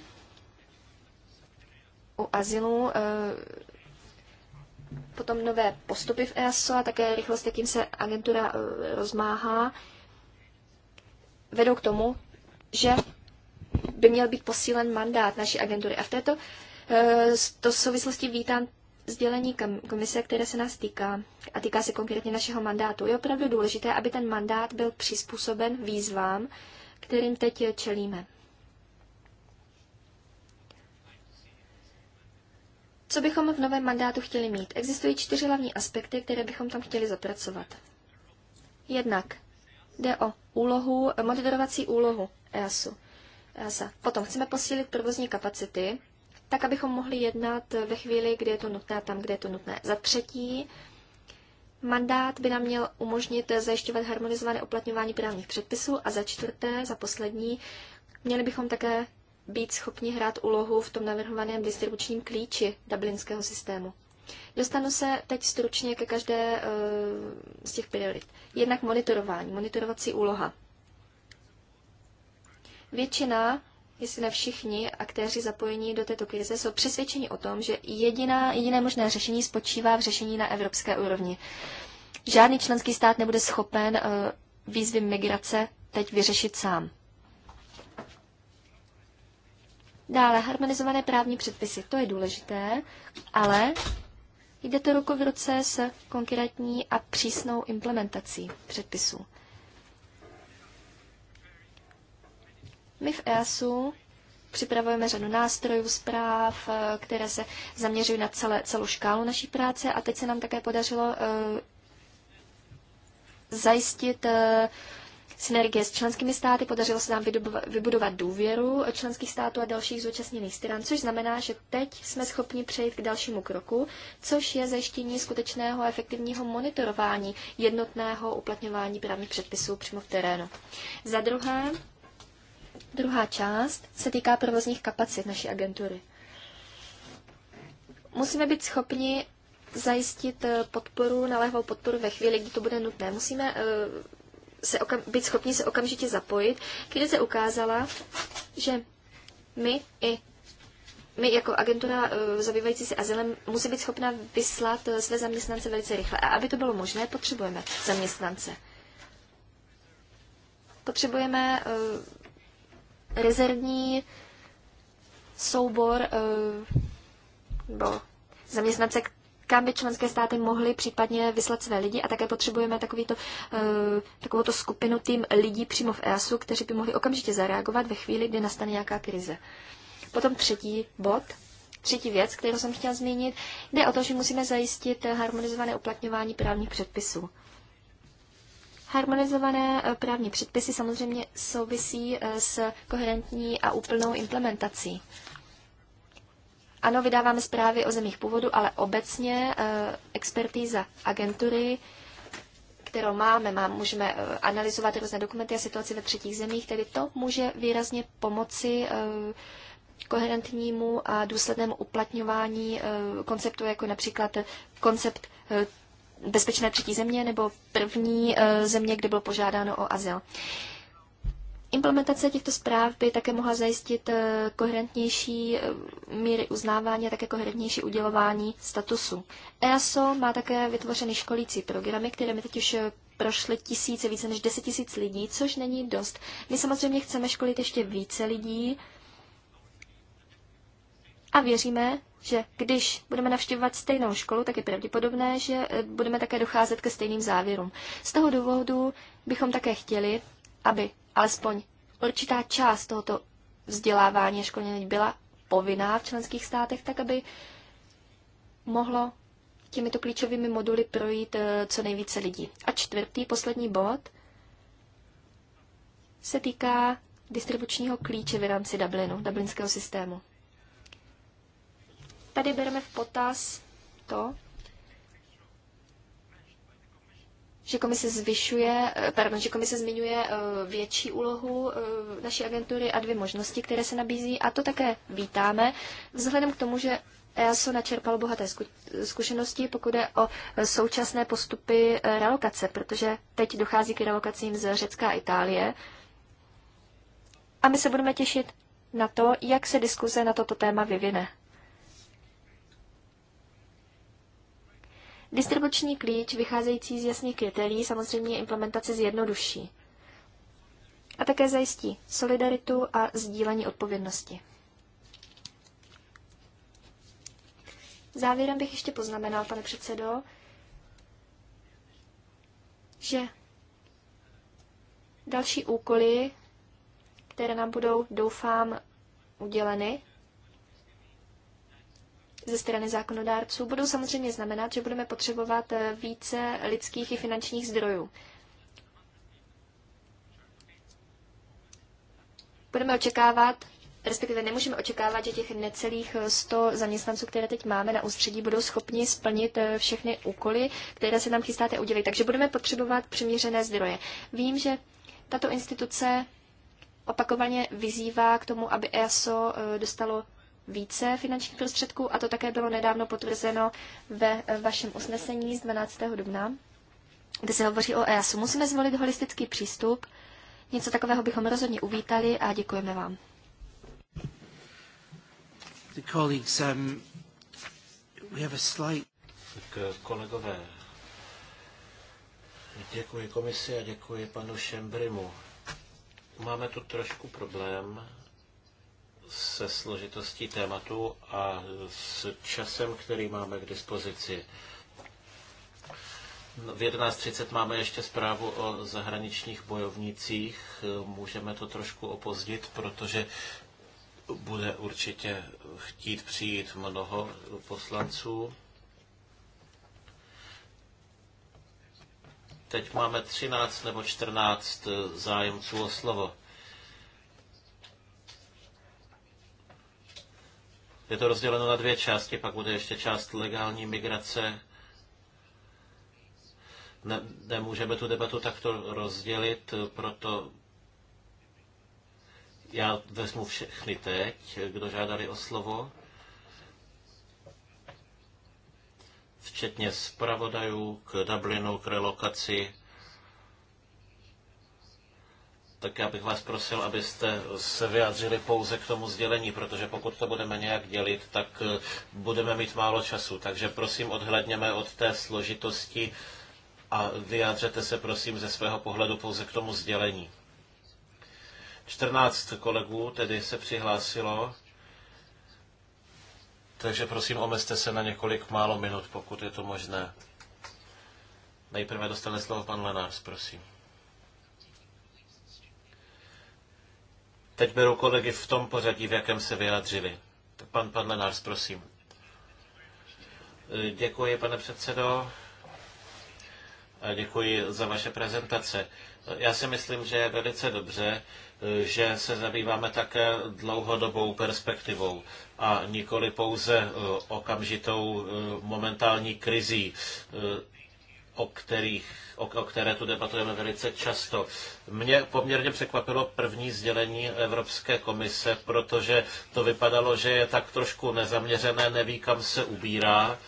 u azylu potom nové postupy v EASO a také rychlost, jakým se agentura e, rozmáhá, vedou k tomu, že by měl být posílen mandát naší agentury. A v této e, to souvislosti vítám sdělení komise, které se nás týká a týká se konkrétně našeho mandátu. Je opravdu důležité, aby ten mandát byl přizpůsoben výzvám, kterým teď čelíme. Co bychom v novém mandátu chtěli mít? Existují čtyři hlavní aspekty, které bychom tam chtěli zapracovat. Jednak jde o úlohu, monitorovací úlohu EASu. EASA. Potom chceme posílit provozní kapacity, tak abychom mohli jednat ve chvíli, kdy je to nutné, tam, kde je to nutné. Za třetí, mandát by nám měl umožnit zajišťovat harmonizované uplatňování právních předpisů a za čtvrté, za poslední, měli bychom také být schopni hrát úlohu v tom navrhovaném distribučním klíči dublinského systému. Dostanu se teď stručně ke každé eh, z těch priorit. Jednak monitorování, monitorovací úloha. Většina, jestli ne všichni aktéři zapojení do této krize jsou přesvědčeni o tom, že jediná, jediné možné řešení spočívá v řešení na evropské úrovni. Žádný členský stát nebude schopen eh, výzvy migrace teď vyřešit sám. Dále harmonizované právní předpisy, to je důležité, ale jde to ruku v ruce s konkrétní a přísnou implementací předpisů. My v EASu připravujeme řadu nástrojů, zpráv, eh, které se zaměřují na celé, celou škálu naší práce a teď se nám také podařilo uh, zajistit uh, synergie s členskými státy, podařilo se nám vybudovat důvěru členských států a dalších zúčastněných stran, což znamená, že teď jsme schopni přejít k dalšímu kroku, což je zajištění skutečného a efektivního monitorování jednotného uplatňování právních předpisů přímo v terénu. Za druhé, druhá část se týká provozních kapacit naší agentury. Musíme být schopni zajistit eh, podporu, naléhavou podporu ve chvíli, kdy to bude nutné. Musíme eh, se okam, být schopni se okamžitě zapojit, když se ukázala, že my i my jako agentura eh, zabývající se azylem musí být schopna vyslat eh, své zaměstnance velice rychle. A aby to bylo možné, potřebujeme zaměstnance. Potřebujeme uh, rezervní soubor uh, bo, zaměstnance, kam by členské státy mohly případně vyslat své lidi a také potřebujeme takovýto, eh, takovouto skupinu tým lidí přímo v EASu, kteří by mohli okamžitě zareagovat ve chvíli, kdy nastane nějaká krize. Potom třetí bod, třetí věc, kterou jsem chtěla zmínit, jde o to, že musíme zajistit harmonizované uplatňování právních předpisů. Harmonizované eh, právní předpisy samozřejmě souvisí eh, s koherentní a úplnou implementací. Ano, vydáváme zprávy o zemích původu, ale obecně eh, expertíza agentury, kterou máme, má, můžeme eh, analyzovat různé dokumenty a situaci ve třetích zemích, tedy to může výrazně pomoci eh, koherentnímu a důslednému uplatňování konceptu, jako například koncept bezpečné třetí země nebo první země, kde bylo požádáno o azyl. Implementace těchto zpráv by také mohla zajistit eh, koherentnější eh, míry uznávání a také koherentnější udělování statusu. EASO má také vytvořeny školící programy, které mi teď už prošly tisíce, více než deset tisíc lidí, což není dost. My samozřejmě chceme školit ještě více lidí a věříme, že když budeme navštěvovat stejnou školu, tak je pravděpodobné, že eh, budeme také docházet ke stejným závěrům. Z toho důvodu bychom také chtěli, aby alespoň určitá část tohoto vzdělávání a školení byla povinná v členských státech, tak aby mohlo těmito klíčovými moduly projít eh, co nejvíce lidí. A čtvrtý, poslední bod, se týká distribučního klíče v rámci Dublinu, dublinského systému. Tady bereme v potaz to, že komise zvyšuje, eh, pardon, že komise zmiňuje eh, větší úlohu eh, naší agentury a dvě možnosti, které se nabízí a to také vítáme, vzhledem k tomu, že EASO načerpalo bohaté zkušenosti, pokud jde o současné postupy relokace, protože teď dochází k relokacím z Řecka a Itálie. A my se budeme těšit na to, jak se diskuze na toto téma vyvine. Distribuční klíč vycházející z jasných kritérií samozřejmě implementaci zjednoduší a také zajistí solidaritu a sdílení odpovědnosti. Závěrem bych ještě poznamenal, pane předsedo, že další úkoly, které nám budou, doufám, uděleny, ze strany zákonodárců budou samozřejmě znamenat, že budeme potřebovat eh, více lidských i finančních zdrojů. Budeme očekávat, respektive nemůžeme očekávat, že těch necelých 100 eh, zaměstnanců, které teď máme na ústředí, budou schopni splnit eh, všechny úkoly, které se nám chystáte udělit. Takže budeme potřebovat přiměřené zdroje. Vím, že tato instituce opakovaně vyzývá k tomu, aby ESO dostalo více finančních prostředků a to také bylo nedávno potvrzeno ve vašem usnesení z 12. dubna, kde se hovoří o EASu. Musíme zvolit holistický přístup. Něco takového bychom rozhodně uvítali a děkujeme vám. The colleagues, um, we have a slight... Tak, eh, kolegové, děkuji komisi a děkuji panu Šembrimu. Máme tu trošku problém se složitostí tématu a s časem, který máme k dispozici. V 11.30 máme ještě zprávu o zahraničních bojovnících. Můžeme to trošku opozdit, protože bude určitě chtít přijít mnoho poslanců. Teď máme 13 nebo 14 zájemců o slovo. Je to rozděleno na dvě části, pak bude ještě část legální migrace. Ne, nemůžeme tu debatu takto rozdělit, proto já vezmu všechny teď, kdo žádali o slovo, včetně zpravodajů k Dublinu, k relokaci tak já bych vás prosil, abyste se vyjádřili pouze k tomu sdělení, protože pokud to budeme nějak dělit, tak eh, budeme mít málo času. Takže prosím, odhledněme od té složitosti a vyjádřete se prosím ze svého pohledu pouze k tomu sdělení. 14 kolegů tedy se přihlásilo, takže prosím, omezte se na několik málo minut, pokud je to možné. Nejprve dostane slovo pan Lenář, prosím. Teď beru kolegy v tom pořadí, v jakém se vyjádřili. Pan, pan Lenárs, prosím. E, děkuji, pane předsedo. A děkuji za vaše prezentace. Já si myslím, že je velice dobře, e, že se zabýváme také dlouhodobou perspektivou a nikoli pouze e, okamžitou momentální krizí, o kterých o, o které tu debatujeme velice často. Mě poměrně překvapilo první sdělení Evropské komise, protože to vypadalo, že je tak trošku nezaměřené, neví, kam se ubírá.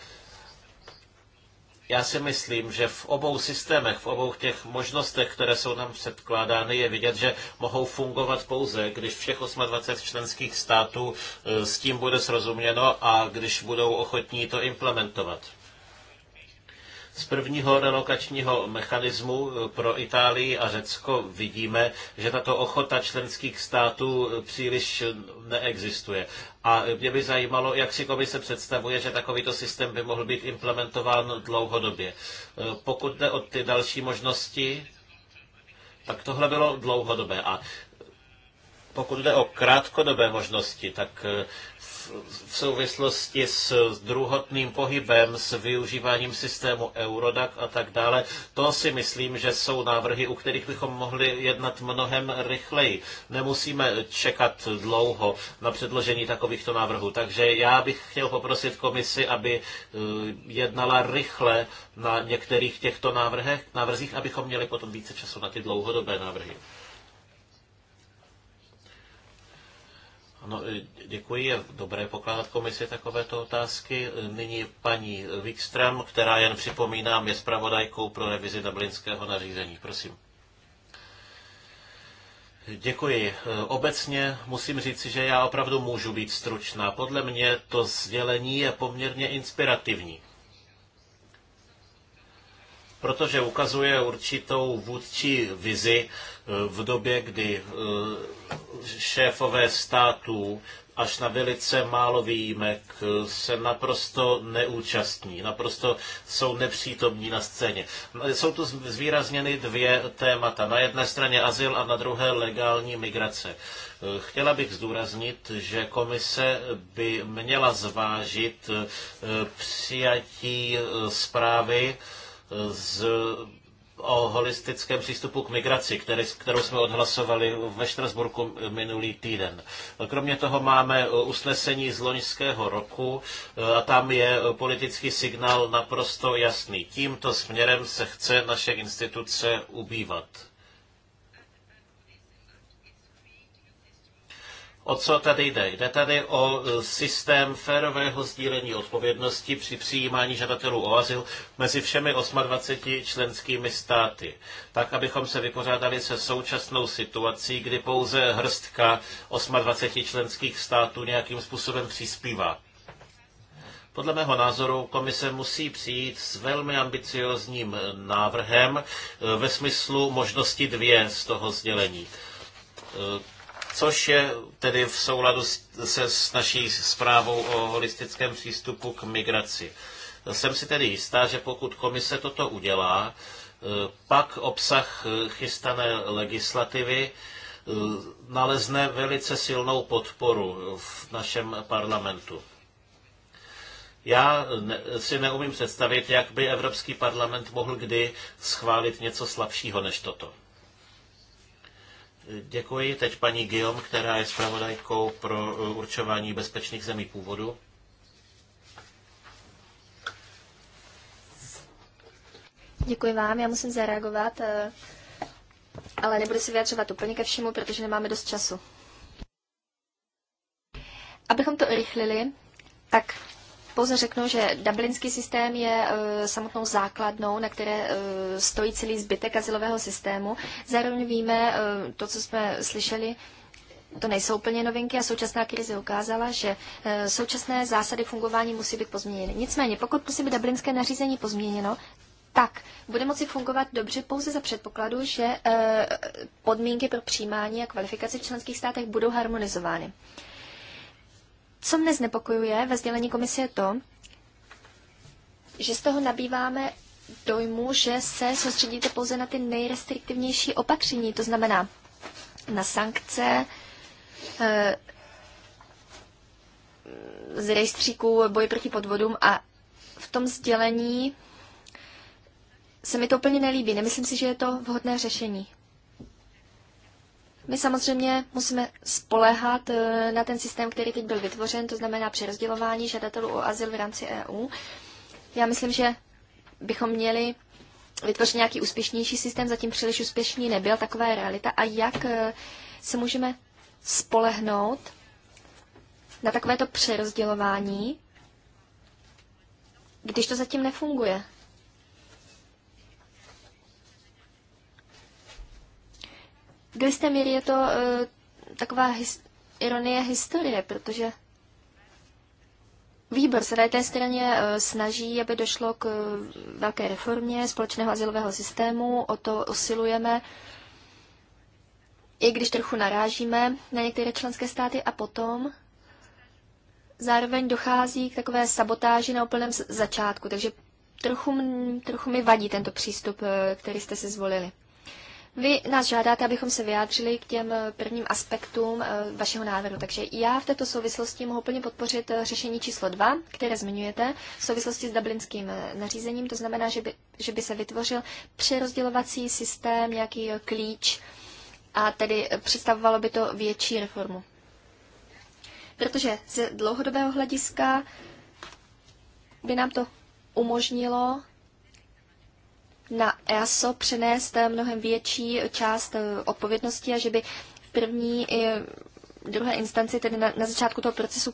Já si myslím, že v obou systémech, v obou těch možnostech, které jsou nám předkládány, je vidět, že mohou fungovat pouze, když všech 28 členských států e, s tím bude srozuměno a když budou ochotní to implementovat. Z prvního relokačního mechanismu eh, pro Itálii a Řecko vidíme, že tato ochota členských států eh, příliš eh, neexistuje. A mě by zajímalo, jak si komise představuje, že takovýto systém by mohl být implementován dlouhodobě. Pokud jde o ty další možnosti, tak tohle bylo dlouhodobé. A pokud jde o krátkodobé možnosti, tak v souvislosti s druhotným pohybem, s využíváním systému Eurodac a tak dále, to si myslím, že jsou návrhy, u kterých bychom mohli jednat mnohem rychleji. Nemusíme čekat dlouho na předložení takovýchto návrhů. Takže já bych chtěl poprosit komisi, aby e, jednala rychle na některých těchto návrhech, návrzích, abychom měli potom více času na ty dlouhodobé návrhy. No, e, děkuji. Je dobré pokládat komisi takovéto otázky. E, nyní paní Wikström, která jen připomínám, je zpravodajkou pro revizi dublinského nařízení. Prosím. Děkuji. E, obecně musím říci, že já opravdu můžu být stručná. Podle mě to sdělení je poměrně inspirativní protože ukazuje určitou vůdčí vizi eh, v době, kdy eh, šéfové států až na velice málo výjimek eh, se naprosto neúčastní, naprosto jsou nepřítomní na scéně. Jsou tu zvýrazněny dvě témata. Na jedné straně azyl a na druhé legální migrace. Chtěla bych zdůraznit, že komise by měla zvážit přijatí zprávy, z, o holistickém přístupu k migraci, který, kterou jsme odhlasovali ve Štrasburku minulý týden. Kromě toho máme usnesení z loňského roku a tam je politický signál naprosto jasný. Tímto směrem se chce naše instituce ubývat. O co tady jde? Jde tady o e, systém férového sdílení odpovědnosti při přijímání žadatelů o azyl mezi všemi 28 členskými státy, tak abychom se vypořádali se současnou situací, kdy pouze hrstka 28 členských států nějakým způsobem přispívá. Podle mého názoru komise musí přijít s velmi ambiciozním e, návrhem e, ve smyslu možnosti dvě z toho sdělení což je tedy v souladu se s naší zprávou o holistickém přístupu k migraci. Jsem si tedy jistá, že pokud komise toto udělá, e, pak obsah e, chystané legislativy e, nalezne velice silnou podporu v našem parlamentu. Já si neumím představit, jak by Evropský parlament mohl kdy schválit něco slabšího než toto. Děkuji. Teď paní Guillaume, která je zpravodajkou pro eh, určování bezpečných zemí původu. Děkuji vám, já musím zareagovat, eh, ale nebudu se vyjadřovat úplně ke všemu, protože nemáme dost času. Abychom to urychlili, tak pouze řeknu, že dublinský systém je e, samotnou základnou, na které e, stojí celý zbytek azylového systému. Zároveň víme, e, to, co jsme slyšeli, to nejsou úplně novinky a současná krize ukázala, že současné zásady fungování musí být pozměněny. Nicméně, pokud musí být dublinské nařízení pozměněno, tak bude moci fungovat dobře pouze za předpokladu, že podmínky pro přijímání a kvalifikaci v členských státech budou harmonizovány. Co mne znepokojuje ve sdělení komise je to, že z toho nabýváme dojmu, že se soustředíte pouze na ty nejrestriktivnější opatření, to znamená na sankce, eh, z rejstříku boje proti podvodům a v tom sdělení se mi to úplně nelíbí. Nemyslím si, že je to vhodné řešení. My samozřejmě musíme spolehat eh, na ten systém, který teď byl vytvořen, to znamená přerozdělování žadatelů o azyl v rámci EU. Já myslím, že bychom měli vytvořit nějaký úspěšnější systém, zatím příliš úspěšný nebyl, taková je realita. A jak eh, se můžeme spolehnout na takovéto přerozdělování, když to zatím nefunguje? Do jisté míry je to uh, taková his- ironie historie, protože Výbor se na té straně eh, snaží, aby došlo k eh, velké reformě společného asilového systému, o to osilujeme, i když trochu narážíme na některé členské státy a potom zároveň dochází k takové sabotáži na úplném začátku, takže trochu, trochu mi vadí tento přístup, který jste si zvolili. Vy nás žádáte, abychom se vyjádřili k těm eh, prvním aspektům eh, vašeho návrhu. Takže já v této souvislosti mohu plně podpořit eh, řešení číslo 2, které zmiňujete v souvislosti s dublinským nařízením. To znamená, že by, že by se vytvořil přerozdělovací systém, nějaký klíč a tedy představovalo by to větší reformu. Protože z dlouhodobého hlediska by nám to umožnilo na ESO přenést eh, mnohem větší část eh, odpovědnosti a že by v první i druhé instanci, tedy na, na začátku toho procesu,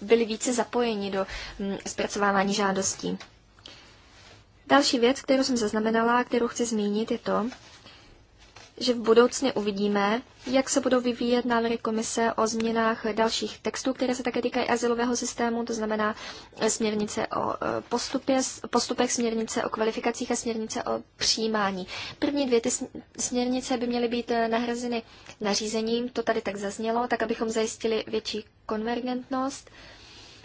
byli více zapojeni do mm, zpracovávání žádostí. Další věc, kterou jsem zaznamenala a kterou chci zmínit, je to, že v budoucně uvidíme, jak se budou vyvíjet návrhy komise o změnách dalších textů, které se také týkají asilového systému, to znamená eh, směrnice o eh, postupě, postupech, směrnice o kvalifikacích a směrnice o přijímání. První dvě ty směrnice by měly být eh, nahrazeny nařízením, to tady tak zaznělo, tak abychom zajistili větší konvergentnost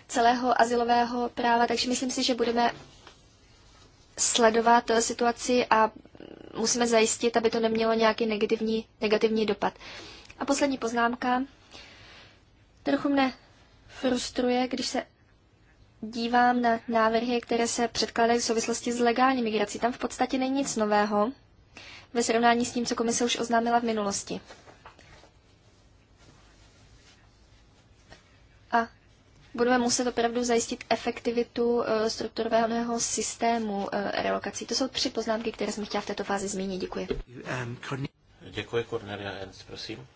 celého asilového práva, takže myslím si, že budeme sledovat eh, situaci a musíme zajistit, aby to nemělo nějaký negativní, negativní dopad. A poslední poznámka. Trochu mne frustruje, když se dívám na návrhy, které se předkládají v souvislosti s legální migrací. Tam v podstatě není nic nového ve srovnání s tím, co komise už oznámila v minulosti. A budeme muset opravdu zajistit efektivitu eh, strukturovaného systému eh, relokací. To jsou tři poznámky, které jsem chtěla v této fázi zmínit. Děkuji. Děkuji, Cornelia Ernst, prosím.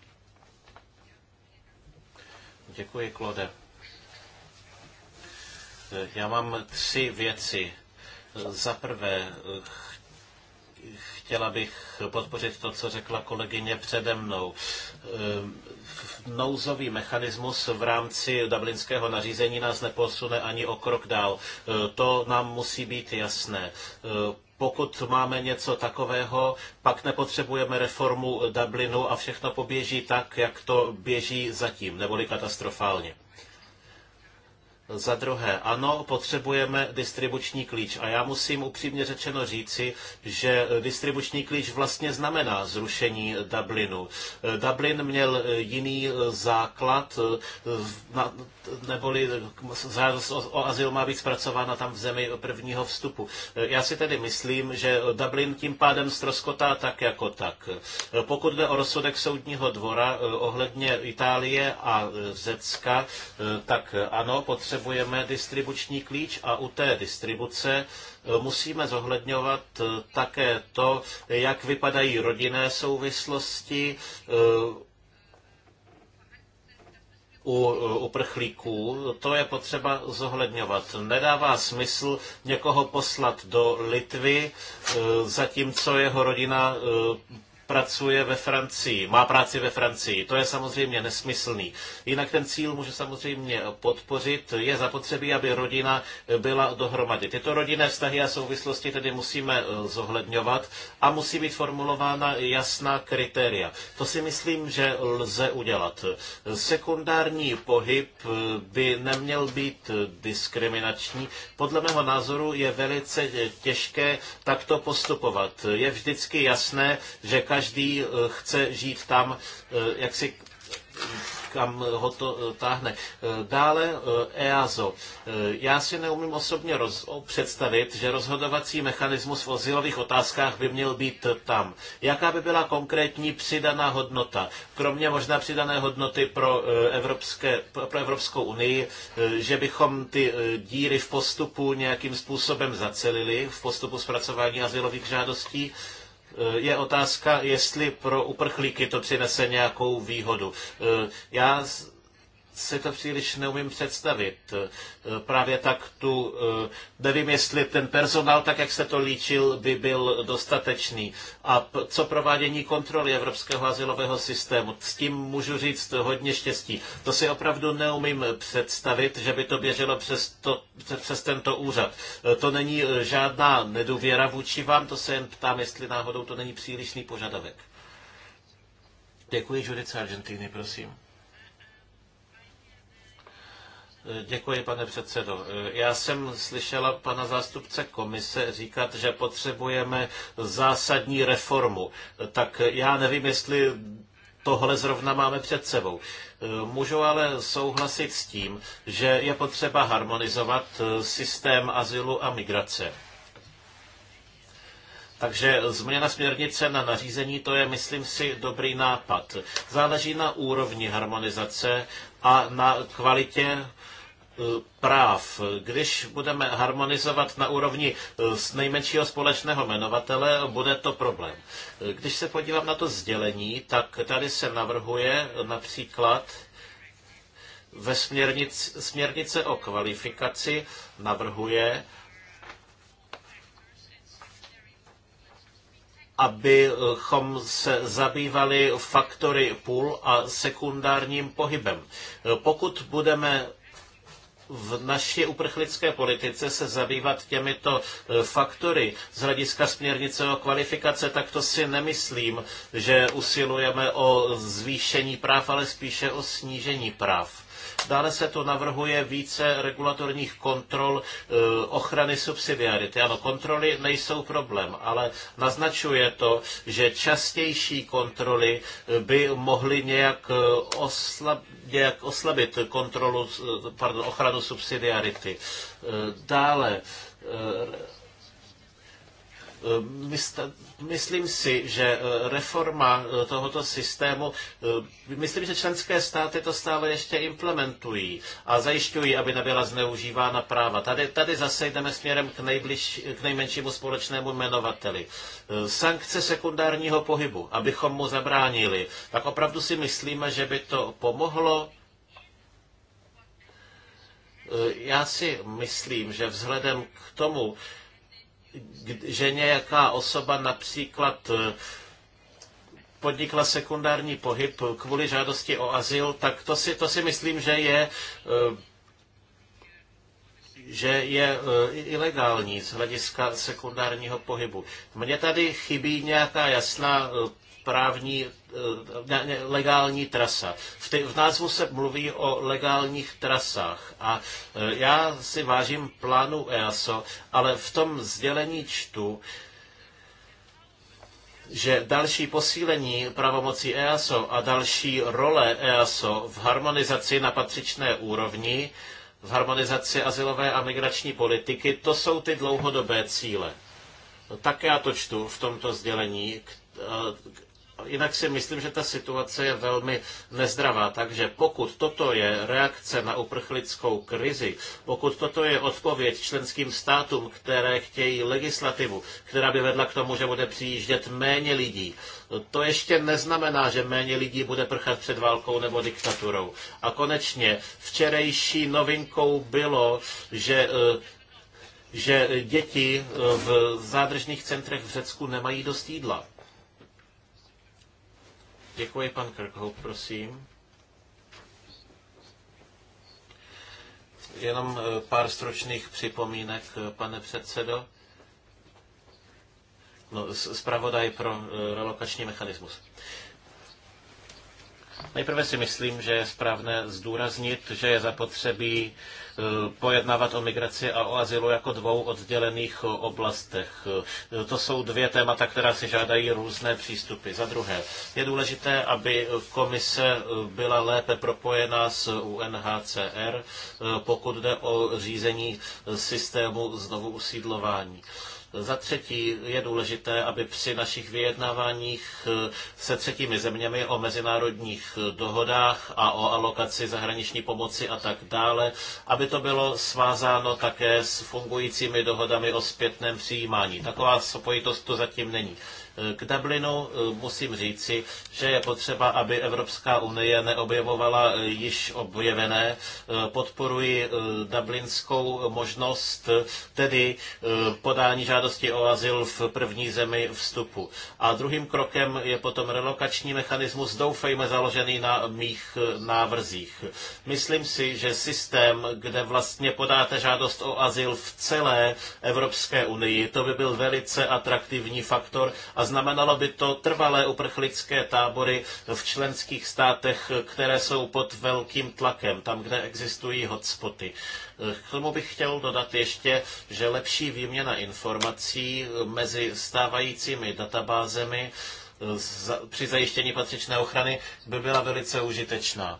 Děkuji, Klode. Eh, já mám tři věci. Za prvé, chtěla bych podpořit to, co řekla kolegyně přede mnou nouzový mechanismus v rámci dublinského nařízení nás neposune ani o krok dál. E, to nám musí být jasné e, pokud máme něco takového, pak nepotřebujeme reformu Dublinu a všechno poběží tak, jak to běží zatím, neboli katastrofálně. Za druhé, ano, potřebujeme distribuční klíč. A já musím upřímně řečeno říci, že distribuční klíč vlastně znamená zrušení Dublinu. Dublin měl jiný základ, neboli žádost o azyl má být zpracována tam v zemi prvního vstupu. Já si tedy myslím, že Dublin tím pádem stroskotá tak jako tak. Pokud jde o rozsudek soudního dvora eh, ohledně Itálie a eh, Řecka, eh, tak ano, potřebujeme potřebujeme distribuční klíč a u té distribuce e, musíme zohledňovat e, také to, jak vypadají rodinné souvislosti e, u uprchlíků, to je potřeba zohledňovat. Nedává smysl někoho poslat do Litvy, zatímco jeho rodina pracuje ve Francii, má práci ve Francii. To je samozřejmě nesmyslný. Jinak ten cíl může samozřejmě podpořit. Je zapotřebí, aby rodina byla dohromady. Tyto rodinné vztahy a souvislosti tedy musíme eh, zohledňovat a musí být formulována jasná kritéria. To si myslím, že lze udělat. Sekundární pohyb eh, by neměl být diskriminační. Podle mého názoru je velice eh, těžké takto postupovat. Je vždycky jasné, že každý každý eh, chce žít tam, eh, jak si kam ho to eh, táhne. Dále EASO. E já si neumím osobně roz, představit, že rozhodovací mechanismus v ozilových otázkách by měl být tam. Jaká by byla konkrétní přidaná hodnota? Kromě možná přidané hodnoty pro, Evropské, pro Evropskou unii, že bychom ty díry v postupu nějakým způsobem zacelili, v postupu zpracování azylových žádostí, Eh, je otázka, jestli pro uprchlíky to přinese nějakou výhodu. Eh, já si to příliš neumím představit. Eh, právě tak tu, eh, nevím, jestli ten personál, tak jak se to líčil, by byl dostatečný. A co provádění kontroly evropského asilového systému, s tím můžu říct hodně štěstí. To si opravdu neumím představit, že by to běželo přes, to, přes tento úřad. Eh, to není žádná nedůvěra vůči vám, to se jen ptám, jestli náhodou to není přílišný požadavek. Děkuji, Judice Argentiny, prosím. Děkuji, pane předsedo. Já jsem slyšela pana zástupce komise říkat, že potřebujeme zásadní reformu. Tak já nevím, jestli tohle zrovna máme před sebou. Můžu ale souhlasit s tím, že je potřeba harmonizovat systém azylu a migrace. Takže změna směrnice na nařízení, to je, myslím si, dobrý nápad. Záleží na úrovni harmonizace a na kvalitě práv. Když budeme harmonizovat na úrovni eh, s nejmenšího společného jmenovatele, bude to problém. Eh, když se podívám na to sdělení, tak tady se navrhuje například ve směrnici směrnice o kvalifikaci navrhuje, abychom se zabývali faktory půl a sekundárním pohybem. Eh, pokud budeme v naší uprchlické politice se zabývat těmito e, faktory z hlediska směrnice o kvalifikace, tak to si nemyslím, že usilujeme o zvýšení práv, ale spíše o snížení práv. Dále se tu navrhuje více regulatorních kontrol e, ochrany subsidiarity. Ano, kontroly nejsou problém, ale naznačuje to, že častější kontroly e, by mohly nějak, e, oslab, nějak oslabit kontrolu, pardon, ochranu subsidiarity. Dále Eh, myslím si, že eh, reforma eh, tohoto systému, myslím, že členské státy to stále ještě implementují a zajišťují, aby nebyla zneužívána práva. Tady, tady zase jdeme směrem k, nejbliž, k nejmenšímu společnému jmenovateli. Sankce sekundárního pohybu, abychom mu zabránili, tak opravdu si myslíme, že by to pomohlo já si myslím, že vzhledem k tomu, že nějaká osoba například eh, podnikla sekundární pohyb kvůli žádosti o azyl, tak to si, to si myslím, že je eh, že je eh, ilegální z hlediska sekundárního pohybu. Mně tady chybí nějaká jasná právní, eh, legální trasa. V, ty, v názvu se mluví o legálních trasách a eh, já si vážím plánu EASO, ale v tom sdělení čtu, že další posílení pravomocí EASO a další role EASO v harmonizaci na patřičné úrovni, v harmonizaci asilové a migrační politiky, to jsou ty dlouhodobé cíle. No, tak já to čtu v tomto sdělení, eh, Jinak si myslím, že ta situace je velmi nezdravá, takže pokud toto je reakce na uprchlickou krizi, pokud toto je odpověď členským státům, které chtějí legislativu, která by vedla k tomu, že bude přijíždět méně lidí, to ještě neznamená, že méně lidí bude prchat před válkou nebo diktaturou. A konečně včerejší novinkou bylo, že eh, že děti eh, v zádržných centrech v Řecku nemají dost jídla. Děkuji, pan Kirkhope, prosím. Jenom eh, pár stročných připomínek, eh, pane předsedo. No, zpravodaj pro eh, relokační mechanismus. Nejprve si myslím, že je správné zdůraznit, že je zapotřebí Eh, pojednávat o migraci a o azylu jako dvou oddělených oblastech. Eh, to jsou dvě témata, která si žádají různé přístupy. Za druhé, je důležité, aby komise eh, byla lépe propojena s UNHCR, pokud jde o řízení systému znovu usídlování. Za třetí je důležité, aby při našich vyjednáváních eh, se třetími zeměmi o mezinárodních eh, dohodách a o alokaci zahraniční pomoci a tak dále, aby to bylo svázáno také s fungujícími dohodami o zpětném přijímání. Taková spojitost to zatím není. K Dublinu e, musím říci, že je potřeba, aby Evropská unie neobjevovala e, již objevené. E, podporuji dublinskou možnost, tedy podání žádosti o azyl v první zemi vstupu. A druhým krokem je potom relokační mechanismus, doufejme založený na mých návrzích. Myslím si, že systém, kde vlastně podáte žádost o azyl v celé Evropské unii, to by byl velice atraktivní faktor a znamenalo by to trvalé uprchlické tábory v členských státech, které jsou pod velkým tlakem, tam, kde existují hotspoty. K tomu bych chtěl dodat ještě, že lepší výměna informací mezi stávajícími databázemi při zajištění patřičné ochrany by byla velice užitečná.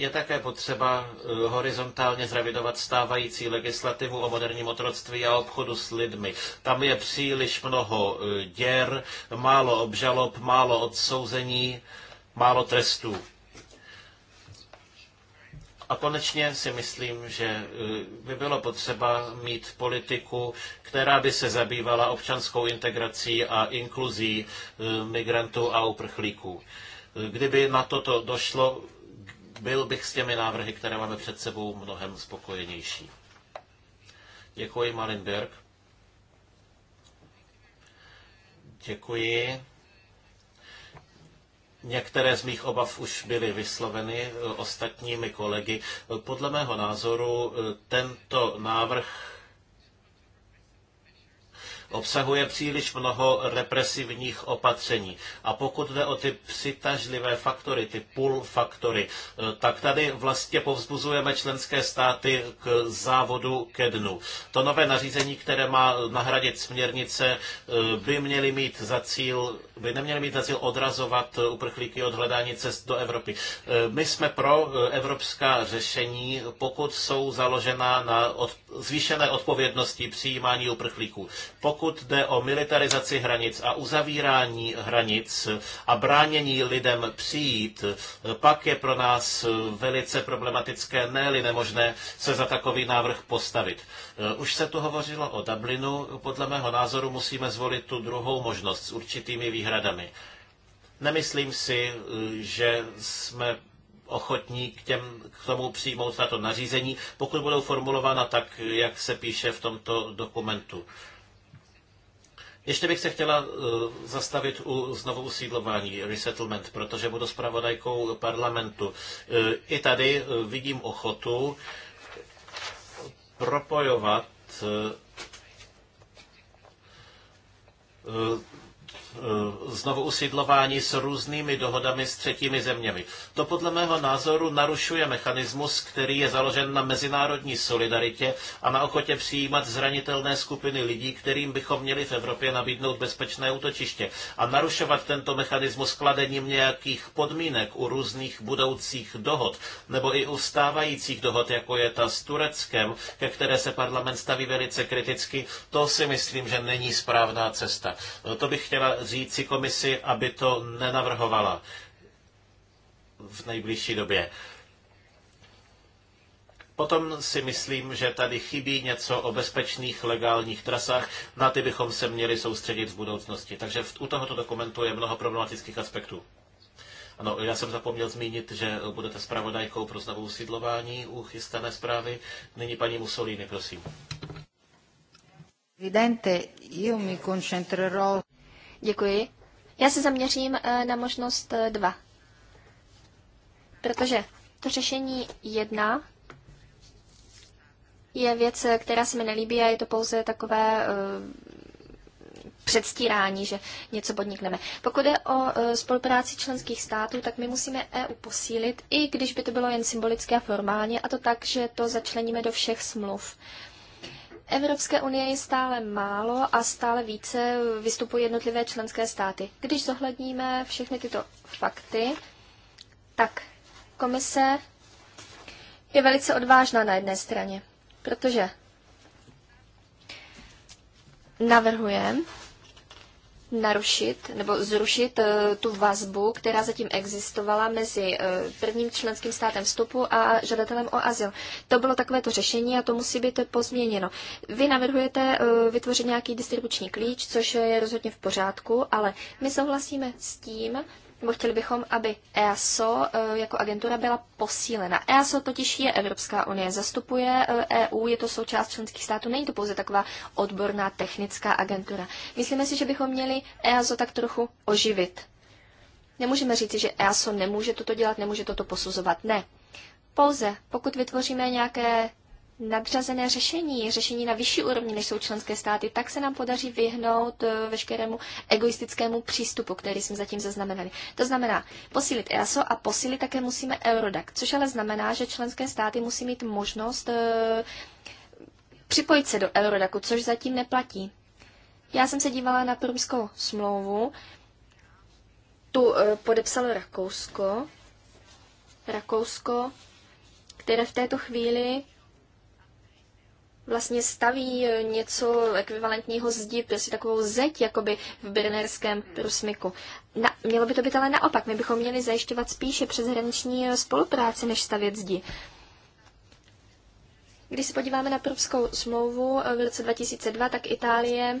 Je také potřeba eh, horizontálně zrevidovat stávající legislativu o moderním otroctví a obchodu s lidmi. Tam je příliš mnoho eh, děr, málo obžalob, málo odsouzení, málo trestů. A konečně si myslím, že eh, by bylo potřeba mít politiku, která by se zabývala občanskou integrací a inkluzí migrantů a uprchlíků. Kdyby na toto došlo, byl bych s těmi návrhy, které máme před sebou, mnohem spokojenější. Děkuji, Malinberg. Děkuji. Některé z mých obav už byly vysloveny eh, ostatními kolegy. Podle mého názoru eh, tento návrh obsahuje příliš mnoho represivních opatření. A pokud jde o ty přitažlivé faktory, ty pull faktory, eh, tak tady vlastně povzbuzujeme členské státy k závodu ke dnu. To nové nařízení, které má nahradit směrnice, eh, by měly mít za cíl, by neměly mít za cíl odrazovat uprchlíky od hledání cest do Evropy. Eh, my jsme pro evropská řešení, pokud jsou založena na od, zvýšené odpovědnosti přijímání uprchlíků. Pokud pokud jde o militarizaci hranic a uzavírání hranic a bránění lidem přijít, pak je pro nás velice problematické, ne nemožné, se za takový návrh postavit. Eh, už se tu hovořilo o Dublinu, podle mého názoru musíme zvolit tu druhou možnost s určitými výhradami. Nemyslím si, eh, že jsme ochotní k, těm, k tomu přijmout tato nařízení, pokud budou formulována tak, jak se píše v tomto dokumentu. Ještě bych se chtěla eh, zastavit u znovu usídlování, resettlement, protože budu zpravodajkou parlamentu. Eh, I tady eh, vidím ochotu propojovat Eh, znovu usídlování s různými dohodami s třetími zeměmi. To podle mého názoru narušuje mechanismus, který je založen na mezinárodní solidaritě a na ochotě přijímat zranitelné skupiny lidí, kterým bychom měli v Evropě nabídnout bezpečné útočiště. A narušovat tento mechanismus kladením nějakých podmínek u různých budoucích dohod, nebo i u stávajících dohod, jako je ta s Tureckem, ke které se parlament staví velice kriticky, to si myslím, že není správná cesta. To bych chtěla říci komisi, aby to nenavrhovala v nejbližší době. Potom si myslím, že tady chybí něco o bezpečných legálních trasách, na ty bychom se měli soustředit v budoucnosti. Takže u tohoto dokumentu je mnoho problematických aspektů. Ano, já jsem zapomněl zmínit, že budete zpravodajkou pro znovu usídlování u chystané zprávy. Nyní paní Mussolini, prosím. Evidente, io mi concentrerò Děkuji. Já se zaměřím eh, na možnost 2. Eh, Protože to řešení 1 je věc, eh, která se mi nelíbí a je to pouze takové předstírání, že něco podnikneme. Pokud je o spolupráci členských států, tak my musíme EU posílit, i když by to bylo jen symbolické a formálně, a to tak, že to začleníme do všech smluv. Evropské unie je stále málo a stále více vystupují jednotlivé členské státy. Když zohledníme všechny tyto fakty, tak komise je velice odvážná na jedné straně, protože navrhuje narušit nebo zrušit eh, tu vazbu, která zatím existovala mezi eh, prvním členským státem vstupu a žadatelem o azyl. To bylo takovéto řešení a to musí být pozměněno. Vy navrhujete eh, vytvořit nějaký distribuční klíč, což je rozhodně v pořádku, ale my souhlasíme s tím, nebo chtěli bychom, aby EASO eh, jako agentura byla posílena. EASO totiž je Evropská unie, zastupuje EU, eh, e je to součást členských států, není to pouze taková odborná technická agentura. Myslíme si, že bychom měli EASO tak trochu oživit. Nemůžeme říci, že EASO nemůže toto dělat, nemůže toto posuzovat. Ne. Pouze pokud vytvoříme nějaké nadřazené řešení, řešení na vyšší úrovni, než jsou členské státy, tak se nám podaří vyhnout eh, veškerému egoistickému přístupu, který jsme zatím zaznamenali. To znamená posílit EASO a posílit také musíme Eurodac, což ale znamená, že členské státy musí mít možnost eh, připojit se do Eurodacu, což zatím neplatí. Já jsem se dívala na průmskou smlouvu, tu eh, podepsalo Rakousko, Rakousko, které v této chvíli vlastně staví eh, něco ekvivalentního zdi, prostě takovou zeď, jakoby v brnerském prusmiku. Na, mělo by to být ale naopak, my bychom měli zajišťovat spíše přeshraniční eh, spolupráci, než stavět zdi. Když se podíváme na Evropskou smlouvu eh, v roce 2002, tak Itálie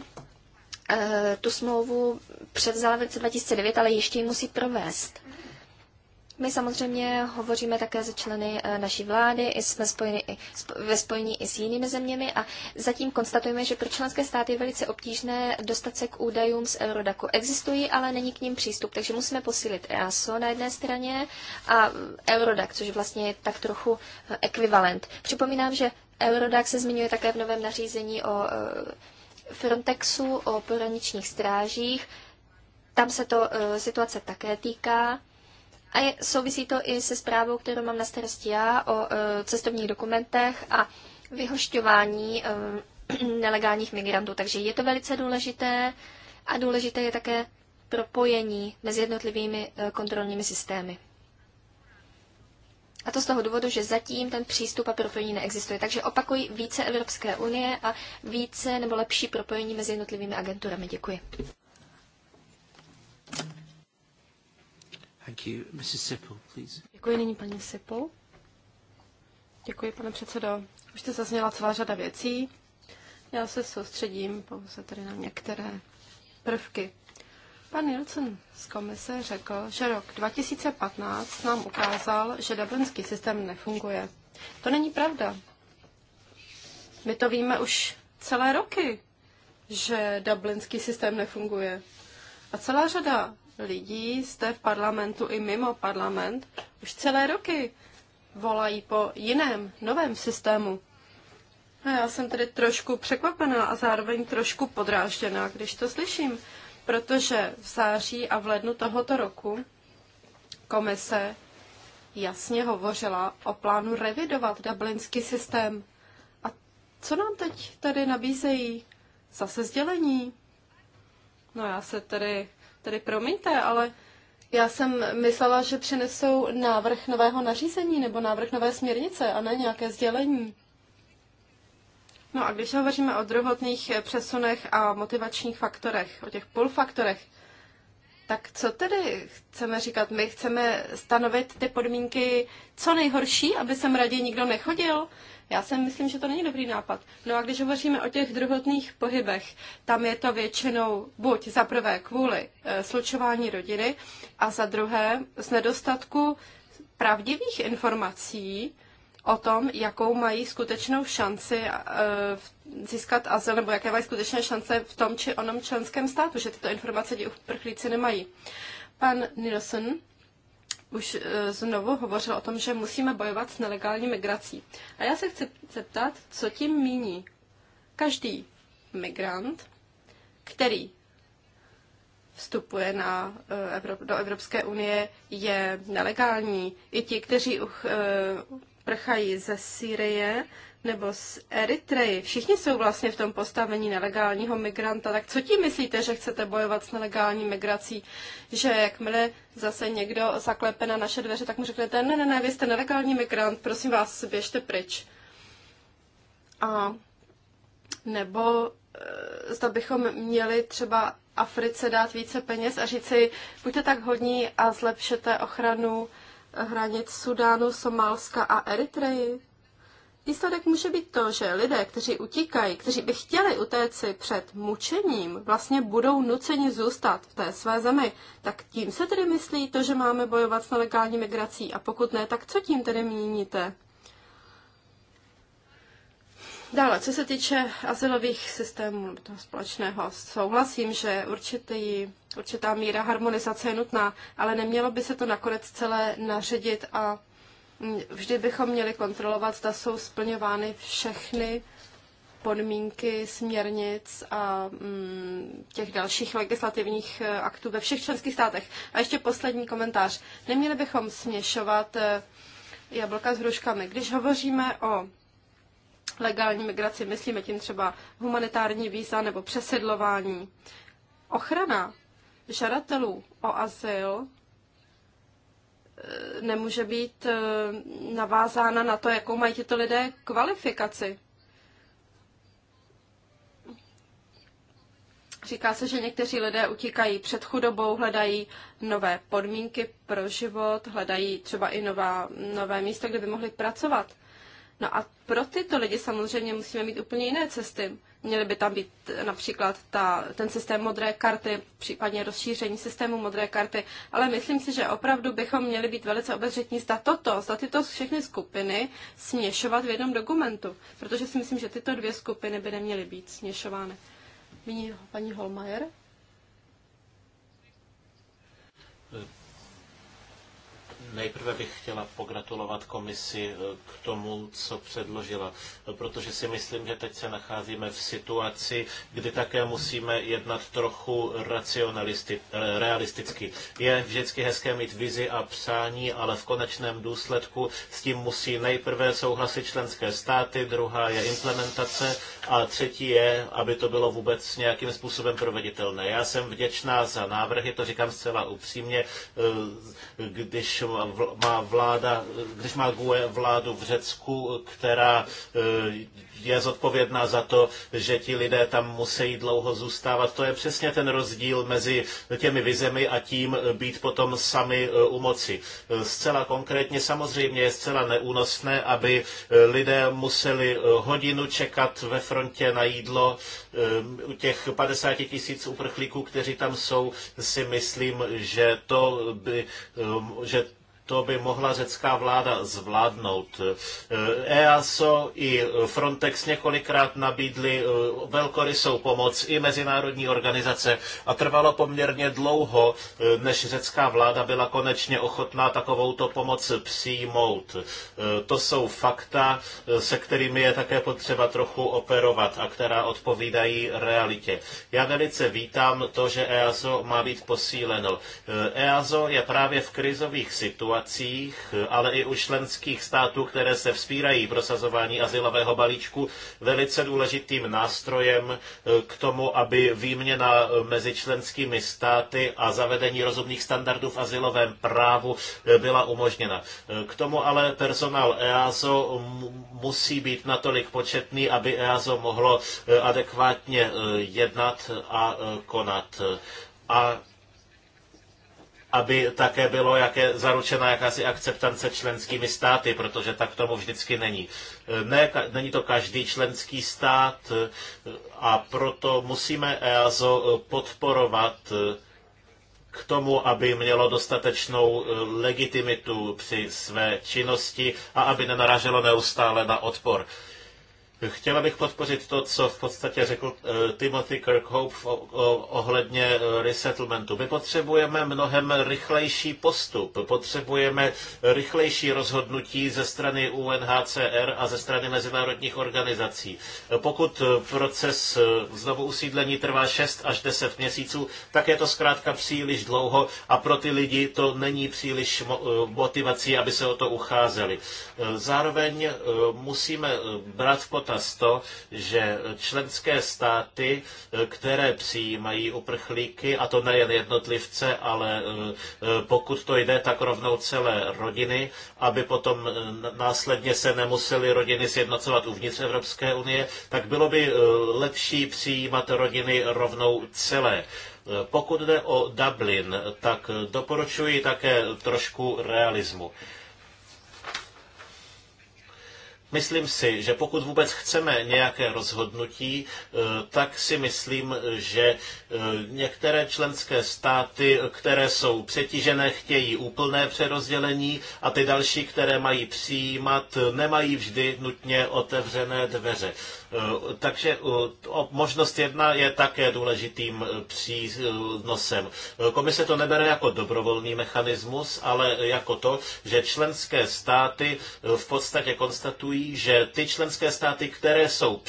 tu smlouvu převzala v roce 2009, ale ještě ji musí provést. My samozřejmě hovoříme také se členy eh, naší vlády, jsme spojeni, i, ve spojení i s jinými zeměmi a zatím konstatujeme, že pro členské státy je velice obtížné dostat se k údajům z Eurodaku. Existují, ale není k ním přístup, takže musíme posílit EASO na jedné straně a Eurodac, což vlastně je tak trochu eh, ekvivalent. Připomínám, že Eurodac se zmiňuje také v novém nařízení o eh, Frontexu, o pohraničních strážích. Tam se to situace také týká. A je, souvisí to i se zprávou, kterou mám na starosti já o e, cestovních dokumentech a vyhošťování e, nelegálních migrantů. Takže je to velice důležité a důležité je také propojení mezi jednotlivými e, kontrolními systémy. A to z toho důvodu, že zatím ten přístup a propojení neexistuje. Takže opakují více Evropské unie a více nebo lepší propojení mezi jednotlivými agenturami. Děkuji. Thank you. Mrs. Sippel, please. Děkuji nyní paní Sippel. Děkuji, pane předsedo. Už jste zazněla celá řada věcí. Já se soustředím pouze tady na některé prvky. Pan Nielsen z komise řekl, že rok 2015 nám ukázal, že dublinský systém nefunguje. To není pravda. My to víme už celé roky, že dublinský systém nefunguje. A celá řada lidí jste v parlamentu i mimo parlament už celé roky volají po jiném, novém systému. A já jsem tedy trošku překvapená a zároveň trošku podrážděná, když to slyším, protože v září a v lednu tohoto roku komise jasně hovořila o plánu revidovat dublinský systém. A co nám teď tady nabízejí? Zase sdělení? No já se tedy Tedy promiňte, ale já jsem myslela, že přinesou návrh nového nařízení nebo návrh nové směrnice a ne nějaké sdělení. No a když hovoříme o druhotných přesunech a motivačních faktorech, o těch pull faktorech, tak co tedy chceme říkat? My chceme stanovit ty podmínky co nejhorší, aby sem raději nikdo nechodil? Já si myslím, že to není dobrý nápad. No a když hovoříme o těch druhotných pohybech, tam je to většinou buď za prvé kvůli e, slučování rodiny a za druhé z nedostatku pravdivých informací, o tom, jakou mají skutečnou šanci e, získat azyl, nebo jaké mají skutečné šance v tom či onom členském státu, že tyto informace ti uprchlíci nemají. Pan Nilsson už e, znovu hovořil o tom, že musíme bojovat s nelegální migrací. A já se chci zeptat, co tím míní. Každý migrant, který vstupuje na, e, do Evropské unie, je nelegální. I ti, kteří uh prchají ze Sýrie nebo z Eritreji. Všichni jsou vlastně v tom postavení nelegálního migranta. Tak co ti myslíte, že chcete bojovat s nelegální migrací? Že jakmile zase někdo zaklepe na naše dveře, tak mu řeknete, ne, ne, ne, vy jste nelegální migrant, prosím vás, běžte pryč. A nebo e, zda bychom měli třeba Africe dát více peněz a říci, buďte tak hodní a zlepšete ochranu hranic Sudánu, Somálska a Eritreji? Výsledek může být to, že lidé, kteří utíkají, kteří by chtěli utéci před mučením, vlastně budou nuceni zůstat v té své zemi. Tak tím se tedy myslí to, že máme bojovat s nelegální migrací a pokud ne, tak co tím tedy míníte? Dále, co se týče asilových systémů toho společného, souhlasím, že určitý, určitá míra harmonizace je nutná, ale nemělo by se to nakonec celé naředit a vždy bychom měli kontrolovat, zda jsou splňovány všechny podmínky směrnic a mm, těch dalších legislativních eh, aktů ve všech členských státech. A ještě poslední komentář. Neměli bychom směšovat eh, jablka s hruškami. Když hovoříme o legální migraci, myslíme tím třeba humanitární víza nebo přesedlování. Ochrana žadatelů o azyl eh, nemůže být eh, navázána na to, jakou mají tito lidé kvalifikaci. Říká se, že někteří lidé utíkají před chudobou, hledají nové podmínky pro život, hledají třeba i nová, nové místo, kde by mohli pracovat. No a pro tyto lidi samozřejmě musíme mít úplně jiné cesty. Měly by tam být eh, například ta, ten systém modré karty, případně rozšíření systému modré karty, ale myslím si, že opravdu bychom měli být velice obezřetní, zda toto, zda tyto všechny skupiny směšovat v jednom dokumentu, protože si myslím, že tyto dvě skupiny by neměly být směšovány. Nyní paní Holmajer. Eh, Nejprve bych chtěla pogratulovat komisi eh, k tomu, co předložila, protože si myslím, že teď se nacházíme v situaci, kdy také musíme jednat trochu racionalisti, realisticky. Je vždycky hezké mít vizi a přání, ale v konečném důsledku s tím musí nejprve souhlasit členské státy, druhá je implementace a třetí je, aby to bylo vůbec nějakým způsobem proveditelné. Já jsem vděčná za návrhy, to říkám zcela upřímně, eh, když má vláda, když má GUE vládu v Řecku, která eh, je zodpovědná za to, že ti lidé tam musí dlouho zůstávat. To je přesně ten rozdíl mezi těmi vizemi a tím eh, být potom sami eh, u moci. Zcela konkrétně samozřejmě je zcela neúnosné, aby lidé museli hodinu čekat ve frontě na jídlo. U těch 50 tisíc uprchlíků, kteří tam jsou, si myslím, že to by, že to by mohla řecká vláda zvládnout. EASO e i Frontex několikrát nabídli e, velkorysou pomoc i mezinárodní organizace a trvalo poměrně dlouho, e, než řecká vláda byla konečně ochotná takovouto pomoc přijmout. To jsou fakta, se kterými je také potřeba trochu operovat a která odpovídají realitě. Já velice vítám to, že EASO má být posíleno. EASO je právě v krizových situacích, vyjednávacích, ale i u členských států, které se vzpírají prosazování asilového balíčku, velice důležitým nástrojem eh, k tomu, aby výměna eh, mezi členskými státy a zavedení rozumných standardů v asilovém právu eh, byla umožněna. K tomu ale personál EASO musí být natolik početný, aby EASO mohlo adekvátně jednat a konat. A aby také bylo jaké, zaručena jakási akceptance členskými státy, protože tak tomu vždycky není. Ne, ka, není to každý členský stát a proto musíme EASO podporovat k tomu, aby mělo dostatečnou e, legitimitu při své činnosti a aby nenaráželo neustále na odpor. Chtěla bych podpořit to, co v podstatě řekl eh, Timothy Kirkhope ohledně eh, resettlementu. My potřebujeme mnohem rychlejší postup, potřebujeme rychlejší rozhodnutí ze strany UNHCR a ze strany mezinárodních organizací. Eh, pokud proces znovu usídlení trvá 6 až 10 měsíců, tak je to zkrátka příliš dlouho a pro ty lidi to není příliš motivací, aby se o to ucházeli. Zároveň musíme brát v potaz to, že členské státy, eh, které přijímají uprchlíky, a to nejen jednotlivce, ale eh, eh, pokud to jde, tak rovnou celé rodiny, aby potom následně se nemusely rodiny sjednocovat uvnitř Evropské unie, tak bylo by lepší přijímat rodiny rovnou celé. Pokud jde o Dublin, tak doporučuji také trošku realismu. Myslím si, že pokud vůbec chceme nějaké rozhodnutí, eh, tak si myslím, že eh, některé členské státy, které jsou přetížené, chtějí úplné přerozdělení a ty další, které mají přijímat, nemají vždy nutně otevřené dveře. Eh, takže možnost jedna je také důležitým přínosem. Komise to nebere jako dobrovolný mechanismus, ale jako to, že členské státy v podstatě konstatují, že ty členské státy, které jsou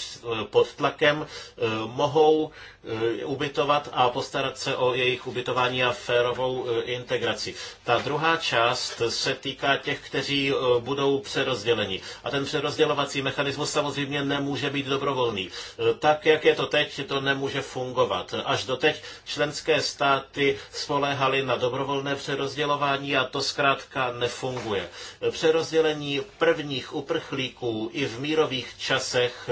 pod tlakem, eh, mohou Eh, ubytovat a postarat se o jejich ubytování a férovou eh, integraci. Ta druhá část se týká těch, kteří eh, budou přerozděleni. A ten přerozdělovací mechanismus samozřejmě nemůže být dobrovolný. Tak, jak je to teď, to nemůže fungovat. Až doteď členské státy spoléhaly na dobrovolné přerozdělování a to zkrátka nefunguje. Přerozdělení prvních uprchlíků i v mírových časech,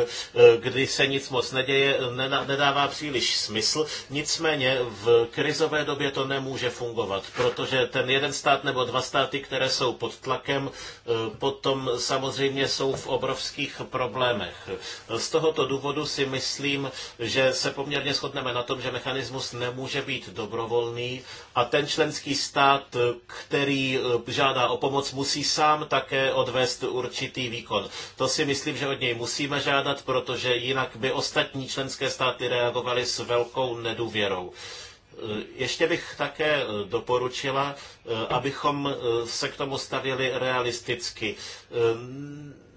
kdy se nic moc neděje, nedává příliš příliš smysl. Nicméně v krizové době to nemůže fungovat, protože ten jeden stát nebo dva státy, které jsou pod tlakem, eh, potom samozřejmě jsou v obrovských problémech. Z tohoto důvodu si myslím, že se poměrně shodneme na tom, že mechanismus nemůže být dobrovolný a ten členský stát, který eh, žádá o pomoc, musí sám také odvést určitý výkon. To si myslím, že od něj musíme žádat, protože jinak by ostatní členské státy reagovaly s velkou nedůvěrou. Eh, ještě bych také eh, doporučila, eh, abychom se k tomu stavili realisticky.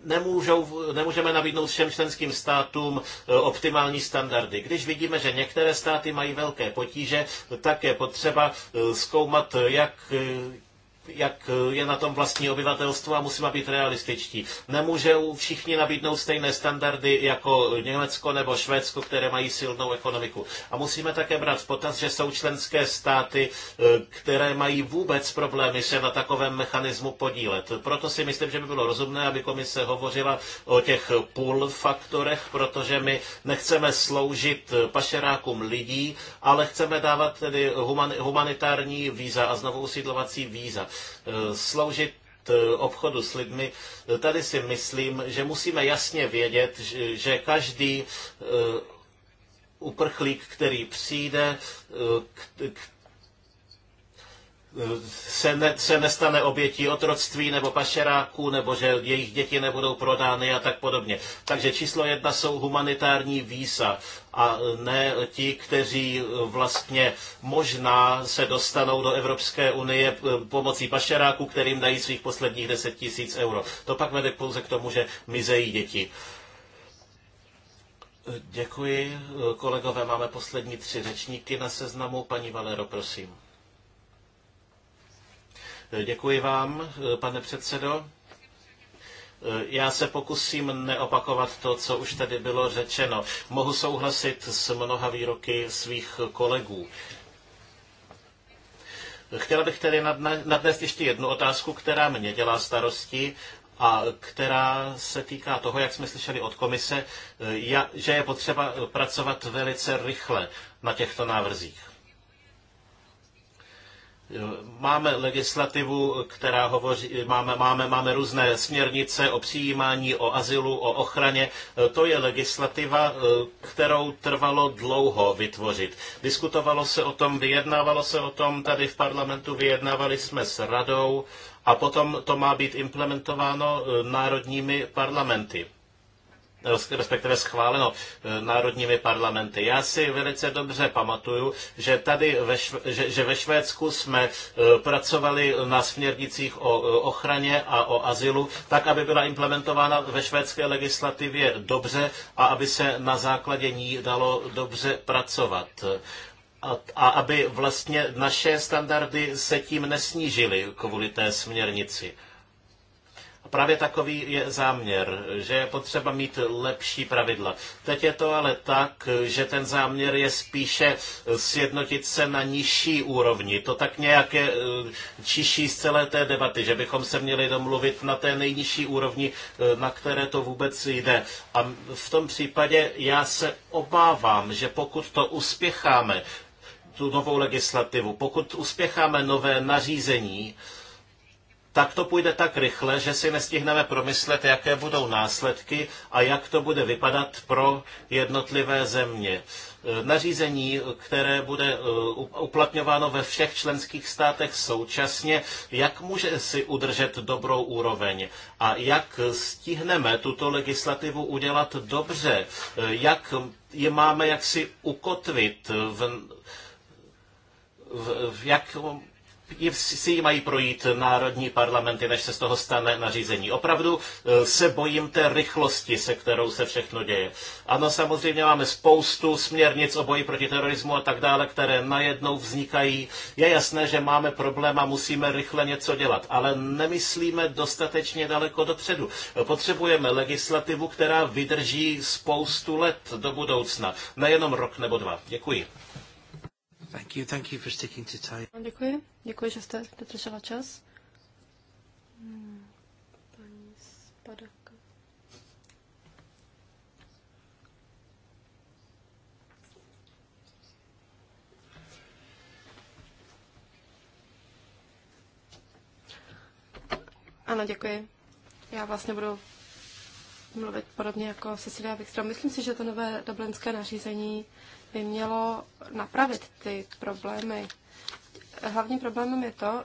Nemůžou, nemůžeme nabídnout všem členským státům optimální standardy. Když vidíme, že některé státy mají velké potíže, tak je potřeba zkoumat, jak jak je na tom vlastní obyvatelstvo a musíme být realističtí. Nemůže všichni nabídnout stejné standardy jako Německo nebo Švédsko, které mají silnou ekonomiku. A musíme také brát v potaz, že jsou členské státy, e, které mají vůbec problémy se na takovém mechanismu podílet. Proto si myslím, že by bylo rozumné, aby komise hovořila o těch půl faktorech, protože my nechceme sloužit pašerákům lidí, ale chceme dávat tedy humanitární víza a znovu usídlovací víza. Eh, sloužit eh, obchodu s lidmi, tady si myslím, že musíme jasně vědět, že každý eh, uprchlík, který přijde, se, ne, se nestane obětí otroctví nebo pašeráků, nebo že jejich děti nebudou prodány a tak podobně. Takže číslo jedna jsou humanitární víza a ne ti, kteří vlastně možná se dostanou do Evropské unie eh, pomocí pašeráků, kterým dají svých posledních 10 tisíc euro. To pak vede pouze k tomu, že mizejí děti. Děkuji. Eh, kolegové, máme poslední tři řečníky na seznamu. Paní Valero, prosím. Děkuji vám, eh, pane předsedo. Eh, já se pokusím neopakovat to, co už tady bylo řečeno. Mohu souhlasit s mnoha výroky svých kolegů. Chtěla bych tedy nadnést ještě jednu otázku, která mě dělá starosti a která se týká toho, jak jsme slyšeli od komise, eh, že je potřeba pracovat velice rychle na těchto návrzích. Máme legislativu, která hovoří, máme, máme, máme různé směrnice o přijímání, o azylu, o ochraně. E, to je legislativa, e, kterou trvalo dlouho vytvořit. Diskutovalo se o tom, vyjednávalo se o tom tady v parlamentu, vyjednávali jsme s radou a potom to má být implementováno e, národními parlamenty respektive schváleno eh, národními parlamenty. Já si velice dobře pamatuju, že tady ve, že, že ve Švédsku jsme eh, pracovali na směrnicích o eh, ochraně a o azylu, tak, aby byla implementována ve švédské legislativě dobře a aby se na základě ní dalo dobře pracovat a, a aby vlastně naše standardy se tím nesnížily kvůli té směrnici. A právě takový je záměr, že je potřeba mít lepší pravidla. Teď je to ale tak, že ten záměr je spíše sjednotit se na nižší úrovni. To tak nějak je eh, čiší z celé té debaty, že bychom se měli domluvit na té nejnižší úrovni, eh, na které to vůbec jde. A v tom případě já se obávám, že pokud to uspěcháme, tu novou legislativu, pokud uspěcháme nové nařízení, tak to půjde tak rychle, že si nestihneme promyslet, jaké budou následky a jak to bude vypadat pro jednotlivé země. E, nařízení, které bude e, uplatňováno ve všech členských státech současně, jak může si udržet dobrou úroveň a jak stihneme tuto legislativu udělat dobře, e, jak je máme jaksi ukotvit v, v, v jak si ji mají projít národní parlamenty, než se z toho stane nařízení. Opravdu e, se bojím té rychlosti, se kterou se všechno děje. Ano, samozřejmě máme spoustu směrnic o boji proti terorismu a tak dále, které najednou vznikají. Je jasné, že máme problém a musíme rychle něco dělat, ale nemyslíme dostatečně daleko dopředu. Potřebujeme legislativu, která vydrží spoustu let do budoucna, nejenom rok nebo dva. Děkuji. Thank you, thank you for sticking to time. Děkuji, děkuji, že jste dodržela čas. Hmm, paní Spadaka. Ano, děkuji. Já vlastně budu mluvit podobně jako Cecilia Wikström. Myslím si, že to nové dublinské nařízení by mělo napravit ty problémy. Hlavním problémem je to,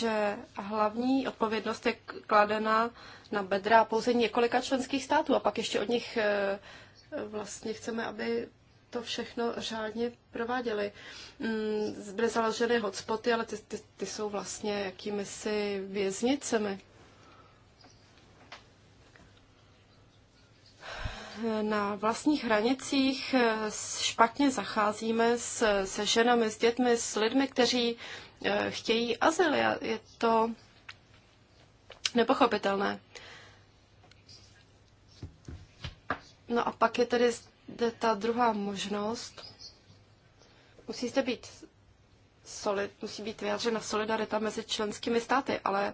že hlavní odpovědnost je kladena na bedra pouze několika členských států a pak ještě od nich eh, vlastně chceme, aby to všechno řádně prováděli. Byly mm, založeny hotspoty, ale ty, ty, ty jsou vlastně jakými si věznicemi. na vlastních hranicích eh, špatně zacházíme s, se ženami, s dětmi, s lidmi, kteří eh, chtějí azyl. Je to nepochopitelné. No a pak je tedy ta druhá možnost. Musí zde být solid, musí být vyjádřena solidarita mezi členskými státy, ale uh,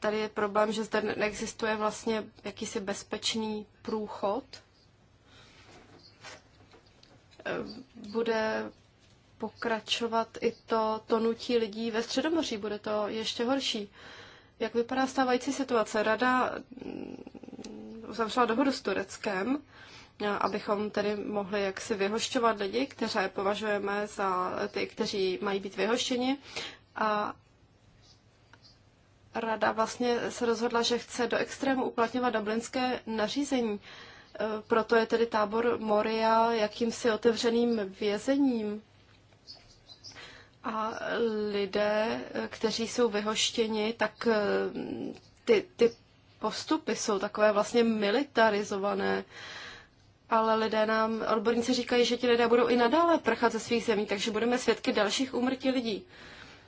tady je problém, že zde neexistuje vlastně jakýsi bezpečný průchod. Eh, bude pokračovat i to to nutí lidí ve Středomoří, bude to ještě horší. Jak vypadá stávající situace? Rada uzavřela mm, dohodu s Tureckem, eh, abychom tedy mohli jaksi vyhošťovat lidi, které považujeme za ty, kteří mají být vyhoštěni. A rada vlastně se rozhodla, že chce do extrému uplatňovat dublinské nařízení. E, proto je tedy tábor Moria jakýmsi otevřeným vězením. A lidé, e, kteří jsou vyhoštěni, tak e, ty, ty postupy jsou takové vlastně militarizované. Ale lidé nám, odborníci říkají, že ti lidé budou i nadále prchat ze svých zemí, takže budeme svědky dalších úmrtí lidí.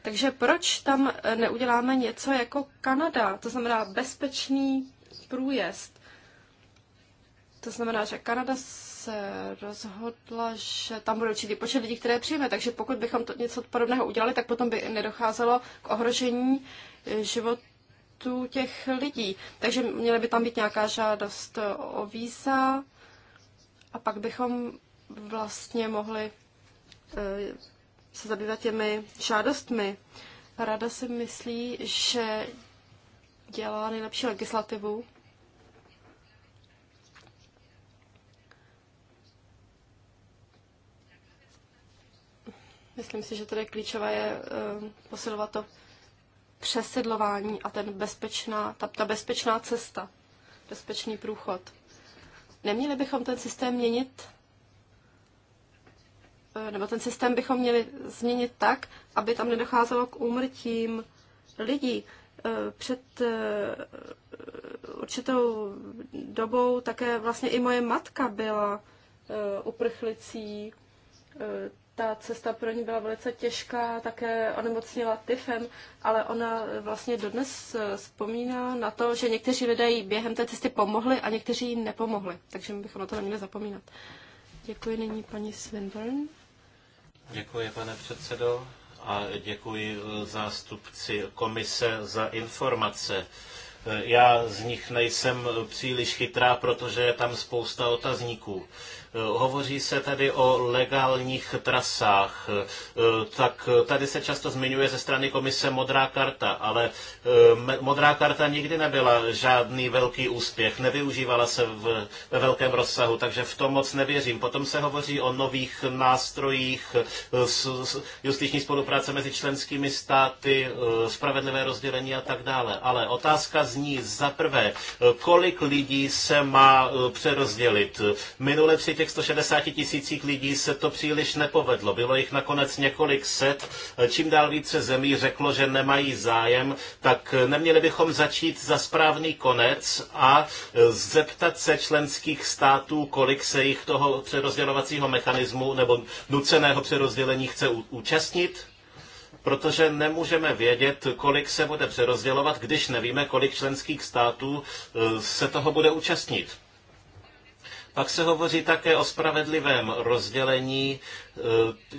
Takže proč tam eh, neuděláme něco jako Kanada, to znamená bezpečný průjezd? To znamená, že Kanada se rozhodla, že tam bude určitý počet lidí, které přijme, takže pokud bychom to něco podobného udělali, tak potom by nedocházelo k ohrožení eh, životu těch lidí. Takže měla by tam být nějaká žádost eh, o víza a pak bychom vlastně mohli se zabývat těmi žádostmi. Rada si myslí, že dělá nejlepší legislativu. Myslím si, že tady klíčové je eh, posilovat to přesedlování a ten bezpečná, ta, ta bezpečná cesta, bezpečný průchod. Neměli bychom ten systém měnit Eh, nebo ten systém bychom měli změnit tak, aby tam nedocházelo k úmrtím lidí. Eh, před eh, určitou dobou také vlastně i moje matka byla uprchlicí. Ta cesta pro ní byla velice těžká, také onemocnila tyfem, ale ona vlastně dodnes vzpomíná na to, že někteří lidé jí během té cesty pomohli a někteří jí nepomohli, takže my bychom na to neměli zapomínat. Děkuji nyní paní Swinburne. Děkuji, pane předsedo, a děkuji eh, zástupci komise za informace. Eh, já z nich nejsem eh, příliš chytrá, protože je tam spousta otazníků. Eh, hovoří se tady o legálních trasách, eh, tak eh, tady se často zmiňuje ze strany komise modrá karta, ale modrá karta nikdy nebyla žádný velký úspěch, nevyužívala se v, ve velkém rozsahu, takže v tom moc nevěřím. Potom se hovoří o nových nástrojích, justiční spolupráce mezi členskými státy, spravedlivé rozdělení a tak dále. Ale otázka zní za prvé, kolik lidí se má přerozdělit. Minule při těch 160 tisících lidí se to příliš nepovedlo. Bylo jich nakonec několik set. Čím dál více zemí řeklo, že nemají zájem, tak neměli bychom začít za správný konec a zeptat se členských států, kolik se jich toho přerozdělovacího mechanismu nebo nuceného přerozdělení chce účastnit? protože nemůžeme vědět, kolik se bude přerozdělovat, když nevíme, kolik členských států eh, se toho bude účastnit. Pak se hovoří také o spravedlivém rozdělení, eh,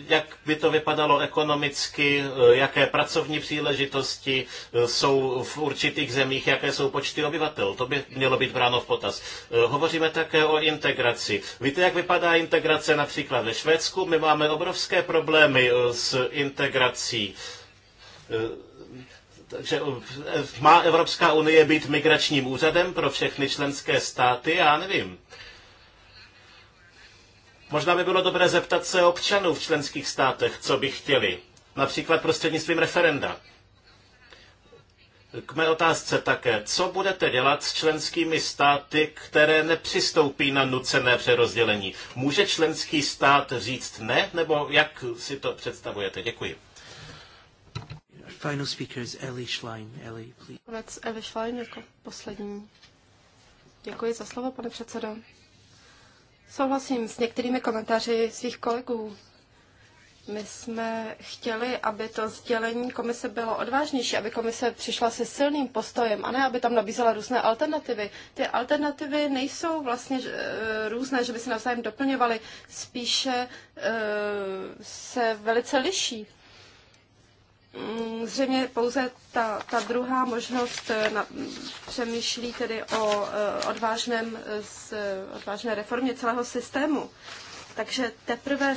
jak by to vypadalo ekonomicky, eh, jaké pracovní příležitosti eh, jsou v určitých zemích, jaké jsou počty obyvatel. To by mělo být bráno v potaz. Hovoříme také o integraci. Víte, jak vypadá integrace například ve Švédsku? My máme obrovské problémy s integrací. Takže má Evropská unie být migračním úřadem pro všechny členské státy? Já nevím. Možná by bylo dobré zeptat se občanů v členských státech, co by chtěli, například prostřednictvím referenda. K mé otázce také, co budete dělat s členskými státy, které nepřistoupí na nucené přerozdělení? Může členský stát říct ne, nebo jak si to představujete? Děkuji. Final speaker is Ellie Schlein. Ellie, please. Konec Ellie Schlein jako poslední. Děkuji za slovo, pane předsedo. Souhlasím s některými komentáři svých kolegů. My jsme chtěli, aby to sdělení komise bylo odvážnější, aby komise přišla se silným postojem a ne, aby tam nabízela různé alternativy. Ty alternativy nejsou vlastně eh, různé, že by se navzájem doplňovaly, spíše eh, se velice liší. Mm, zřejmě pouze ta, ta druhá možnost eh, na, přemýšlí tedy o eh, odvážném, z, odvážné reformě celého systému. Takže teprve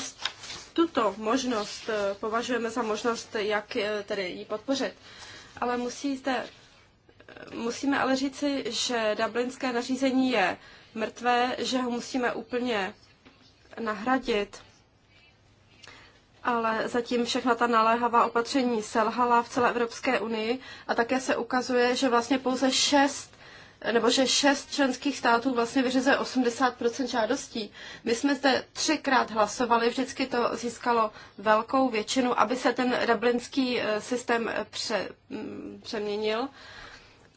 tuto možnost eh, považujeme za možnost, jak tedy ji podpořit. Ale musíte, musíme ale říci, že dublinské nařízení je mrtvé, že ho musíme úplně nahradit ale zatím všechna ta naléhavá opatření selhala v celé Evropské unii a také se ukazuje, že vlastně pouze šest nebo že šest členských států vlastně vyřizuje 80% žádostí. My jsme zde třikrát hlasovali, vždycky to získalo velkou většinu, aby se ten dublinský eh, systém pře, mm, přeměnil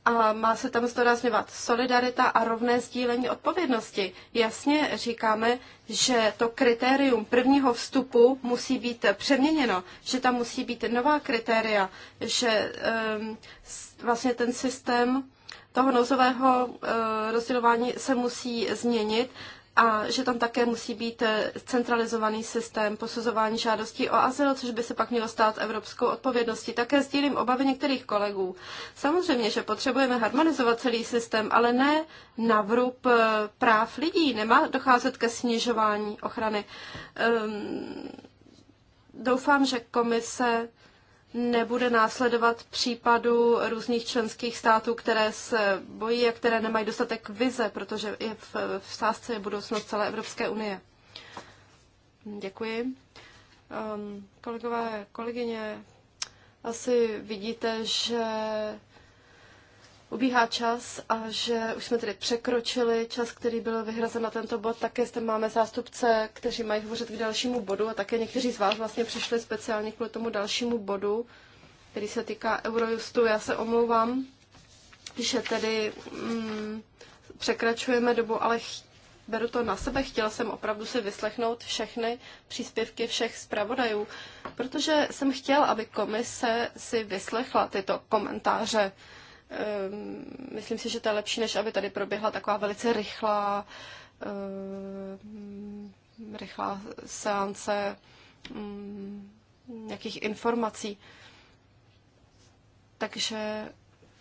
a má se tam zdorazňovat solidarita a rovné sdílení odpovědnosti. Jasně říkáme, že to kritérium prvního vstupu musí být přeměněno, že tam musí být nová kritéria, že um, vlastně ten systém toho nouzového uh, rozdělování se musí změnit a že tam také musí být eh, centralizovaný systém posuzování žádostí o azyl, což by se pak mělo stát evropskou odpovědností. Také sdílím obavy některých kolegů. Samozřejmě, že potřebujeme harmonizovat celý systém, ale ne na vrub eh, práv lidí. Nemá docházet ke snižování ochrany. Um, doufám, že komise nebude následovat případu různých členských států, které se bojí a které nemají dostatek vize, protože je v, v sázce je budoucnost celé Evropské unie. Děkuji. Um, kolegové, kolegyně, asi vidíte, že ubíhá čas a že už jsme tedy překročili čas, který byl vyhrazen na tento bod. Také zde máme zástupce, kteří mají hovořit k dalšímu bodu a také někteří z vás vlastně přišli speciálně kvůli tomu dalšímu bodu, který se týká Eurojustu. Já se omlouvám, že tedy mm, překračujeme dobu, ale beru to na sebe. Chtěla jsem opravdu si vyslechnout všechny příspěvky všech zpravodajů, protože jsem chtěla, aby komise si vyslechla tyto komentáře Ehm, myslím si, že to je lepší, než aby tady proběhla taková velice rychlá, ehm, rychlá seance mm, nějakých informací. Takže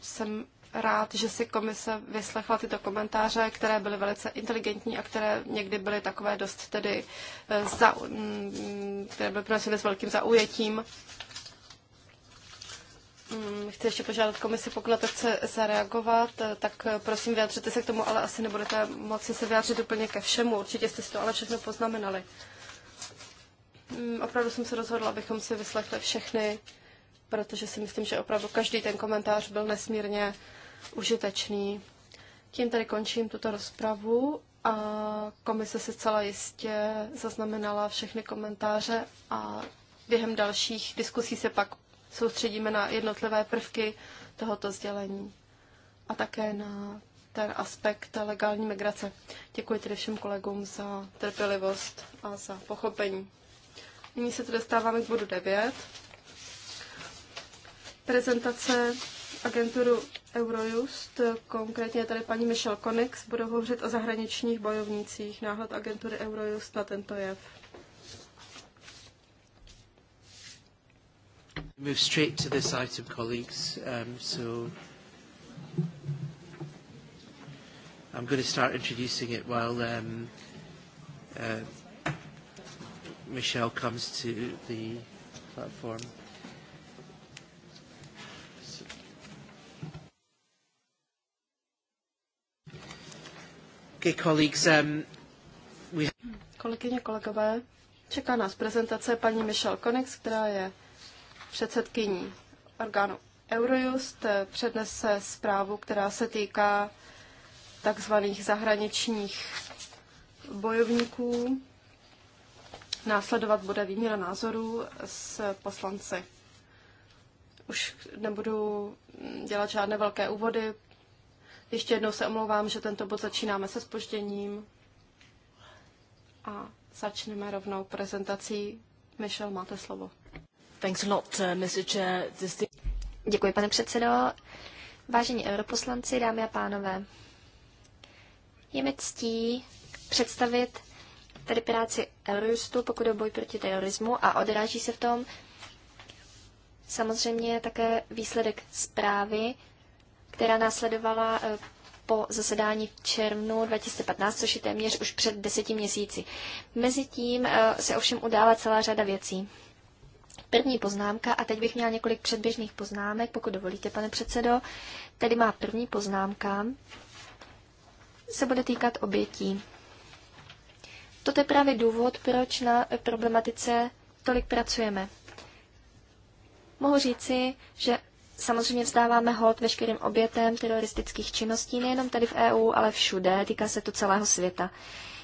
jsem rád, že si komise vyslechla tyto komentáře, které byly velice inteligentní a které někdy byly takové dost tedy, eh, za, mm, mm, které byly proneseny s velkým zaujetím. Mm, chci ještě požádat komisi, pokud na to chce zareagovat, eh, tak eh, prosím vyjádřete se k tomu, ale asi nebudete moci se vyjádřit úplně ke všemu. Určitě jste si to ale všechno poznamenali. Mm, opravdu jsem se rozhodla, abychom si vyslechli všechny, protože si myslím, že opravdu každý ten komentář byl nesmírně užitečný. Tím tady končím tuto rozpravu a komise si celá jistě zaznamenala všechny komentáře a během dalších diskusí se pak soustředíme na jednotlivé prvky tohoto sdělení a také na ten aspekt legální migrace. Děkuji tedy všem kolegům za trpělivost a za pochopení. Nyní se tu dostáváme k bodu 9. Prezentace agenturu Eurojust, konkrétně tady paní Michelle Konex, budou hovořit o zahraničních bojovnících, náhled agentury Eurojust na tento jev. Move straight to this item, colleagues. Um, so I'm going to start introducing it while um, uh, Michelle comes to the platform. Okay, colleagues, um, we... Kolegyně, kolegové, čeká nás prezentace paní Michelle Konex, která je předsedkyní orgánu Eurojust přednese zprávu, která se týká takzvaných zahraničních bojovníků. Následovat bude výměna názorů s poslanci. Už nebudu dělat žádné velké úvody. Ještě jednou se omlouvám, že tento bod začínáme se spožděním a začneme rovnou prezentací. Michel, máte slovo. Uh, Děkuji, pane předsedo. Vážení europoslanci, dámy a pánové, je mi ctí představit tady práci Eurojustu, pokud o boj proti terorismu a odráží se v tom samozřejmě také výsledek zprávy, která následovala eh, po zasedání v červnu 2015, což je téměř už před deseti měsíci. Mezitím eh, se ovšem udála celá řada věcí. První poznámka, a teď bych měla několik předběžných poznámek, pokud dovolíte, pane předsedo. Tady má první poznámka se bude týkat obětí. To je právě důvod, proč na problematice tolik pracujeme. Mohu říci, že samozřejmě vzdáváme hold veškerým obětem teroristických činností, nejenom tady v EU, ale všude, týká se to celého světa.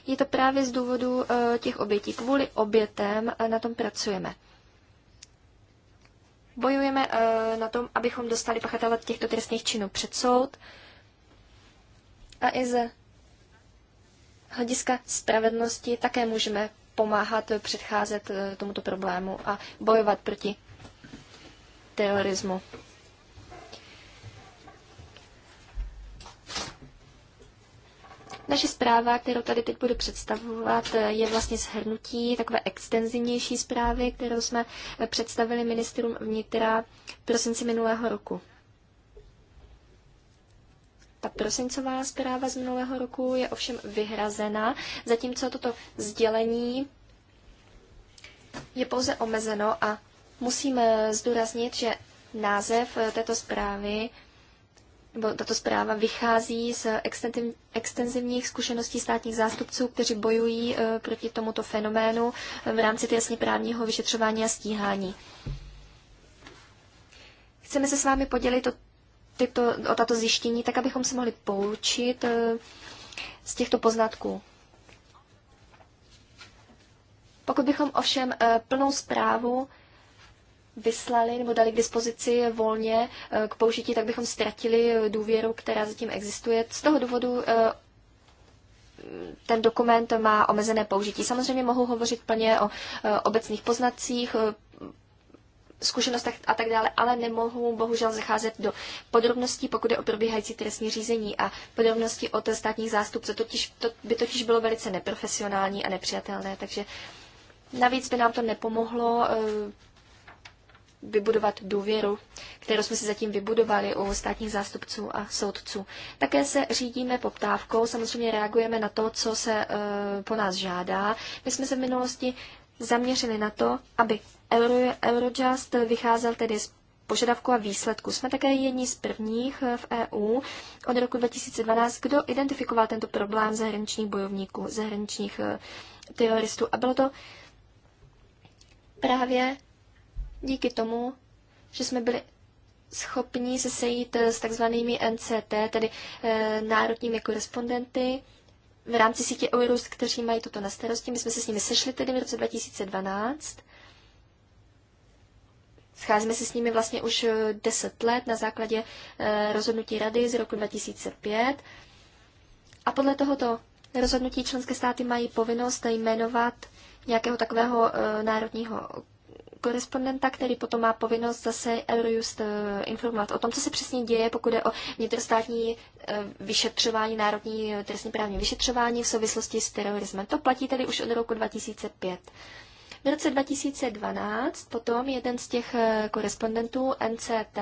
Je to právě z důvodu eh, těch obětí. Kvůli obětem eh, na tom pracujeme. Bojujeme eh, na tom, abychom dostali pachatele těchto trestných činů před soud a i ze hlediska spravedlnosti také můžeme pomáhat předcházet eh, tomuto problému a bojovat proti terorismu. Naše zpráva, kterou tady teď budu představovat, je vlastně shrnutí takové extenzivnější zprávy, kterou jsme představili ministrům vnitra v prosinci minulého roku. Ta prosincová zpráva z minulého roku je ovšem vyhrazena, zatímco toto sdělení je pouze omezeno a musím zdůraznit, že název této zprávy nebo tato zpráva vychází z extenzivních zkušeností státních zástupců, kteří bojují eh, proti tomuto fenoménu eh, v rámci jasně právního vyšetřování a stíhání. Chceme se s vámi podělit o, tyto, o tato zjištění, tak abychom se mohli poučit eh, z těchto poznatků. Pokud bychom ovšem plnou zprávu vyslali nebo dali k dispozici volně eh, k použití, tak bychom ztratili důvěru, která zatím existuje. Z toho důvodu eh, ten dokument má omezené použití. Samozřejmě mohu hovořit plně o eh, obecných poznacích, zkušenostech a tak dále, ale nemohu bohužel zacházet do podrobností, pokud je o probíhající trestní řízení a podrobnosti od státních zástupců. Totiž, to by totiž bylo velice neprofesionální a nepřijatelné, takže navíc by nám to nepomohlo vybudovat důvěru, kterou jsme si zatím vybudovali u státních zástupců a soudců. Také se řídíme poptávkou, samozřejmě reagujeme na to, co se eh, po nás žádá. My jsme se v minulosti zaměřili na to, aby Euro, Eurojust vycházel tedy z požadavku a výsledku. Jsme také jedni z prvních eh, v EU od roku 2012, kdo identifikoval tento problém zahraničních bojovníků, zahraničních eh, teroristů. A bylo to právě díky tomu, že jsme byli schopni se sejít eh, s takzvanými NCT, tedy e, národními korespondenty v rámci sítě Eurus, kteří mají toto na starosti. My jsme se s nimi sešli tedy v roce 2012. Scházíme se s nimi vlastně už 10 eh, let na základě e, rozhodnutí Rady z roku 2005. A podle tohoto rozhodnutí členské státy mají povinnost jmenovat nějakého takového e, národního korespondenta, který potom má povinnost zase Eurojust eh, informovat o tom, co se přesně děje, pokud je o vnitrostátní eh, vyšetřování, národní eh, trestně právní vyšetřování v souvislosti s terorismem. To platí tedy už od roku 2005. V roce 2012 potom jeden z těch korespondentů NCT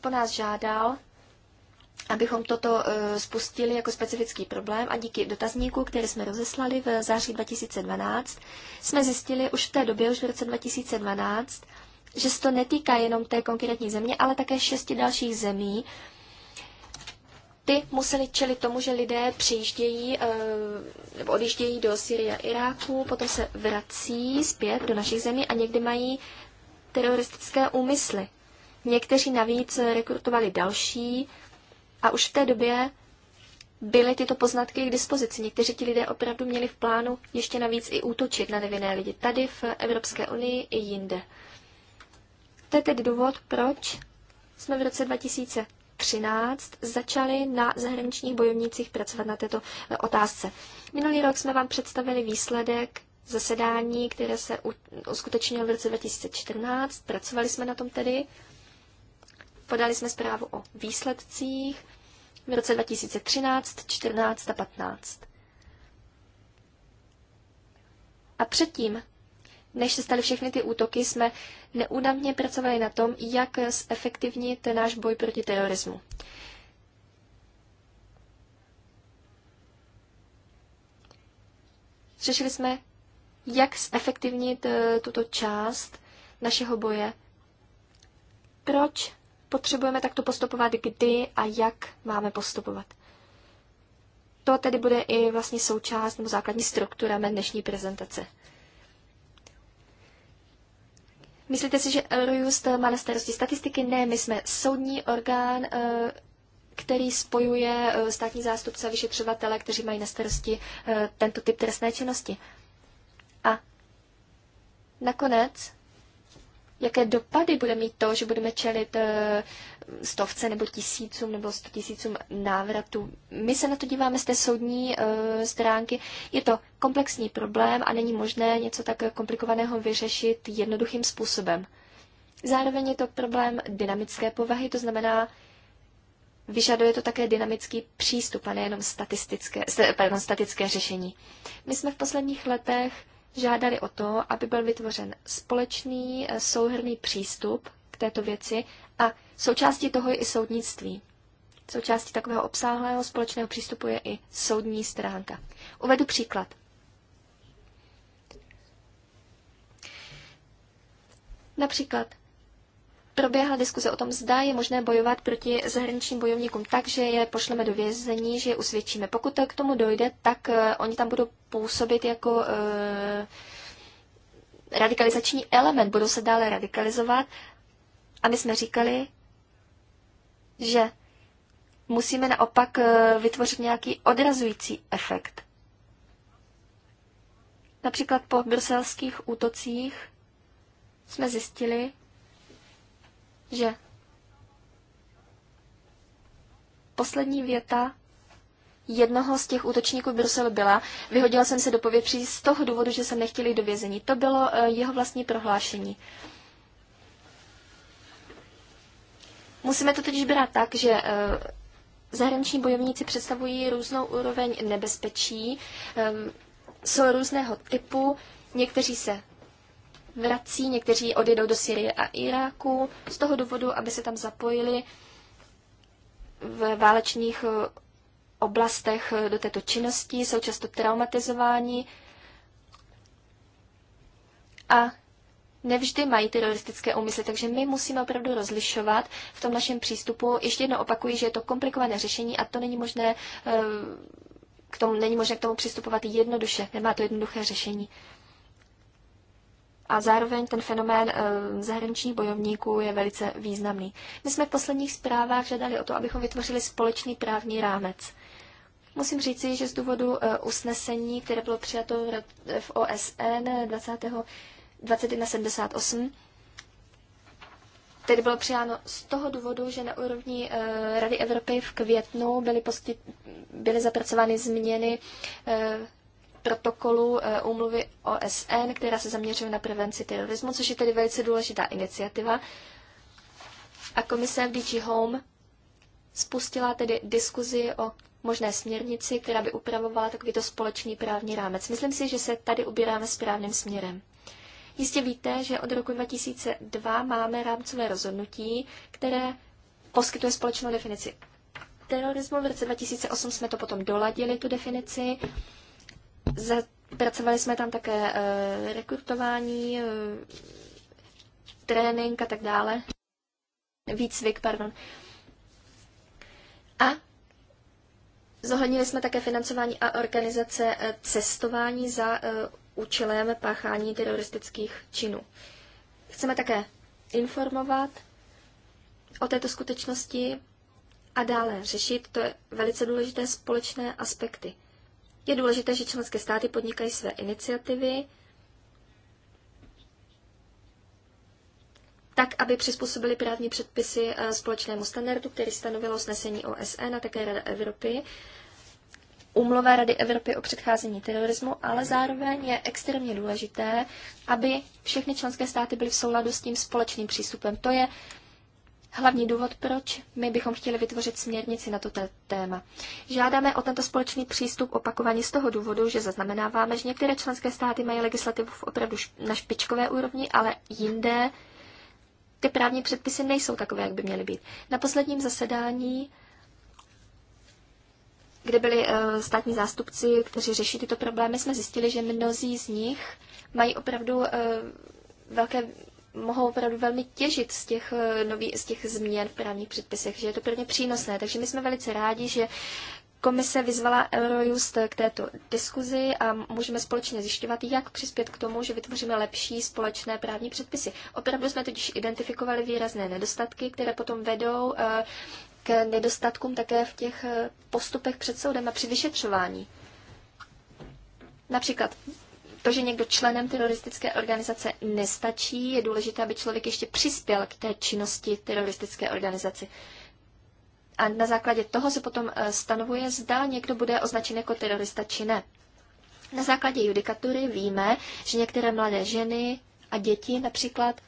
po nás žádal, abychom toto e, spustili jako specifický problém a díky dotazníku, který jsme rozeslali v září 2012, jsme zjistili už v té době, už v roce 2012, že se to netýká jenom té konkrétní země, ale také šesti dalších zemí. Ty museli čelit tomu, že lidé přijíždějí e, nebo odjíždějí do Syrie a Iráku, potom se vrací zpět do našich zemí a někdy mají teroristické úmysly. Někteří navíc rekrutovali další a už v té době byly tyto poznatky k dispozici. Někteří ti lidé opravdu měli v plánu ještě navíc i útočit na nevinné lidi tady v Evropské unii i jinde. To je tedy důvod, proč jsme v roce 2013 začali na zahraničních bojovnících pracovat na této eh, otázce. Minulý rok jsme vám představili výsledek zasedání, které se uskutečnilo v roce 2014. Pracovali jsme na tom tedy. Podali jsme zprávu o výsledcích v roce 2013, 14 a 15. A předtím, než se staly všechny ty útoky, jsme neúnavně pracovali na tom, jak zefektivnit náš boj proti terorismu. Řešili jsme, jak zefektivnit eh, tuto část našeho boje. Proč potřebujeme takto postupovat, kdy a jak máme postupovat. To tedy bude i vlastně součást nebo základní struktura mé dnešní prezentace. Myslíte si, že Eurojust má na starosti statistiky? Ne, my jsme soudní orgán, eh, který spojuje eh, státní zástupce a vyšetřovatele, kteří mají na starosti eh, tento typ trestné činnosti. A nakonec jaké dopady bude mít to, že budeme čelit eh, stovce nebo tisícům nebo sto tisícům návratů. My se na to díváme z té soudní eh, stránky. Je to komplexní problém a není možné něco tak komplikovaného vyřešit jednoduchým způsobem. Zároveň je to problém dynamické povahy, to znamená, vyžaduje to také dynamický přístup a nejenom statistické, pardon, statické řešení. My jsme v posledních letech žádali o to, aby byl vytvořen společný eh, souhrný přístup k této věci a součástí toho je i soudnictví. Součástí takového obsáhlého společného přístupu je i soudní stránka. Uvedu příklad. Například proběhla diskuze o tom, zda je možné bojovat proti zahraničním bojovníkům tak, že je pošleme do vězení, že je usvědčíme. Pokud to k tomu dojde, tak eh, oni tam budou působit jako uh, radikalizační element, budou se dále radikalizovat. A my jsme říkali, že musíme naopak eh, vytvořit nějaký odrazující efekt. Například po bruselských útocích jsme zjistili, že poslední věta jednoho z těch útočníků Brusel byla, vyhodila jsem se do povětří z toho důvodu, že jsem nechtěli do vězení. To bylo eh, jeho vlastní prohlášení. Musíme to totiž brát tak, že eh, zahraniční bojovníci představují různou úroveň nebezpečí, ehm, jsou různého typu, někteří se vrací, někteří odjedou do Syrie a Iráku z toho důvodu, aby se tam zapojili v válečných eh, oblastech eh, do této činnosti, jsou často traumatizováni a nevždy mají teroristické úmysly, takže my musíme opravdu rozlišovat v tom našem přístupu. Ještě jednou opakuji, že je to komplikované řešení a to není možné eh, k tomu, není možné k tomu přistupovat jednoduše, nemá to jednoduché řešení. A zároveň ten fenomén eh, zahraničních bojovníků je velice významný. My jsme v posledních zprávách žádali o to, abychom vytvořili společný právní rámec. Musím říci, že z důvodu eh, usnesení, které bylo přijato v OSN 20. 2178, tedy bylo přijáno z toho důvodu, že na úrovni eh, Rady Evropy v květnu byly, poskyt, byly zapracovány změny protokolu eh, úmluvy OSN, která se zaměřuje na prevenci terorismu, což je tedy velice důležitá iniciativa. A komise v DG Home spustila tedy diskuzi o možné směrnici, která by upravovala takovýto společný právní rámec. Myslím si, že se tady ubíráme správným směrem. Jistě víte, že od roku 2002 máme rámcové rozhodnutí, které poskytuje společnou definici terorismu. V roce 2008 jsme to potom doladili, tu definici, Zapracovali jsme tam také eh, rekrutování, eh, trénink a tak dále. Výcvik, pardon. A zohlednili jsme také financování a organizace eh, cestování za účelem páchání teroristických činů. Chceme také informovat o této skutečnosti a dále řešit, to je velice důležité, společné aspekty. Je důležité, že členské státy podnikají své iniciativy, tak, aby přizpůsobili právní předpisy eh, společnému standardu, který stanovilo usnesení OSN a také Rada Evropy, umlova Rady Evropy o předcházení terorismu, ale zároveň je extrémně důležité, aby všechny členské státy byly v souladu s tím společným přístupem. To je hlavní důvod, proč my bychom chtěli vytvořit směrnici na toto téma. Žádáme o tento společný přístup opakovaně z toho důvodu, že zaznamenáváme, že některé členské státy mají legislativu v opravdu na špičkové úrovni, ale jinde ty právní předpisy nejsou takové, jak by měly být. Na posledním zasedání kde byli eh, státní zástupci, kteří řeší tyto problémy, jsme zjistili, že mnozí z nich mají opravdu eh, velké mohou opravdu velmi těžit z těch, eh, nový, z těch změn v právních předpisech, že je to pro ně přínosné. Takže my jsme velice rádi, že komise vyzvala Eurojust k této diskuzi a můžeme společně zjišťovat, jak přispět k tomu, že vytvoříme lepší společné právní předpisy. Opravdu jsme totiž identifikovali výrazné nedostatky, které potom vedou eh, k nedostatkům také v těch eh, postupech před soudem a při vyšetřování. Například to, že někdo členem teroristické organizace nestačí, je důležité, aby člověk ještě přispěl k té činnosti teroristické organizaci. A na základě toho se potom eh, stanovuje, zda někdo bude označen jako terorista či ne. Na základě judikatury víme, že některé mladé ženy a děti například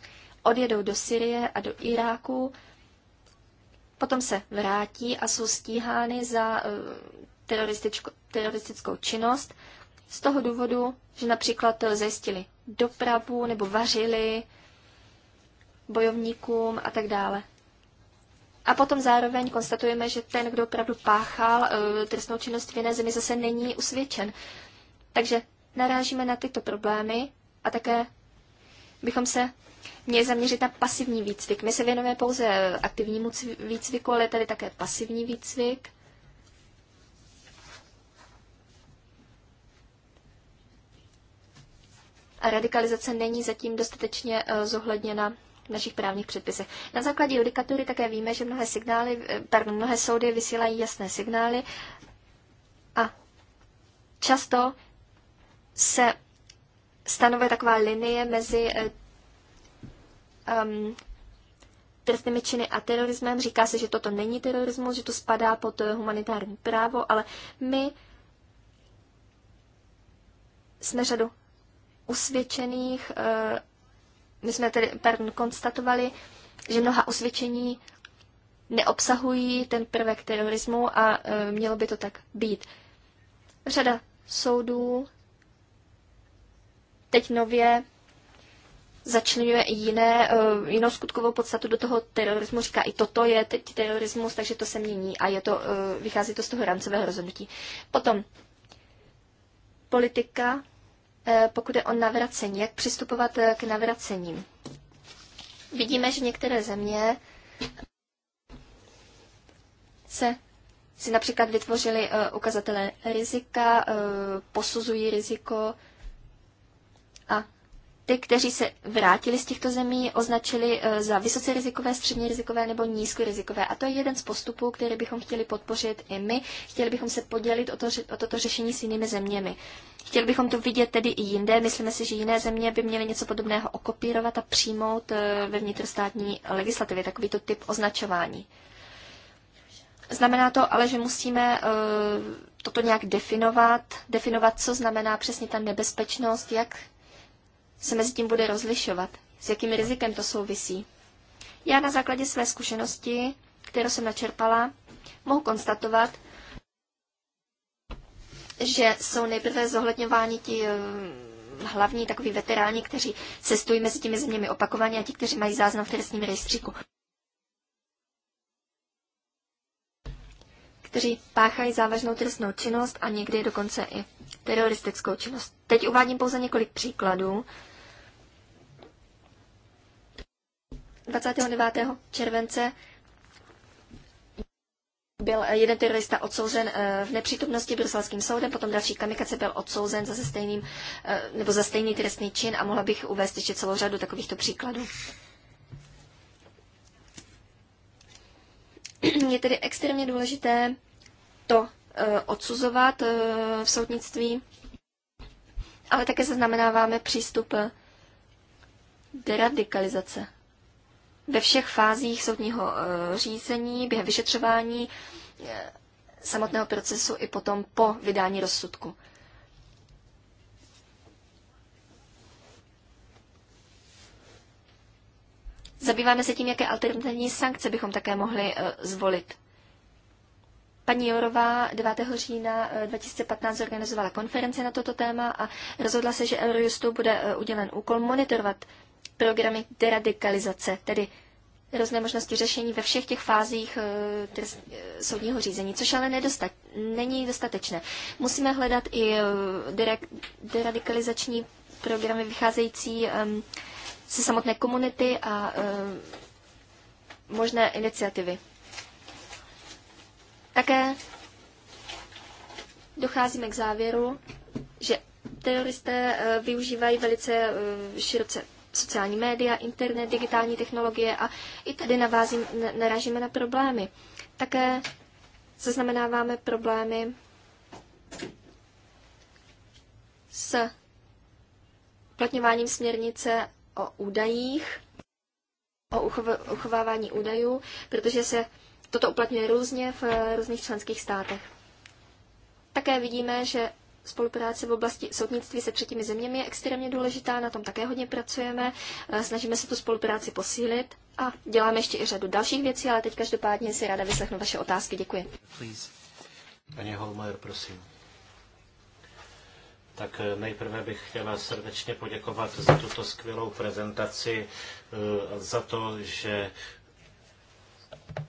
odjedou do Syrie a do Iráku, potom se vrátí a jsou stíhány za eh, teroristickou činnost z toho důvodu, že například zajistili dopravu nebo vařili bojovníkům a tak dále. A potom zároveň konstatujeme, že ten, kdo opravdu páchal eh, trestnou činnost v jiné zemi, zase není usvědčen. Takže narážíme na tyto problémy a také bychom se měli zaměřit na pasivní výcvik. My se věnujeme pouze aktivnímu výcviku, ale je tady také pasivní výcvik. a radikalizace není zatím dostatečně eh, zohledněna v našich právních předpisech. Na základě judikatury také víme, že mnohé, signály, eh, pardon, mnohé soudy vysílají jasné signály a často se stanovuje taková linie mezi um, trestnými činy a terorismem. Říká se, že toto není terorismus, že to spadá pod humanitární právo, ale my jsme řadu usvědčených, eh, my jsme tedy pardon, konstatovali, že mnoha usvědčení neobsahují ten prvek terorismu a eh, mělo by to tak být. Řada soudů teď nově začlenuje i jiné, eh, jinou skutkovou podstatu do toho terorismu, říká i toto je teď terorismus, takže to se mění a je to, vychází to z toho rámcového rozhodnutí. Potom politika Eh, pokud je o navracení, jak přistupovat eh, k navracením. Vidíme, že některé země se si například vytvořili eh, ukazatele rizika, posuzují riziko a ty, kteří se vrátili z těchto zemí, označili eh, za vysoce rizikové, středně rizikové nebo nízkorizikové. A to je jeden z postupů, který bychom chtěli podpořit i my. Chtěli bychom se podělit o, to, o toto řešení s jinými zeměmi. Chtěli bychom to vidět tedy i jinde. Myslíme si, že jiné země by měly něco podobného okopírovat a přijmout eh, ve vnitrostátní legislativě takovýto typ označování. Znamená to ale, že musíme eh, toto nějak definovat, definovat, co znamená přesně ta nebezpečnost, jak se mezi tím bude rozlišovat, s jakým rizikem to souvisí. Já na základě své zkušenosti, kterou jsem načerpala, mohu konstatovat, že jsou nejprve zohledňováni ti eh, hlavní takový veteráni, kteří cestují mezi těmi zeměmi opakovaně a ti, kteří mají záznam v trestním rejstříku. kteří páchají závažnou trestnou činnost a někdy dokonce i teroristickou činnost. Teď uvádím pouze několik příkladů, 29. července byl eh, jeden terorista odsouzen eh, v nepřítomnosti bruselským soudem, potom další kamikace byl odsouzen za stejným, eh, nebo za stejný trestný čin a mohla bych uvést ještě celou řadu takovýchto příkladů. Je tedy extrémně důležité to odsuzovat v soudnictví, ale také zaznamenáváme přístup deradikalizace ve všech fázích soudního eh, řízení, během vyšetřování eh, samotného procesu i potom po vydání rozsudku. Zabýváme se tím, jaké alternativní sankce bychom také mohli eh, zvolit. Paní Jorová 9. října 2015 zorganizovala konferenci na toto téma a rozhodla se, že Eurojustu bude udělen úkol monitorovat programy deradikalizace, tedy různé možnosti řešení ve všech těch fázích eh, eh, soudního řízení, což ale nedostat, není dostatečné. Musíme hledat i eh, deradikalizační programy vycházející ehm, ze samotné komunity a ehm, možné iniciativy. Také docházíme k závěru, že teroristé využívají velice široce sociální média, internet, digitální technologie a i tady navázím, narážíme na problémy. Také zaznamenáváme problémy s uplatňováním směrnice o údajích, o uchovávání údajů, protože se toto uplatňuje různě v eh, různých členských státech. Také vidíme, že Spolupráce v oblasti soudnictví se třetími zeměmi je extrémně důležitá, na tom také hodně pracujeme, eh, snažíme se tu spolupráci posílit a děláme ještě i řadu dalších věcí, ale teď každopádně si ráda vyslechnu vaše otázky. Děkuji. Please. Paní Holmajer, prosím. Tak eh, nejprve bych chtěla srdečně poděkovat za tuto skvělou prezentaci, eh, za to, že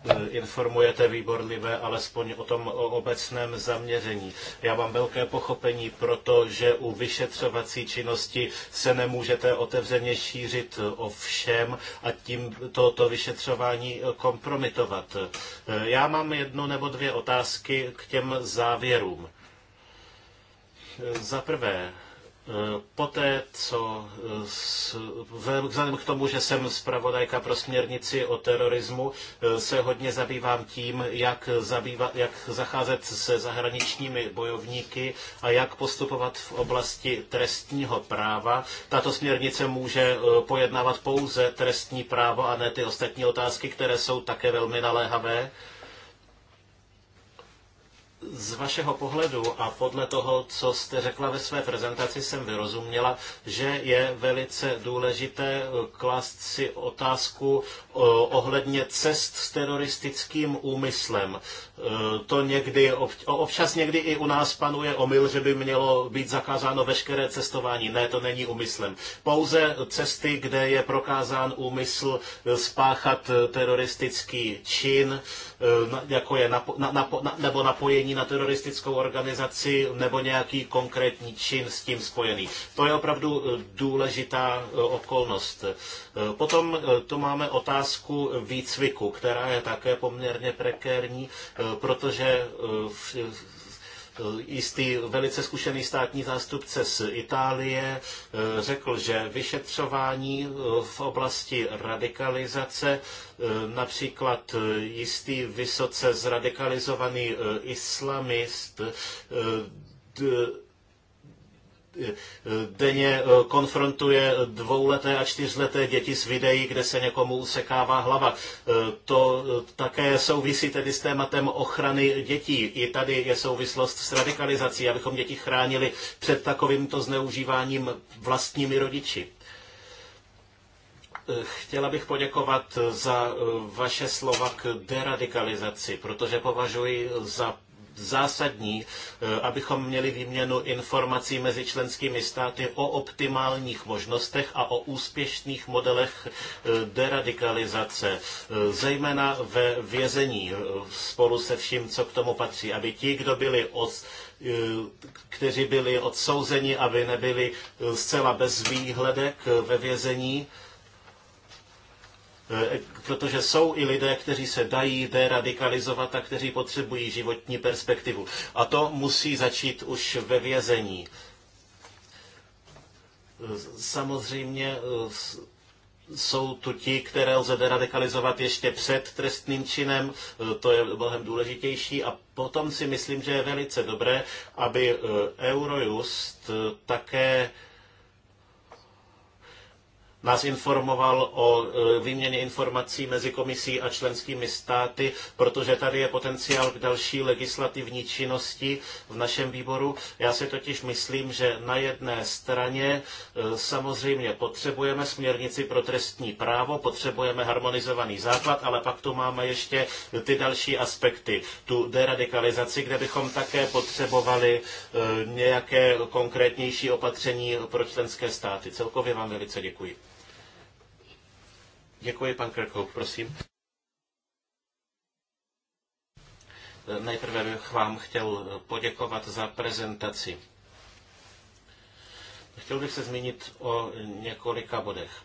Eh, informujete výbor alespoň o tom o obecném zaměření. Já mám velké pochopení pro to, že u vyšetřovací činnosti se nemůžete otevřeně šířit o všem a tím toto vyšetřování eh, kompromitovat. Eh, já mám jednu nebo dvě otázky k těm závěrům. Za prvé, Eh, poté, co eh, vzhledem k tomu, že jsem zpravodajka pro směrnici o terorismu, eh, se hodně zabývám tím, jak, zabýva, jak zacházet se zahraničními bojovníky a jak postupovat v oblasti trestního práva. Tato směrnice může pojednávat pouze trestní právo a ne ty ostatní otázky, které jsou také velmi naléhavé z vašeho pohledu a podle toho, co jste řekla ve své prezentaci, jsem vyrozuměla, že je velice důležité eh, klást si otázku eh, ohledně cest s teroristickým úmyslem. Eh, to někdy, občas někdy i u nás panuje omyl, že by mělo být zakázáno veškeré cestování. Ne, to není úmyslem. Pouze cesty, kde je prokázán úmysl spáchat teroristický čin, jako je napo, na, na, na, nebo napojení napojení na teroristickou organizaci nebo nějaký konkrétní čin s tím spojený. To je opravdu e, důležitá e, okolnost. E, potom tu máme otázku výcviku, která je také poměrně prekérní, protože v jistý velice zkušený státní zástupce z Itálie eh, řekl, že vyšetřování eh, v oblasti radikalizace, eh, například jistý vysoce zradikalizovaný islamist, denně eh, konfrontuje dvouleté a čtyřleté děti s videí, kde se někomu usekává hlava. Eh, to eh, také souvisí tedy s tématem ochrany dětí. I tady je souvislost s radikalizací, abychom děti chránili před takovýmto zneužíváním vlastními rodiči. Chtěla bych poděkovat za vaše slova k deradikalizaci, protože považuji za zásadní, eh, abychom měli výměnu informací mezi členskými státy o optimálních možnostech a o úspěšných modelech eh, deradikalizace, eh, zejména ve vězení spolu se vším, co k tomu patří, aby ti, kdo byli od kteří byli odsouzeni, aby nebyli zcela bez výhledek ve vězení, Eh, protože jsou i lidé, kteří se dají deradikalizovat a kteří potřebují životní perspektivu. A to musí začít už ve vězení. Eh, samozřejmě eh, jsou tu ti, které lze deradikalizovat ještě před trestným činem, to je mnohem důležitější a potom si myslím, že je velice dobré, aby Eurojust také nás informoval o e, výměně informací mezi komisí a členskými státy, protože tady je potenciál k další legislativní činnosti v našem výboru. Já si totiž myslím, že na jedné straně e, samozřejmě potřebujeme směrnici pro trestní právo, potřebujeme harmonizovaný základ, ale pak tu máme ještě ty další aspekty. Tu deradikalizaci, kde bychom také potřebovali e, nějaké konkrétnější opatření pro členské státy. Celkově vám velice děkuji. Děkuji, pan Krkou, prosím. Nejprve bych vám chtěl poděkovat za prezentaci. Chtěl bych se zmínit o několika bodech.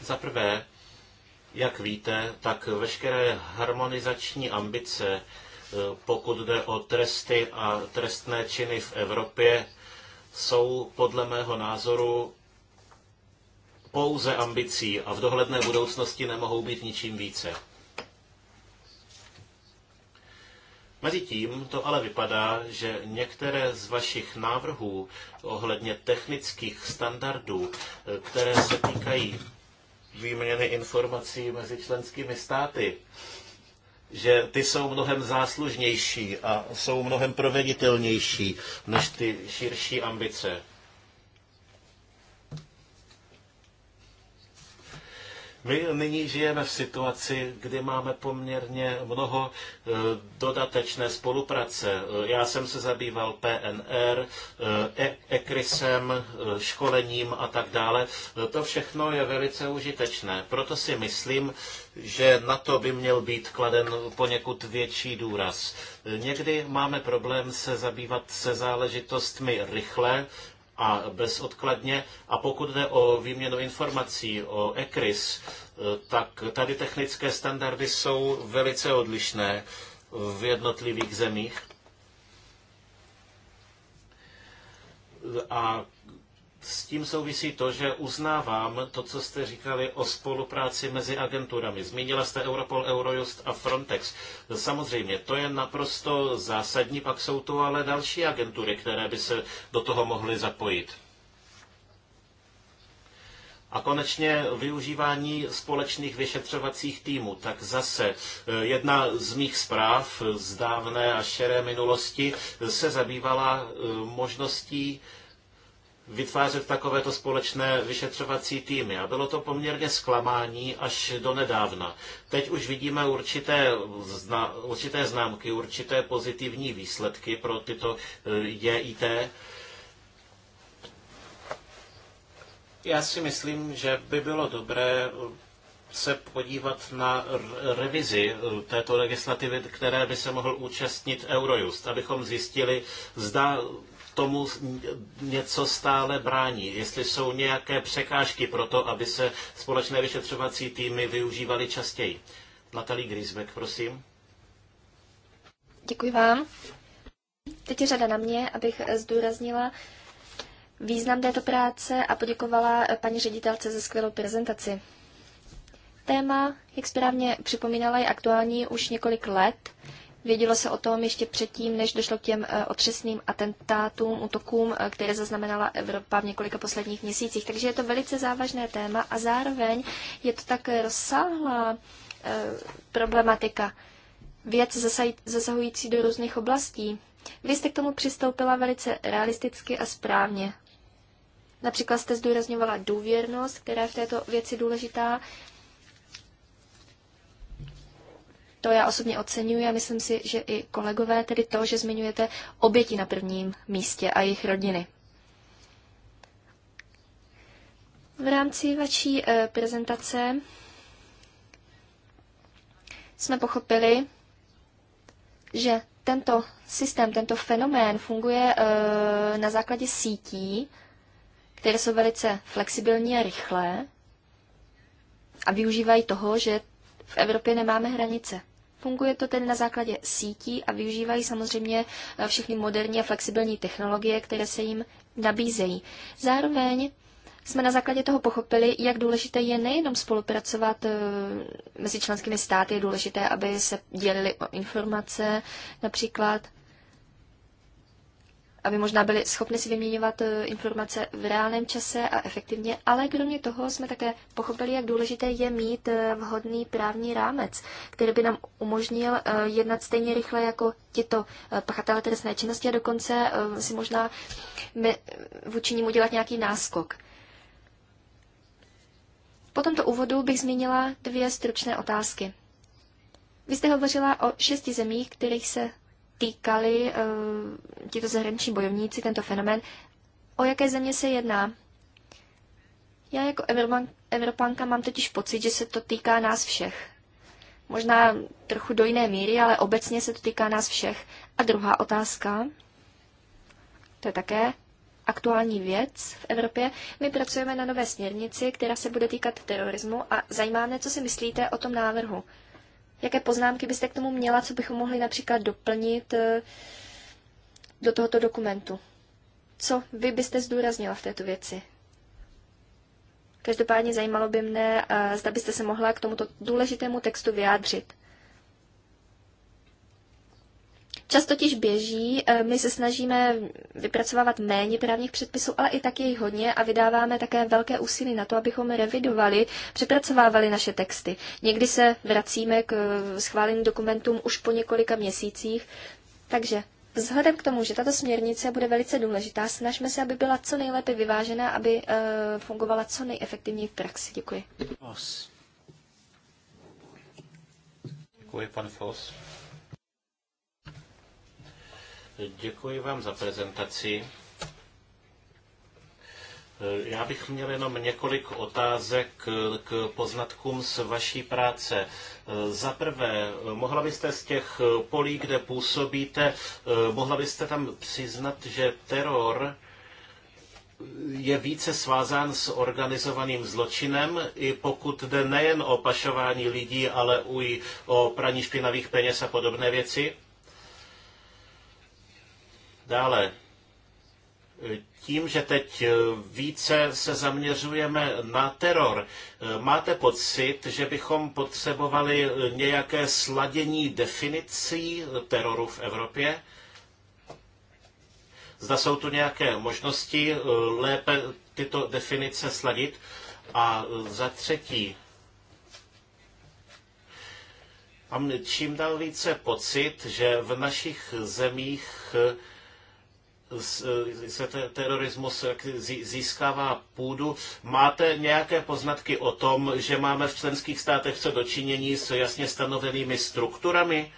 Za prvé, jak víte, tak veškeré harmonizační ambice, eh, pokud jde o tresty a trestné činy v Evropě, jsou podle mého názoru pouze ambicí a v dohledné budoucnosti nemohou být ničím více. Mezitím to ale vypadá, že některé z vašich návrhů ohledně technických standardů, které se týkají výměny informací mezi členskými státy, že ty jsou mnohem záslužnější a jsou mnohem proveditelnější než ty širší ambice. My nyní žijeme v situaci, kdy máme poměrně mnoho e, dodatečné spolupráce. E, já jsem se zabýval PNR, e, ECRISem, školením a tak dále. To všechno je velice užitečné. Proto si myslím, že na to by měl být kladen poněkud větší důraz. Někdy máme problém se zabývat se záležitostmi rychle, a bezodkladně. A pokud jde o výměnu informací, o ECRIS, eh, tak tady technické standardy jsou velice odlišné v jednotlivých zemích. A s tím souvisí to, že uznávám to, co jste říkali o spolupráci mezi agenturami. Zmínila jste Europol, Eurojust a Frontex. Samozřejmě, to je naprosto zásadní, pak jsou tu ale další agentury, které by se do toho mohly zapojit. A konečně využívání společných vyšetřovacích týmů. Tak zase eh, jedna z mých zpráv z dávné a šeré minulosti se zabývala eh, možností vytvářet takovéto společné vyšetřovací týmy. A bylo to poměrně zklamání až do nedávna. Teď už vidíme určité, zna, určité známky, určité pozitivní výsledky pro tyto eh, JIT. Já si myslím, že by bylo dobré eh, se podívat na revizi eh, této legislativy, které by se mohl účastnit Eurojust, abychom zjistili, zda tomu něco stále brání? Jestli jsou nějaké překážky pro to, aby se společné vyšetřovací týmy využívaly častěji? Natalie Grisbeck, prosím. Děkuji vám. Teď je řada na mě, abych zdůraznila význam této práce a poděkovala paní ředitelce za skvělou prezentaci. Téma, jak správně připomínala, je aktuální už několik let. Vědělo se o tom ještě předtím, než došlo k těm eh, otřesným atentátům, útokům, eh, které zaznamenala Evropa v několika posledních měsících. Takže je to velice závažné téma a zároveň je to tak rozsáhlá eh, problematika. Věc zasahující do různých oblastí. Vy jste k tomu přistoupila velice realisticky a správně. Například jste zdůrazňovala důvěrnost, která je v této věci důležitá, To já osobně oceňuji a myslím si, že i kolegové, tedy to, že zmiňujete oběti na prvním místě a jejich rodiny. V rámci vaší e, prezentace jsme pochopili, že tento systém, tento fenomén funguje e, na základě sítí, které jsou velice flexibilní a rychlé a využívají toho, že v Evropě nemáme hranice. Funguje to tedy na základě sítí a využívají samozřejmě eh, všechny moderní a flexibilní technologie, které se jim nabízejí. Zároveň jsme na základě toho pochopili, jak důležité je nejenom spolupracovat eh, mezi členskými státy, je důležité, aby se dělili o informace například aby možná byli schopni si vyměňovat eh, informace v reálném čase a efektivně, ale kromě toho jsme také pochopili, jak důležité je mít eh, vhodný právní rámec, který by nám umožnil eh, jednat stejně rychle jako tito pachatelé trestné činnosti a dokonce si možná vůči ním udělat nějaký náskok. Po tomto úvodu bych zmínila dvě stručné otázky. Vy jste hovořila o šesti zemích, kterých se týkali eh, tito zahraniční bojovníci, tento fenomén, o jaké země se jedná. Já jako Evropanka mám totiž pocit, že se to týká nás všech. Možná trochu do jiné míry, ale obecně se to týká nás všech. A druhá otázka, to je také aktuální věc v Evropě. My pracujeme na nové směrnici, která se bude týkat terorismu a zajímá mě, co si myslíte o tom návrhu. Jaké poznámky byste k tomu měla, co bychom mohli například doplnit eh, do tohoto dokumentu? Co vy byste zdůraznila v této věci? Každopádně zajímalo by mne, eh, zda byste se mohla k tomuto důležitému textu vyjádřit. Čas totiž běží, eh, my se snažíme vypracovávat méně právních předpisů, ale i tak je jich hodně a vydáváme také velké úsilí na to, abychom revidovali, přepracovávali naše texty. Někdy se vracíme k eh, schváleným dokumentům už po několika měsících, takže Vzhledem k tomu, že tato směrnice bude velice důležitá, snažme se, aby byla co nejlépe vyvážená, aby e, fungovala co nejefektivněji v praxi. Děkuji. Děkuji, pan Foss. Děkuji vám za prezentaci. Eh, já bych měl jenom několik otázek k poznatkům z vaší práce. Eh, za prvé, eh, mohla byste z těch polí, kde působíte, mohla byste tam přiznat, že teror je více svázán s organizovaným zločinem, i pokud jde nejen o pašování lidí, ale i o praní špinavých peněz a podobné věci? Dále, tím, že teď více se zaměřujeme na teror, máte pocit, že bychom potřebovali nějaké sladění definicí teroru v Evropě? Zda jsou tu nějaké možnosti lépe tyto definice sladit? A za třetí, mám čím dál více pocit, že v našich zemích Eh, terorismus získává půdu. Máte nějaké poznatky o tom, že máme v členských státech co dočinění s jasně stanovenými strukturami?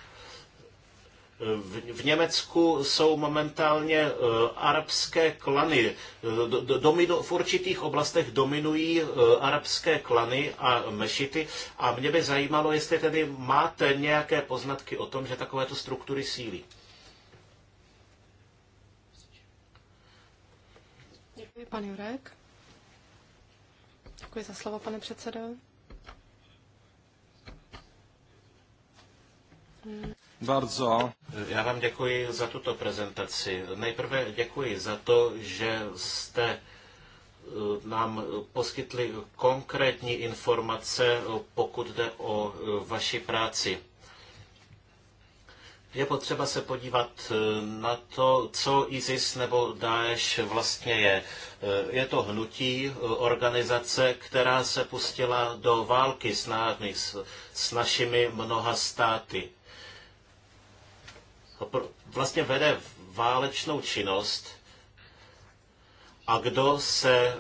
V Německu jsou momentálně eh, arabské klany. Eh, Domino, v určitých oblastech dominují arabské klany a mešity. A mě by zajímalo, jestli tedy máte nějaké poznatky o tom, že takovéto struktury sílí. Pan Jurek. Děkuji za slovo, pane předsedo. Bardzo. Já vám děkuji za tuto prezentaci. Nejprve děkuji za to, že jste eh, nám poskytli konkrétní informace, eh, pokud jde o eh, vaši práci. Je potřeba se podívat eh, na to, co ISIS nebo Daesh vlastně je. Eh, je to hnutí, eh, organizace, která se pustila do války s námi, s, s našimi mnoha státy. Vlastně vede válečnou činnost a kdo se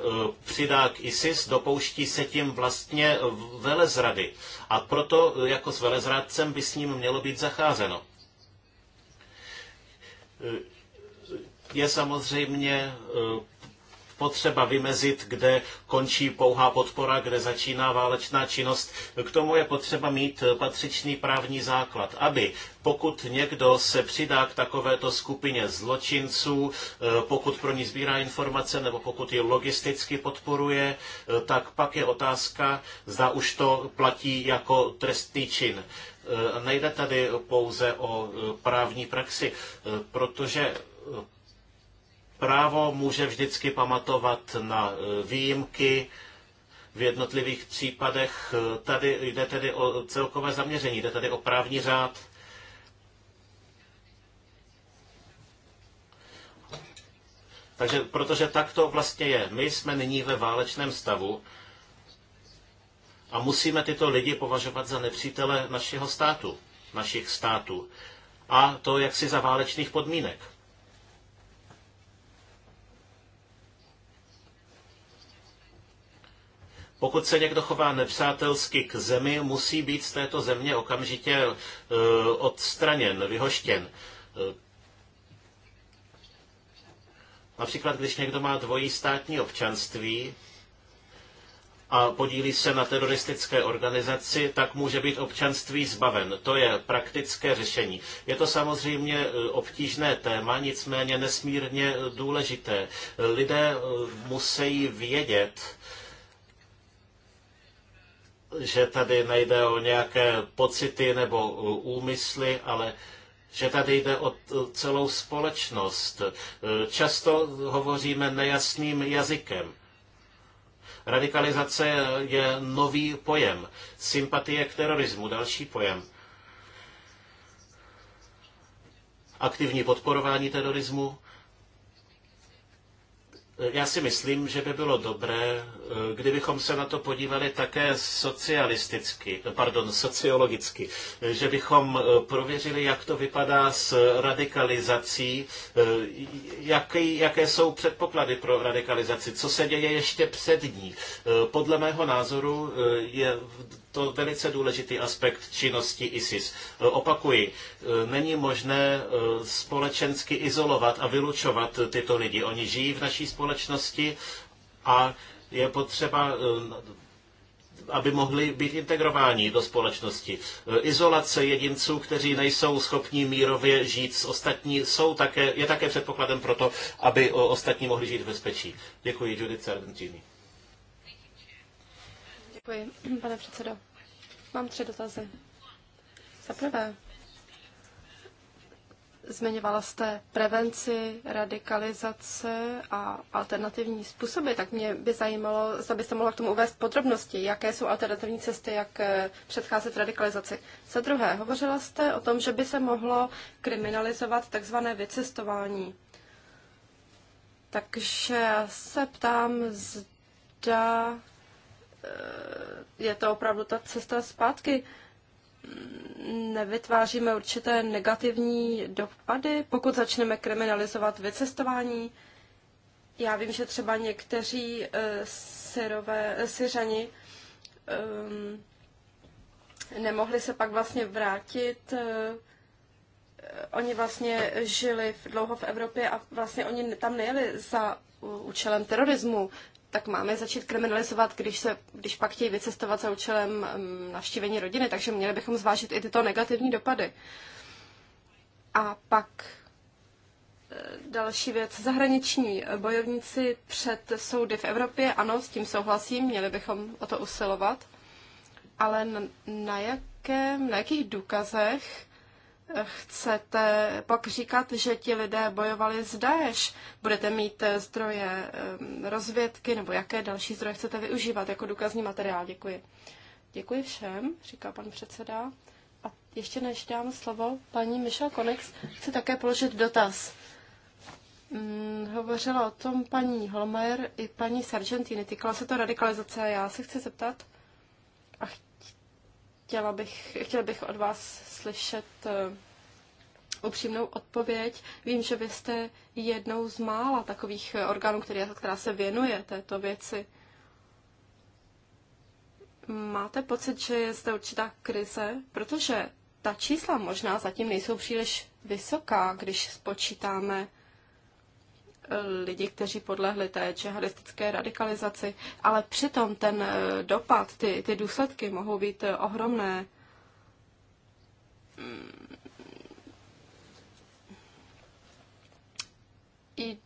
přidá k ISIS, dopouští se tím vlastně velezrady. A proto jako s velezradcem by s ním mělo být zacházeno je samozřejmě eh, potřeba vymezit, kde končí pouhá podpora, kde začíná válečná činnost. K tomu je potřeba mít patřičný právní základ, aby pokud někdo se přidá k takovéto skupině zločinců, eh, pokud pro ní sbírá informace nebo pokud ji logisticky podporuje, eh, tak pak je otázka, zda už to platí jako trestný čin. Eh, nejde tady pouze o eh, právní praxi, eh, protože právo může vždycky pamatovat na výjimky, v jednotlivých případech. Tady jde tedy o celkové zaměření, jde tedy o právní řád. Takže, protože tak to vlastně je. My jsme nyní ve válečném stavu a musíme tyto lidi považovat za nepřítele našeho státu, našich států. A to jaksi za válečných podmínek. Pokud se někdo chová nepřátelsky k zemi, musí být z této země okamžitě e, odstraněn, vyhoštěn. E, například, když někdo má dvojí státní občanství, a podílí se na teroristické organizaci, tak může být občanství zbaven. To je praktické řešení. Je to samozřejmě e, obtížné téma, nicméně nesmírně e, důležité. Lidé e, musí vědět, že tady nejde o nějaké pocity nebo úmysly, ale že tady jde o celou společnost. Často hovoříme nejasným jazykem. Radikalizace je nový pojem. Sympatie k terorismu, další pojem. Aktivní podporování terorismu, Eh, já si myslím, že by bylo dobré, eh, kdybychom se na to podívali také socialisticky, eh, pardon, sociologicky, že bychom prověřili, jak to vypadá s radikalizací, jaký, jaké jsou předpoklady pro radikalizaci, co se děje ještě před ní. Podle mého názoru je to velice důležitý aspekt činnosti ISIS. E, opakuji, e, není možné e, společensky izolovat a vylučovat tyto lidi. Oni žijí v naší společnosti a je potřeba aby mohli být integrováni do společnosti. Izolace jedinců, kteří nejsou schopni mírově žít s ostatní, jsou také, je také předpokladem pro to, aby ostatní mohli žít v bezpečí. Děkuji, Judith Sargentini. Děkuji, pane předsedo. Mám tři dotazy. Za prvé, zmiňovala jste prevenci, radikalizace a alternativní způsoby, tak mě by zajímalo, zda byste mohla k tomu uvést podrobnosti, jaké jsou alternativní cesty, jak eh, předcházet radikalizaci. Za druhé, hovořila jste o tom, že by se mohlo kriminalizovat takzvané vycestování. Takže se ptám, zda Eh, je to opravdu ta cesta zpátky. Nevytváříme určité negativní dopady, pokud začneme kriminalizovat vycestování. Já vím, že třeba někteří eh, syrové, eh, syřani ehm, nemohli se pak vlastně vrátit. Oni vlastně žili dlouho v Evropě a vlastně oni tam nejeli za účelem terorismu tak máme začít kriminalizovat, když, se, když pak chtějí vycestovat za účelem navštívení rodiny, takže měli bychom zvážit i tyto negativní dopady. A pak eh, další věc. Zahraniční eh, bojovníci před soudy v Evropě, ano, s tím souhlasím, měli bychom o to usilovat, ale na, jakém, na jakých důkazech chcete pak říkat, že ti lidé bojovali z Daesh? Budete mít eh, zdroje eh, rozvědky nebo jaké další zdroje chcete využívat jako důkazní materiál? Děkuji. Děkuji všem, říká pan předseda. A ještě než dám slovo paní Michelle Konex, chci také položit dotaz. Hmm, hovořila o tom paní Holmer i paní Sargentini. Týkala se to radikalizace a já se chci zeptat a chtěla bych, chtěla bych od vás slyšet eh, upřímnou odpověď. Vím, že vy jste jednou z mála takových eh, orgánů, které, která se věnuje této věci. Máte pocit, že je zde určitá krize? Protože ta čísla možná zatím nejsou příliš vysoká, když spočítáme eh, lidi, kteří podlehli té džihadistické radikalizaci, ale přitom ten dopad, ty, ty důsledky mohou být ohromné. I,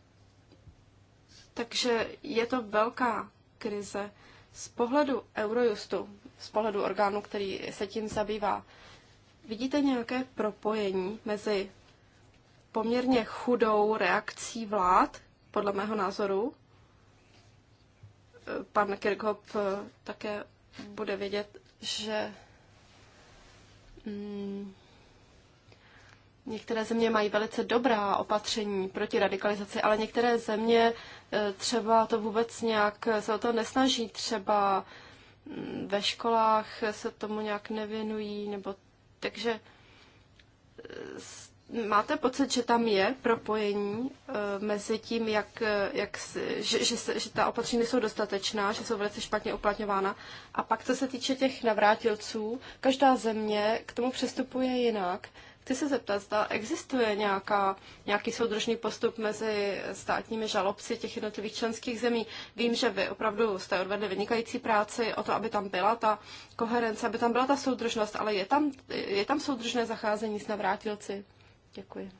takže je to velká krize. Z pohledu Eurojustu, z pohledu orgánu, který se tím zabývá, vidíte nějaké propojení mezi poměrně chudou reakcí vlád, podle mého názoru. Pan Kirchhoff eh, také bude vědět, že mm, Některé země mají velice dobrá opatření proti radikalizaci, ale některé země eh, třeba to vůbec nějak se o to nesnaží, třeba mm, ve školách se tomu nějak nevěnují, nebo takže eh, máte pocit, že tam je propojení eh, mezi tím, jak, jak, že, že, se, že ta opatření jsou dostatečná, že jsou velice špatně uplatňována. A pak, co se týče těch navrátilců, každá země k tomu přistupuje jinak. Chci se zeptat, zda existuje nějaká, nějaký soudržný postup mezi státními žalobci těch jednotlivých členských zemí. Vím, že vy opravdu jste odvedli vynikající práci o to, aby tam byla ta koherence, aby tam byla ta soudržnost, ale je tam, je tam soudržné zacházení s navrátilci? Děkuji.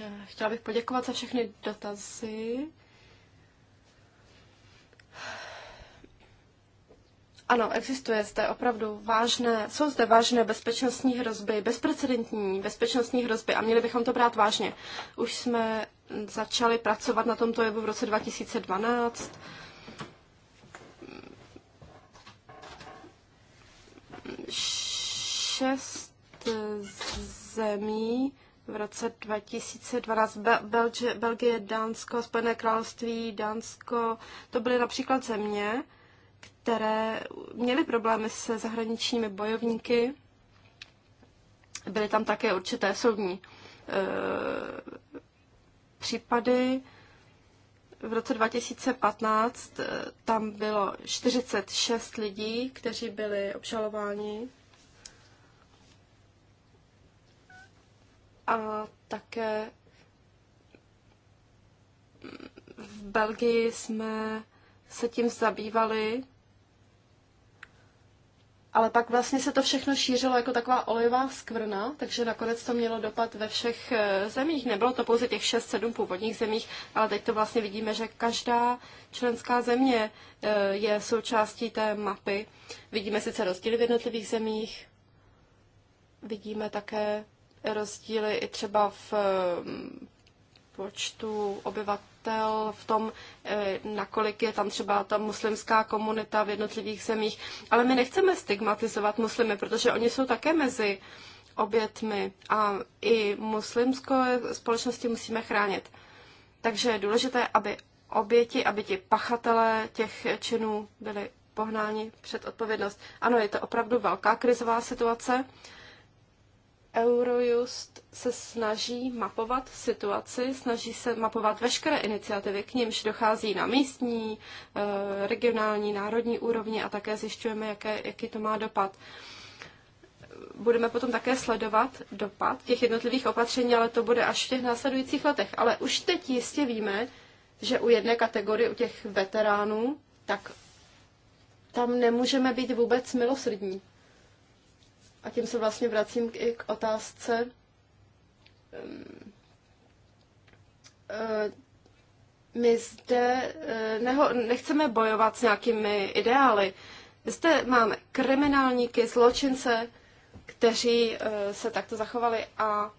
Eh, chtěla bych poděkovat za všechny dotazy. Ano, existuje zde opravdu vážné, jsou zde vážné bezpečnostní hrozby, bezprecedentní bezpečnostní hrozby a měli bychom to brát vážně. Už jsme začali pracovat na tomto jevu v roce 2012. Šest zemí v roce 2012 Belgie, Belgie, Dánsko, Spojené království, Dánsko, to byly například země, které měly problémy se zahraničními bojovníky. Byly tam také určité soudní e, případy. V roce 2015 eh, tam bylo 46 lidí, kteří byli obžalováni. A také v Belgii jsme se tím zabývali ale pak vlastně se to všechno šířilo jako taková olivá skvrna, takže nakonec to mělo dopad ve všech e, zemích. Nebylo to pouze těch 6-7 původních zemích, ale teď to vlastně vidíme, že každá členská země e, je součástí té mapy. Vidíme sice rozdíly v jednotlivých zemích, vidíme také rozdíly i třeba v e, počtu obyvatel podporovatel v tom, eh, nakolik je tam třeba ta muslimská komunita v jednotlivých zemích. Ale my nechceme stigmatizovat muslimy, protože oni jsou také mezi obětmi a i muslimské společnosti musíme chránit. Takže je důležité, aby oběti, aby ti pachatelé těch činů byli pohnáni před odpovědnost. Ano, je to opravdu velká krizová situace. Eurojust se snaží mapovat situaci, snaží se mapovat veškeré iniciativy, k nímž dochází na místní, eh, regionální, národní úrovni a také zjišťujeme, jaké, jaký to má dopad. Budeme potom také sledovat dopad těch jednotlivých opatření, ale to bude až v těch následujících letech. Ale už teď jistě víme, že u jedné kategorie, u těch veteránů, tak tam nemůžeme být vůbec milosrdní, a tím se vlastně vracím i k otázce e, my zde e, neho, nechceme bojovat s nějakými ideály. Zde máme kriminálníky, zločince, kteří e, se takto zachovali a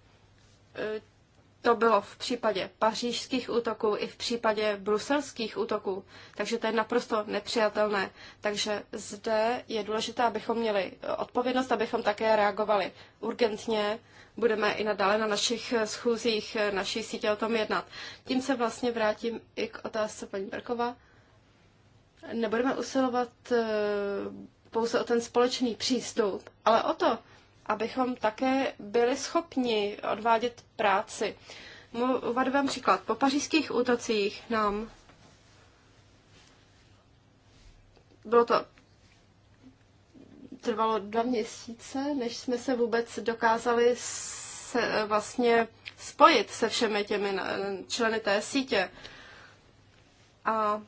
to bylo v případě pařížských útoků i v případě bruselských útoků, takže to je naprosto nepřijatelné. Takže zde je důležité, abychom měli odpovědnost, abychom také reagovali urgentně. Budeme i nadále na našich schůzích naší sítě o tom jednat. Tím se vlastně vrátím i k otázce paní Brkova. Nebudeme usilovat eh, pouze o ten společný přístup, ale o to, abychom také byli schopni odvádět práci. Uvadu vám příklad. Po pařížských útocích nám bylo to trvalo dva měsíce, než jsme se vůbec dokázali se, eh, vlastně spojit se všemi těmi eh, členy té sítě. A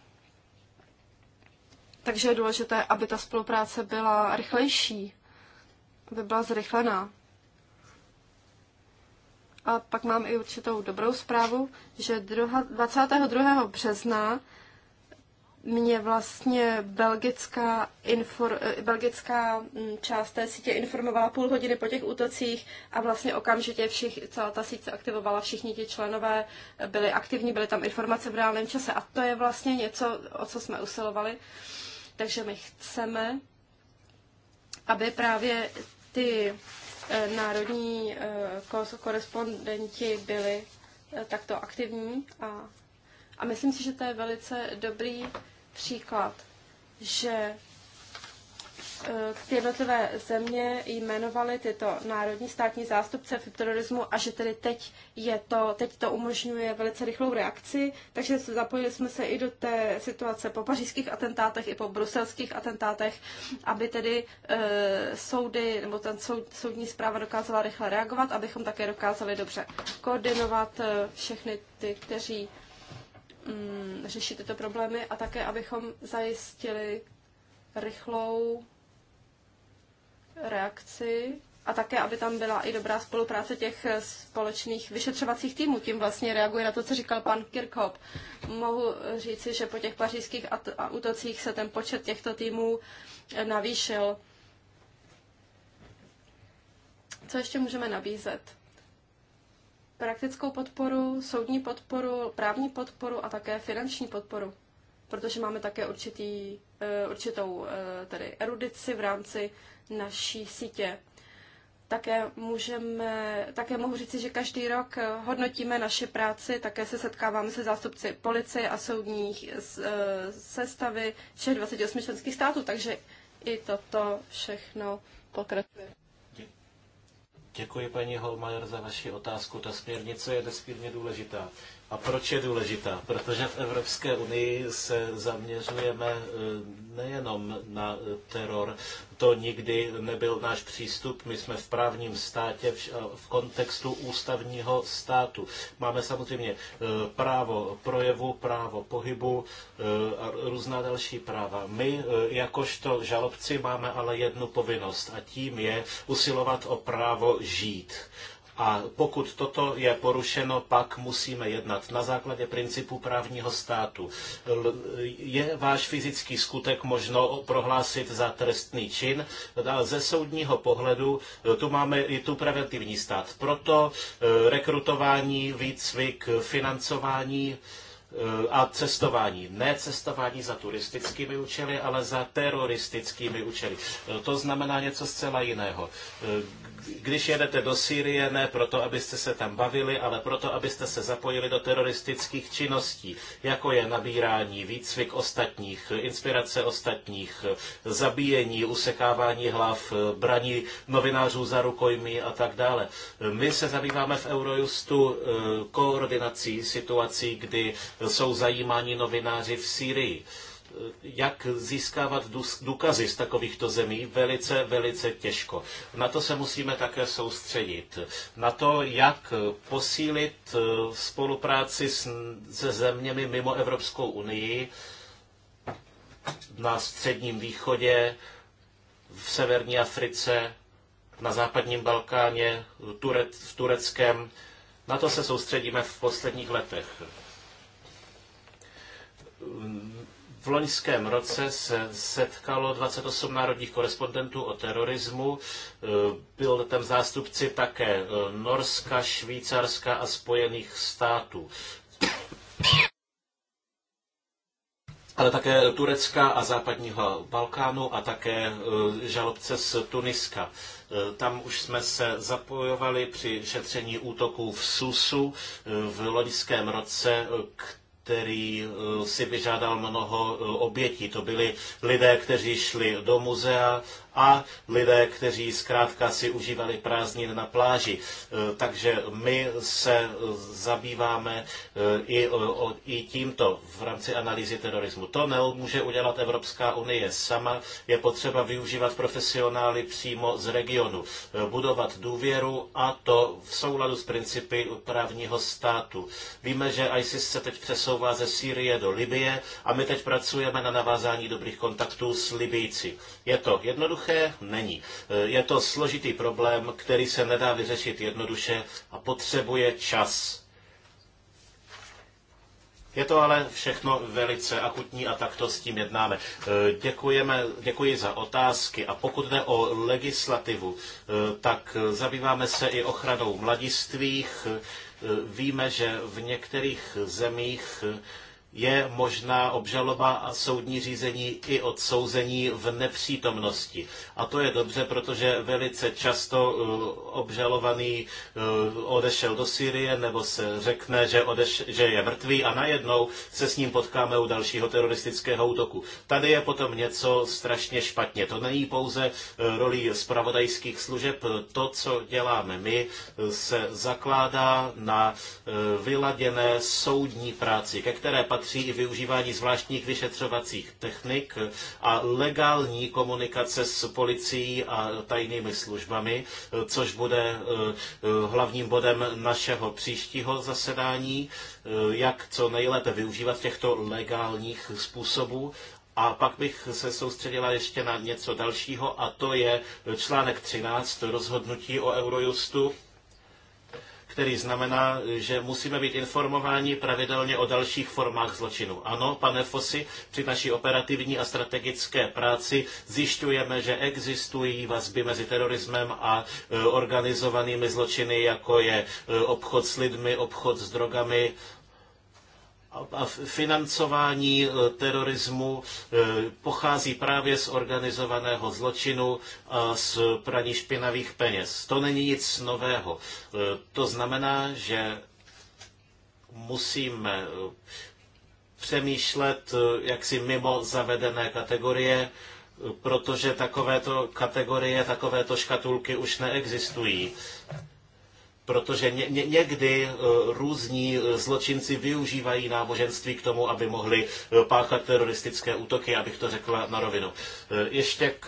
takže je důležité, aby ta spolupráce byla rychlejší aby byla zrychlená. A pak mám i určitou dobrou zprávu, že 22. března mě vlastně belgická, infor, eh, belgická mm, část té sítě informovala půl hodiny po těch útocích a vlastně okamžitě všich, celá ta sítě aktivovala, všichni ti členové byli aktivní, byly tam informace v reálném čase a to je vlastně něco, o co jsme usilovali. Takže my chceme, aby právě ty eh, národní eh, korespondenti byli eh, takto aktivní a, a myslím si, že to je velice dobrý příklad, že ty eh, jednotlivé země jmenovaly tyto národní státní zástupce v terorismu a že tedy teď, je to, teď to umožňuje velice rychlou reakci, takže zapojili jsme se i do té situace po pařížských atentátech, i po bruselských atentátech, aby tedy e, soudy nebo ten soud, soudní zpráva dokázala rychle reagovat, abychom také dokázali dobře koordinovat eh, všechny ty, kteří mm, řeší tyto problémy a také, abychom zajistili rychlou reakci a také, aby tam byla i dobrá spolupráce těch společných vyšetřovacích týmů. Tím vlastně reaguje na to, co říkal pan Kirchhoff. Mohu říci, že po těch pařížských útocích se ten počet těchto týmů navýšil. Co ještě můžeme nabízet? Praktickou podporu, soudní podporu, právní podporu a také finanční podporu, protože máme také určitý, eh, určitou eh, tedy erudici v rámci naší sítě. Také, můžeme, také mohu říci, že každý rok hodnotíme naše práci, také se setkáváme se zástupci policie a soudních eh, eh, sestavy všech 28 členských států, takže i toto všechno pokračuje. Děkuji paní Holmajer za vaši otázku. Ta směrnice je nesmírně důležitá. A proč je důležitá? Protože v Evropské unii se zaměřujeme eh, nejenom na eh, teror. To nikdy nebyl náš přístup. My jsme v právním státě v kontextu ústavního státu. Máme samozřejmě eh, právo projevu, právo pohybu a různá další práva. My, jakožto žalobci, máme ale jednu povinnost a tím je usilovat o právo žít a pokud toto je porušeno, pak musíme jednat na základě principu právního státu. Je váš fyzický skutek možno prohlásit za trestný čin? A ze soudního pohledu tu máme i tu preventivní stát. Proto e, rekrutování, výcvik, financování e, a cestování. Ne cestování za turistickými účely, ale za teroristickými účely. E, to znamená něco zcela jiného když jedete do Sýrie, ne proto, abyste se tam bavili, ale proto, abyste se zapojili do teroristických činností, jako je nabírání, výcvik ostatních, inspirace ostatních, zabíjení, usekávání hlav, braní novinářů za rukojmí a tak dále. My se zabýváme v Eurojustu eh, koordinací situací, kdy jsou zajímáni novináři v Sýrii jak získávat důkazy z takovýchto zemí velice, velice těžko. Na to se musíme také soustředit. Na to, jak posílit eh, spolupráci se zeměmi mimo Evropskou unii, na Středním východě, v Severní Africe, na západním Balkáně, v Tureckém. Na to se soustředíme v posledních letech v loňském roce se setkalo 28 národních korespondentů o terorismu. E, byl tam zástupci také e, Norska, Švýcarska a Spojených států ale také Turecka a západního Balkánu a také e, žalobce z Tuniska. Tam už jsme se zapojovali při šetření útoků v Susu v loňském roce, k který eh, si vyžádal mnoho eh, obětí. To byli lidé, kteří šli do muzea a lidé, kteří zkrátka si užívali prázdnin na pláži. E, takže my se zabýváme e, i, i tímto v rámci analýzy terorismu. To nemůže udělat Evropská unie sama. Je potřeba využívat profesionály přímo z regionu, e, budovat důvěru a to v souladu s principy právního státu. Víme, že ISIS se teď přesouvá ze Sýrie do Libie a my teď pracujeme na navázání dobrých kontaktů s Libijci. Je to jednoduché jednoduché není. Eh, je to složitý problém, který se nedá vyřešit jednoduše a potřebuje čas. Je to ale všechno velice akutní a takto s tím jednáme. Eh, děkujeme, děkuji za otázky a pokud jde o legislativu, eh, tak zabýváme se i ochranou mladistvých. Víme, že v některých zemích je možná obžaloba a soudní řízení i odsouzení v nepřítomnosti. A to je dobře, protože velice často uh, obžalovaný uh, odešel do Syrie nebo se řekne, že, odeš- že je mrtvý a najednou se s ním potkáme u dalšího teroristického útoku. Tady je potom něco strašně špatně. To není pouze uh, rolí zpravodajských služeb. To, co děláme my, se zakládá na vyladěné soudní práci, ke které patří patří i využívání zvláštních vyšetřovacích technik a legální komunikace s policií a tajnými službami, což bude eh, eh, hlavním bodem našeho příštího zasedání, eh, jak co nejlépe využívat těchto legálních způsobů a pak bych se soustředila ještě na něco dalšího, a to je článek 13 rozhodnutí o Eurojustu který znamená, že musíme být informováni pravidelně o dalších formách zločinu. Ano, pane Fosy, při naší operativní a strategické práci zjišťujeme, že existují vazby mezi terorismem a e, organizovanými zločiny, jako je e, obchod s lidmi, obchod s drogami, a financování e, terorismu e, pochází právě z organizovaného zločinu a z praní špinavých peněz. To není nic nového. E, to znamená, že musíme přemýšlet jaksi mimo zavedené kategorie, protože takovéto kategorie, takovéto škatulky už neexistují protože ně, ně, někdy eh, různí eh, zločinci využívají náboženství k tomu, aby mohli eh, páchat teroristické útoky, abych to řekla na rovinu. Ještě k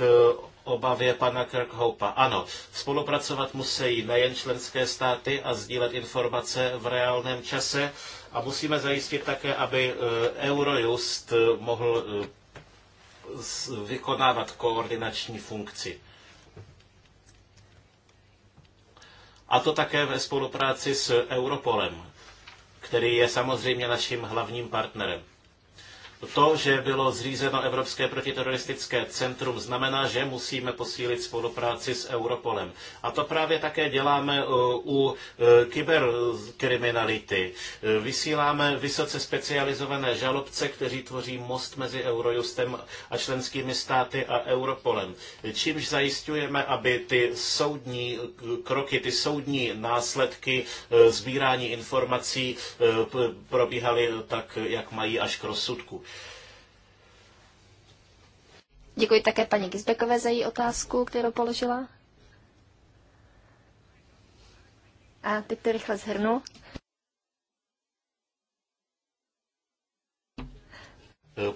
obavě pana Kirkhopa. Ano, spolupracovat musí nejen členské státy a sdílet informace v reálném čase a musíme zajistit také, aby Eurojust mohl vykonávat koordinační funkci. A to také ve spolupráci s Europolem, který je samozřejmě naším hlavním partnerem. To, že bylo zřízeno Evropské protiteroristické centrum, znamená, že musíme posílit spolupráci s Europolem. A to právě také děláme eh, u eh, kyberkriminality. Eh, vysíláme vysoce specializované žalobce, kteří tvoří most mezi Eurojustem a členskými státy a Europolem. Čímž zajišťujeme, aby ty soudní kroky, ty soudní následky sbírání informací probíhaly tak, jak mají až k rozsudku. Děkuji také paní Gisbekové za její otázku, kterou položila. A teď to rychle zhrnu. Eh,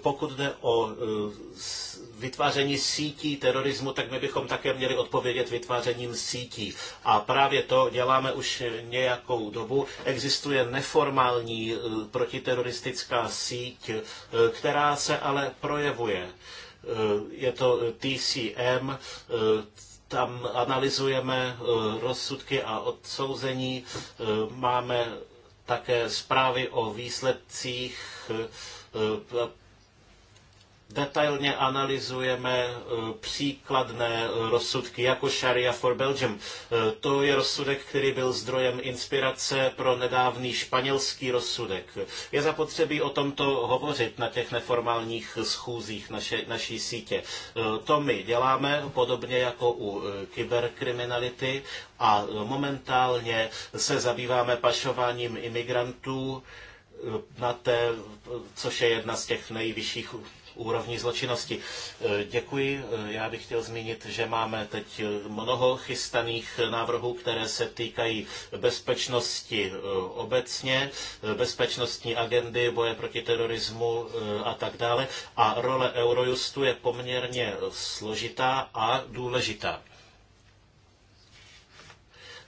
pokud jde o eh, vytváření sítí terorismu, tak my bychom také měli odpovědět vytvářením sítí. A právě to děláme už nějakou dobu. Existuje neformální eh, protiteroristická síť, která se ale projevuje. Eh, je to TCM, eh, tam analyzujeme eh, rozsudky a odsouzení, máme také zprávy o výsledcích detailně analyzujeme eh, příkladné eh, rozsudky jako Sharia for Belgium. Eh, to je rozsudek, který byl zdrojem inspirace pro nedávný španělský rozsudek. Je zapotřebí o tomto hovořit na těch neformálních schůzích naše, naší sítě. To my děláme, podobně jako u kyberkriminality a momentálně se zabýváme pašováním imigrantů na té, což je jedna z těch nejvyšších úrovní zločinnosti. E, děkuji. E, já bych chtěl zmínit, že máme teď mnoho chystaných návrhů, které se týkají bezpečnosti e, obecně, bezpečnostní agendy, boje proti terorismu a tak dále. A role Eurojustu je poměrně složitá a důležitá.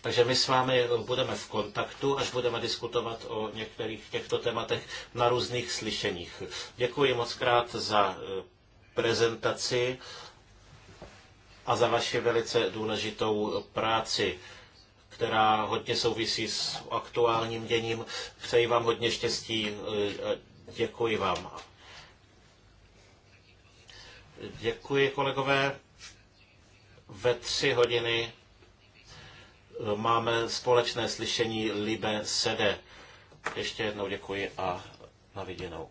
Takže my s vámi eh, budeme v kontaktu, až budeme diskutovat o některých těchto tématech na různých slyšeních. Děkuji moc krát za eh, prezentaci a za vaši velice důležitou práci která hodně souvisí s aktuálním děním. Přeji vám hodně štěstí eh, a děkuji vám. Děkuji, kolegové. Ve tři hodiny máme společné slyšení Libe Sede. Ještě jednou děkuji a na viděnou.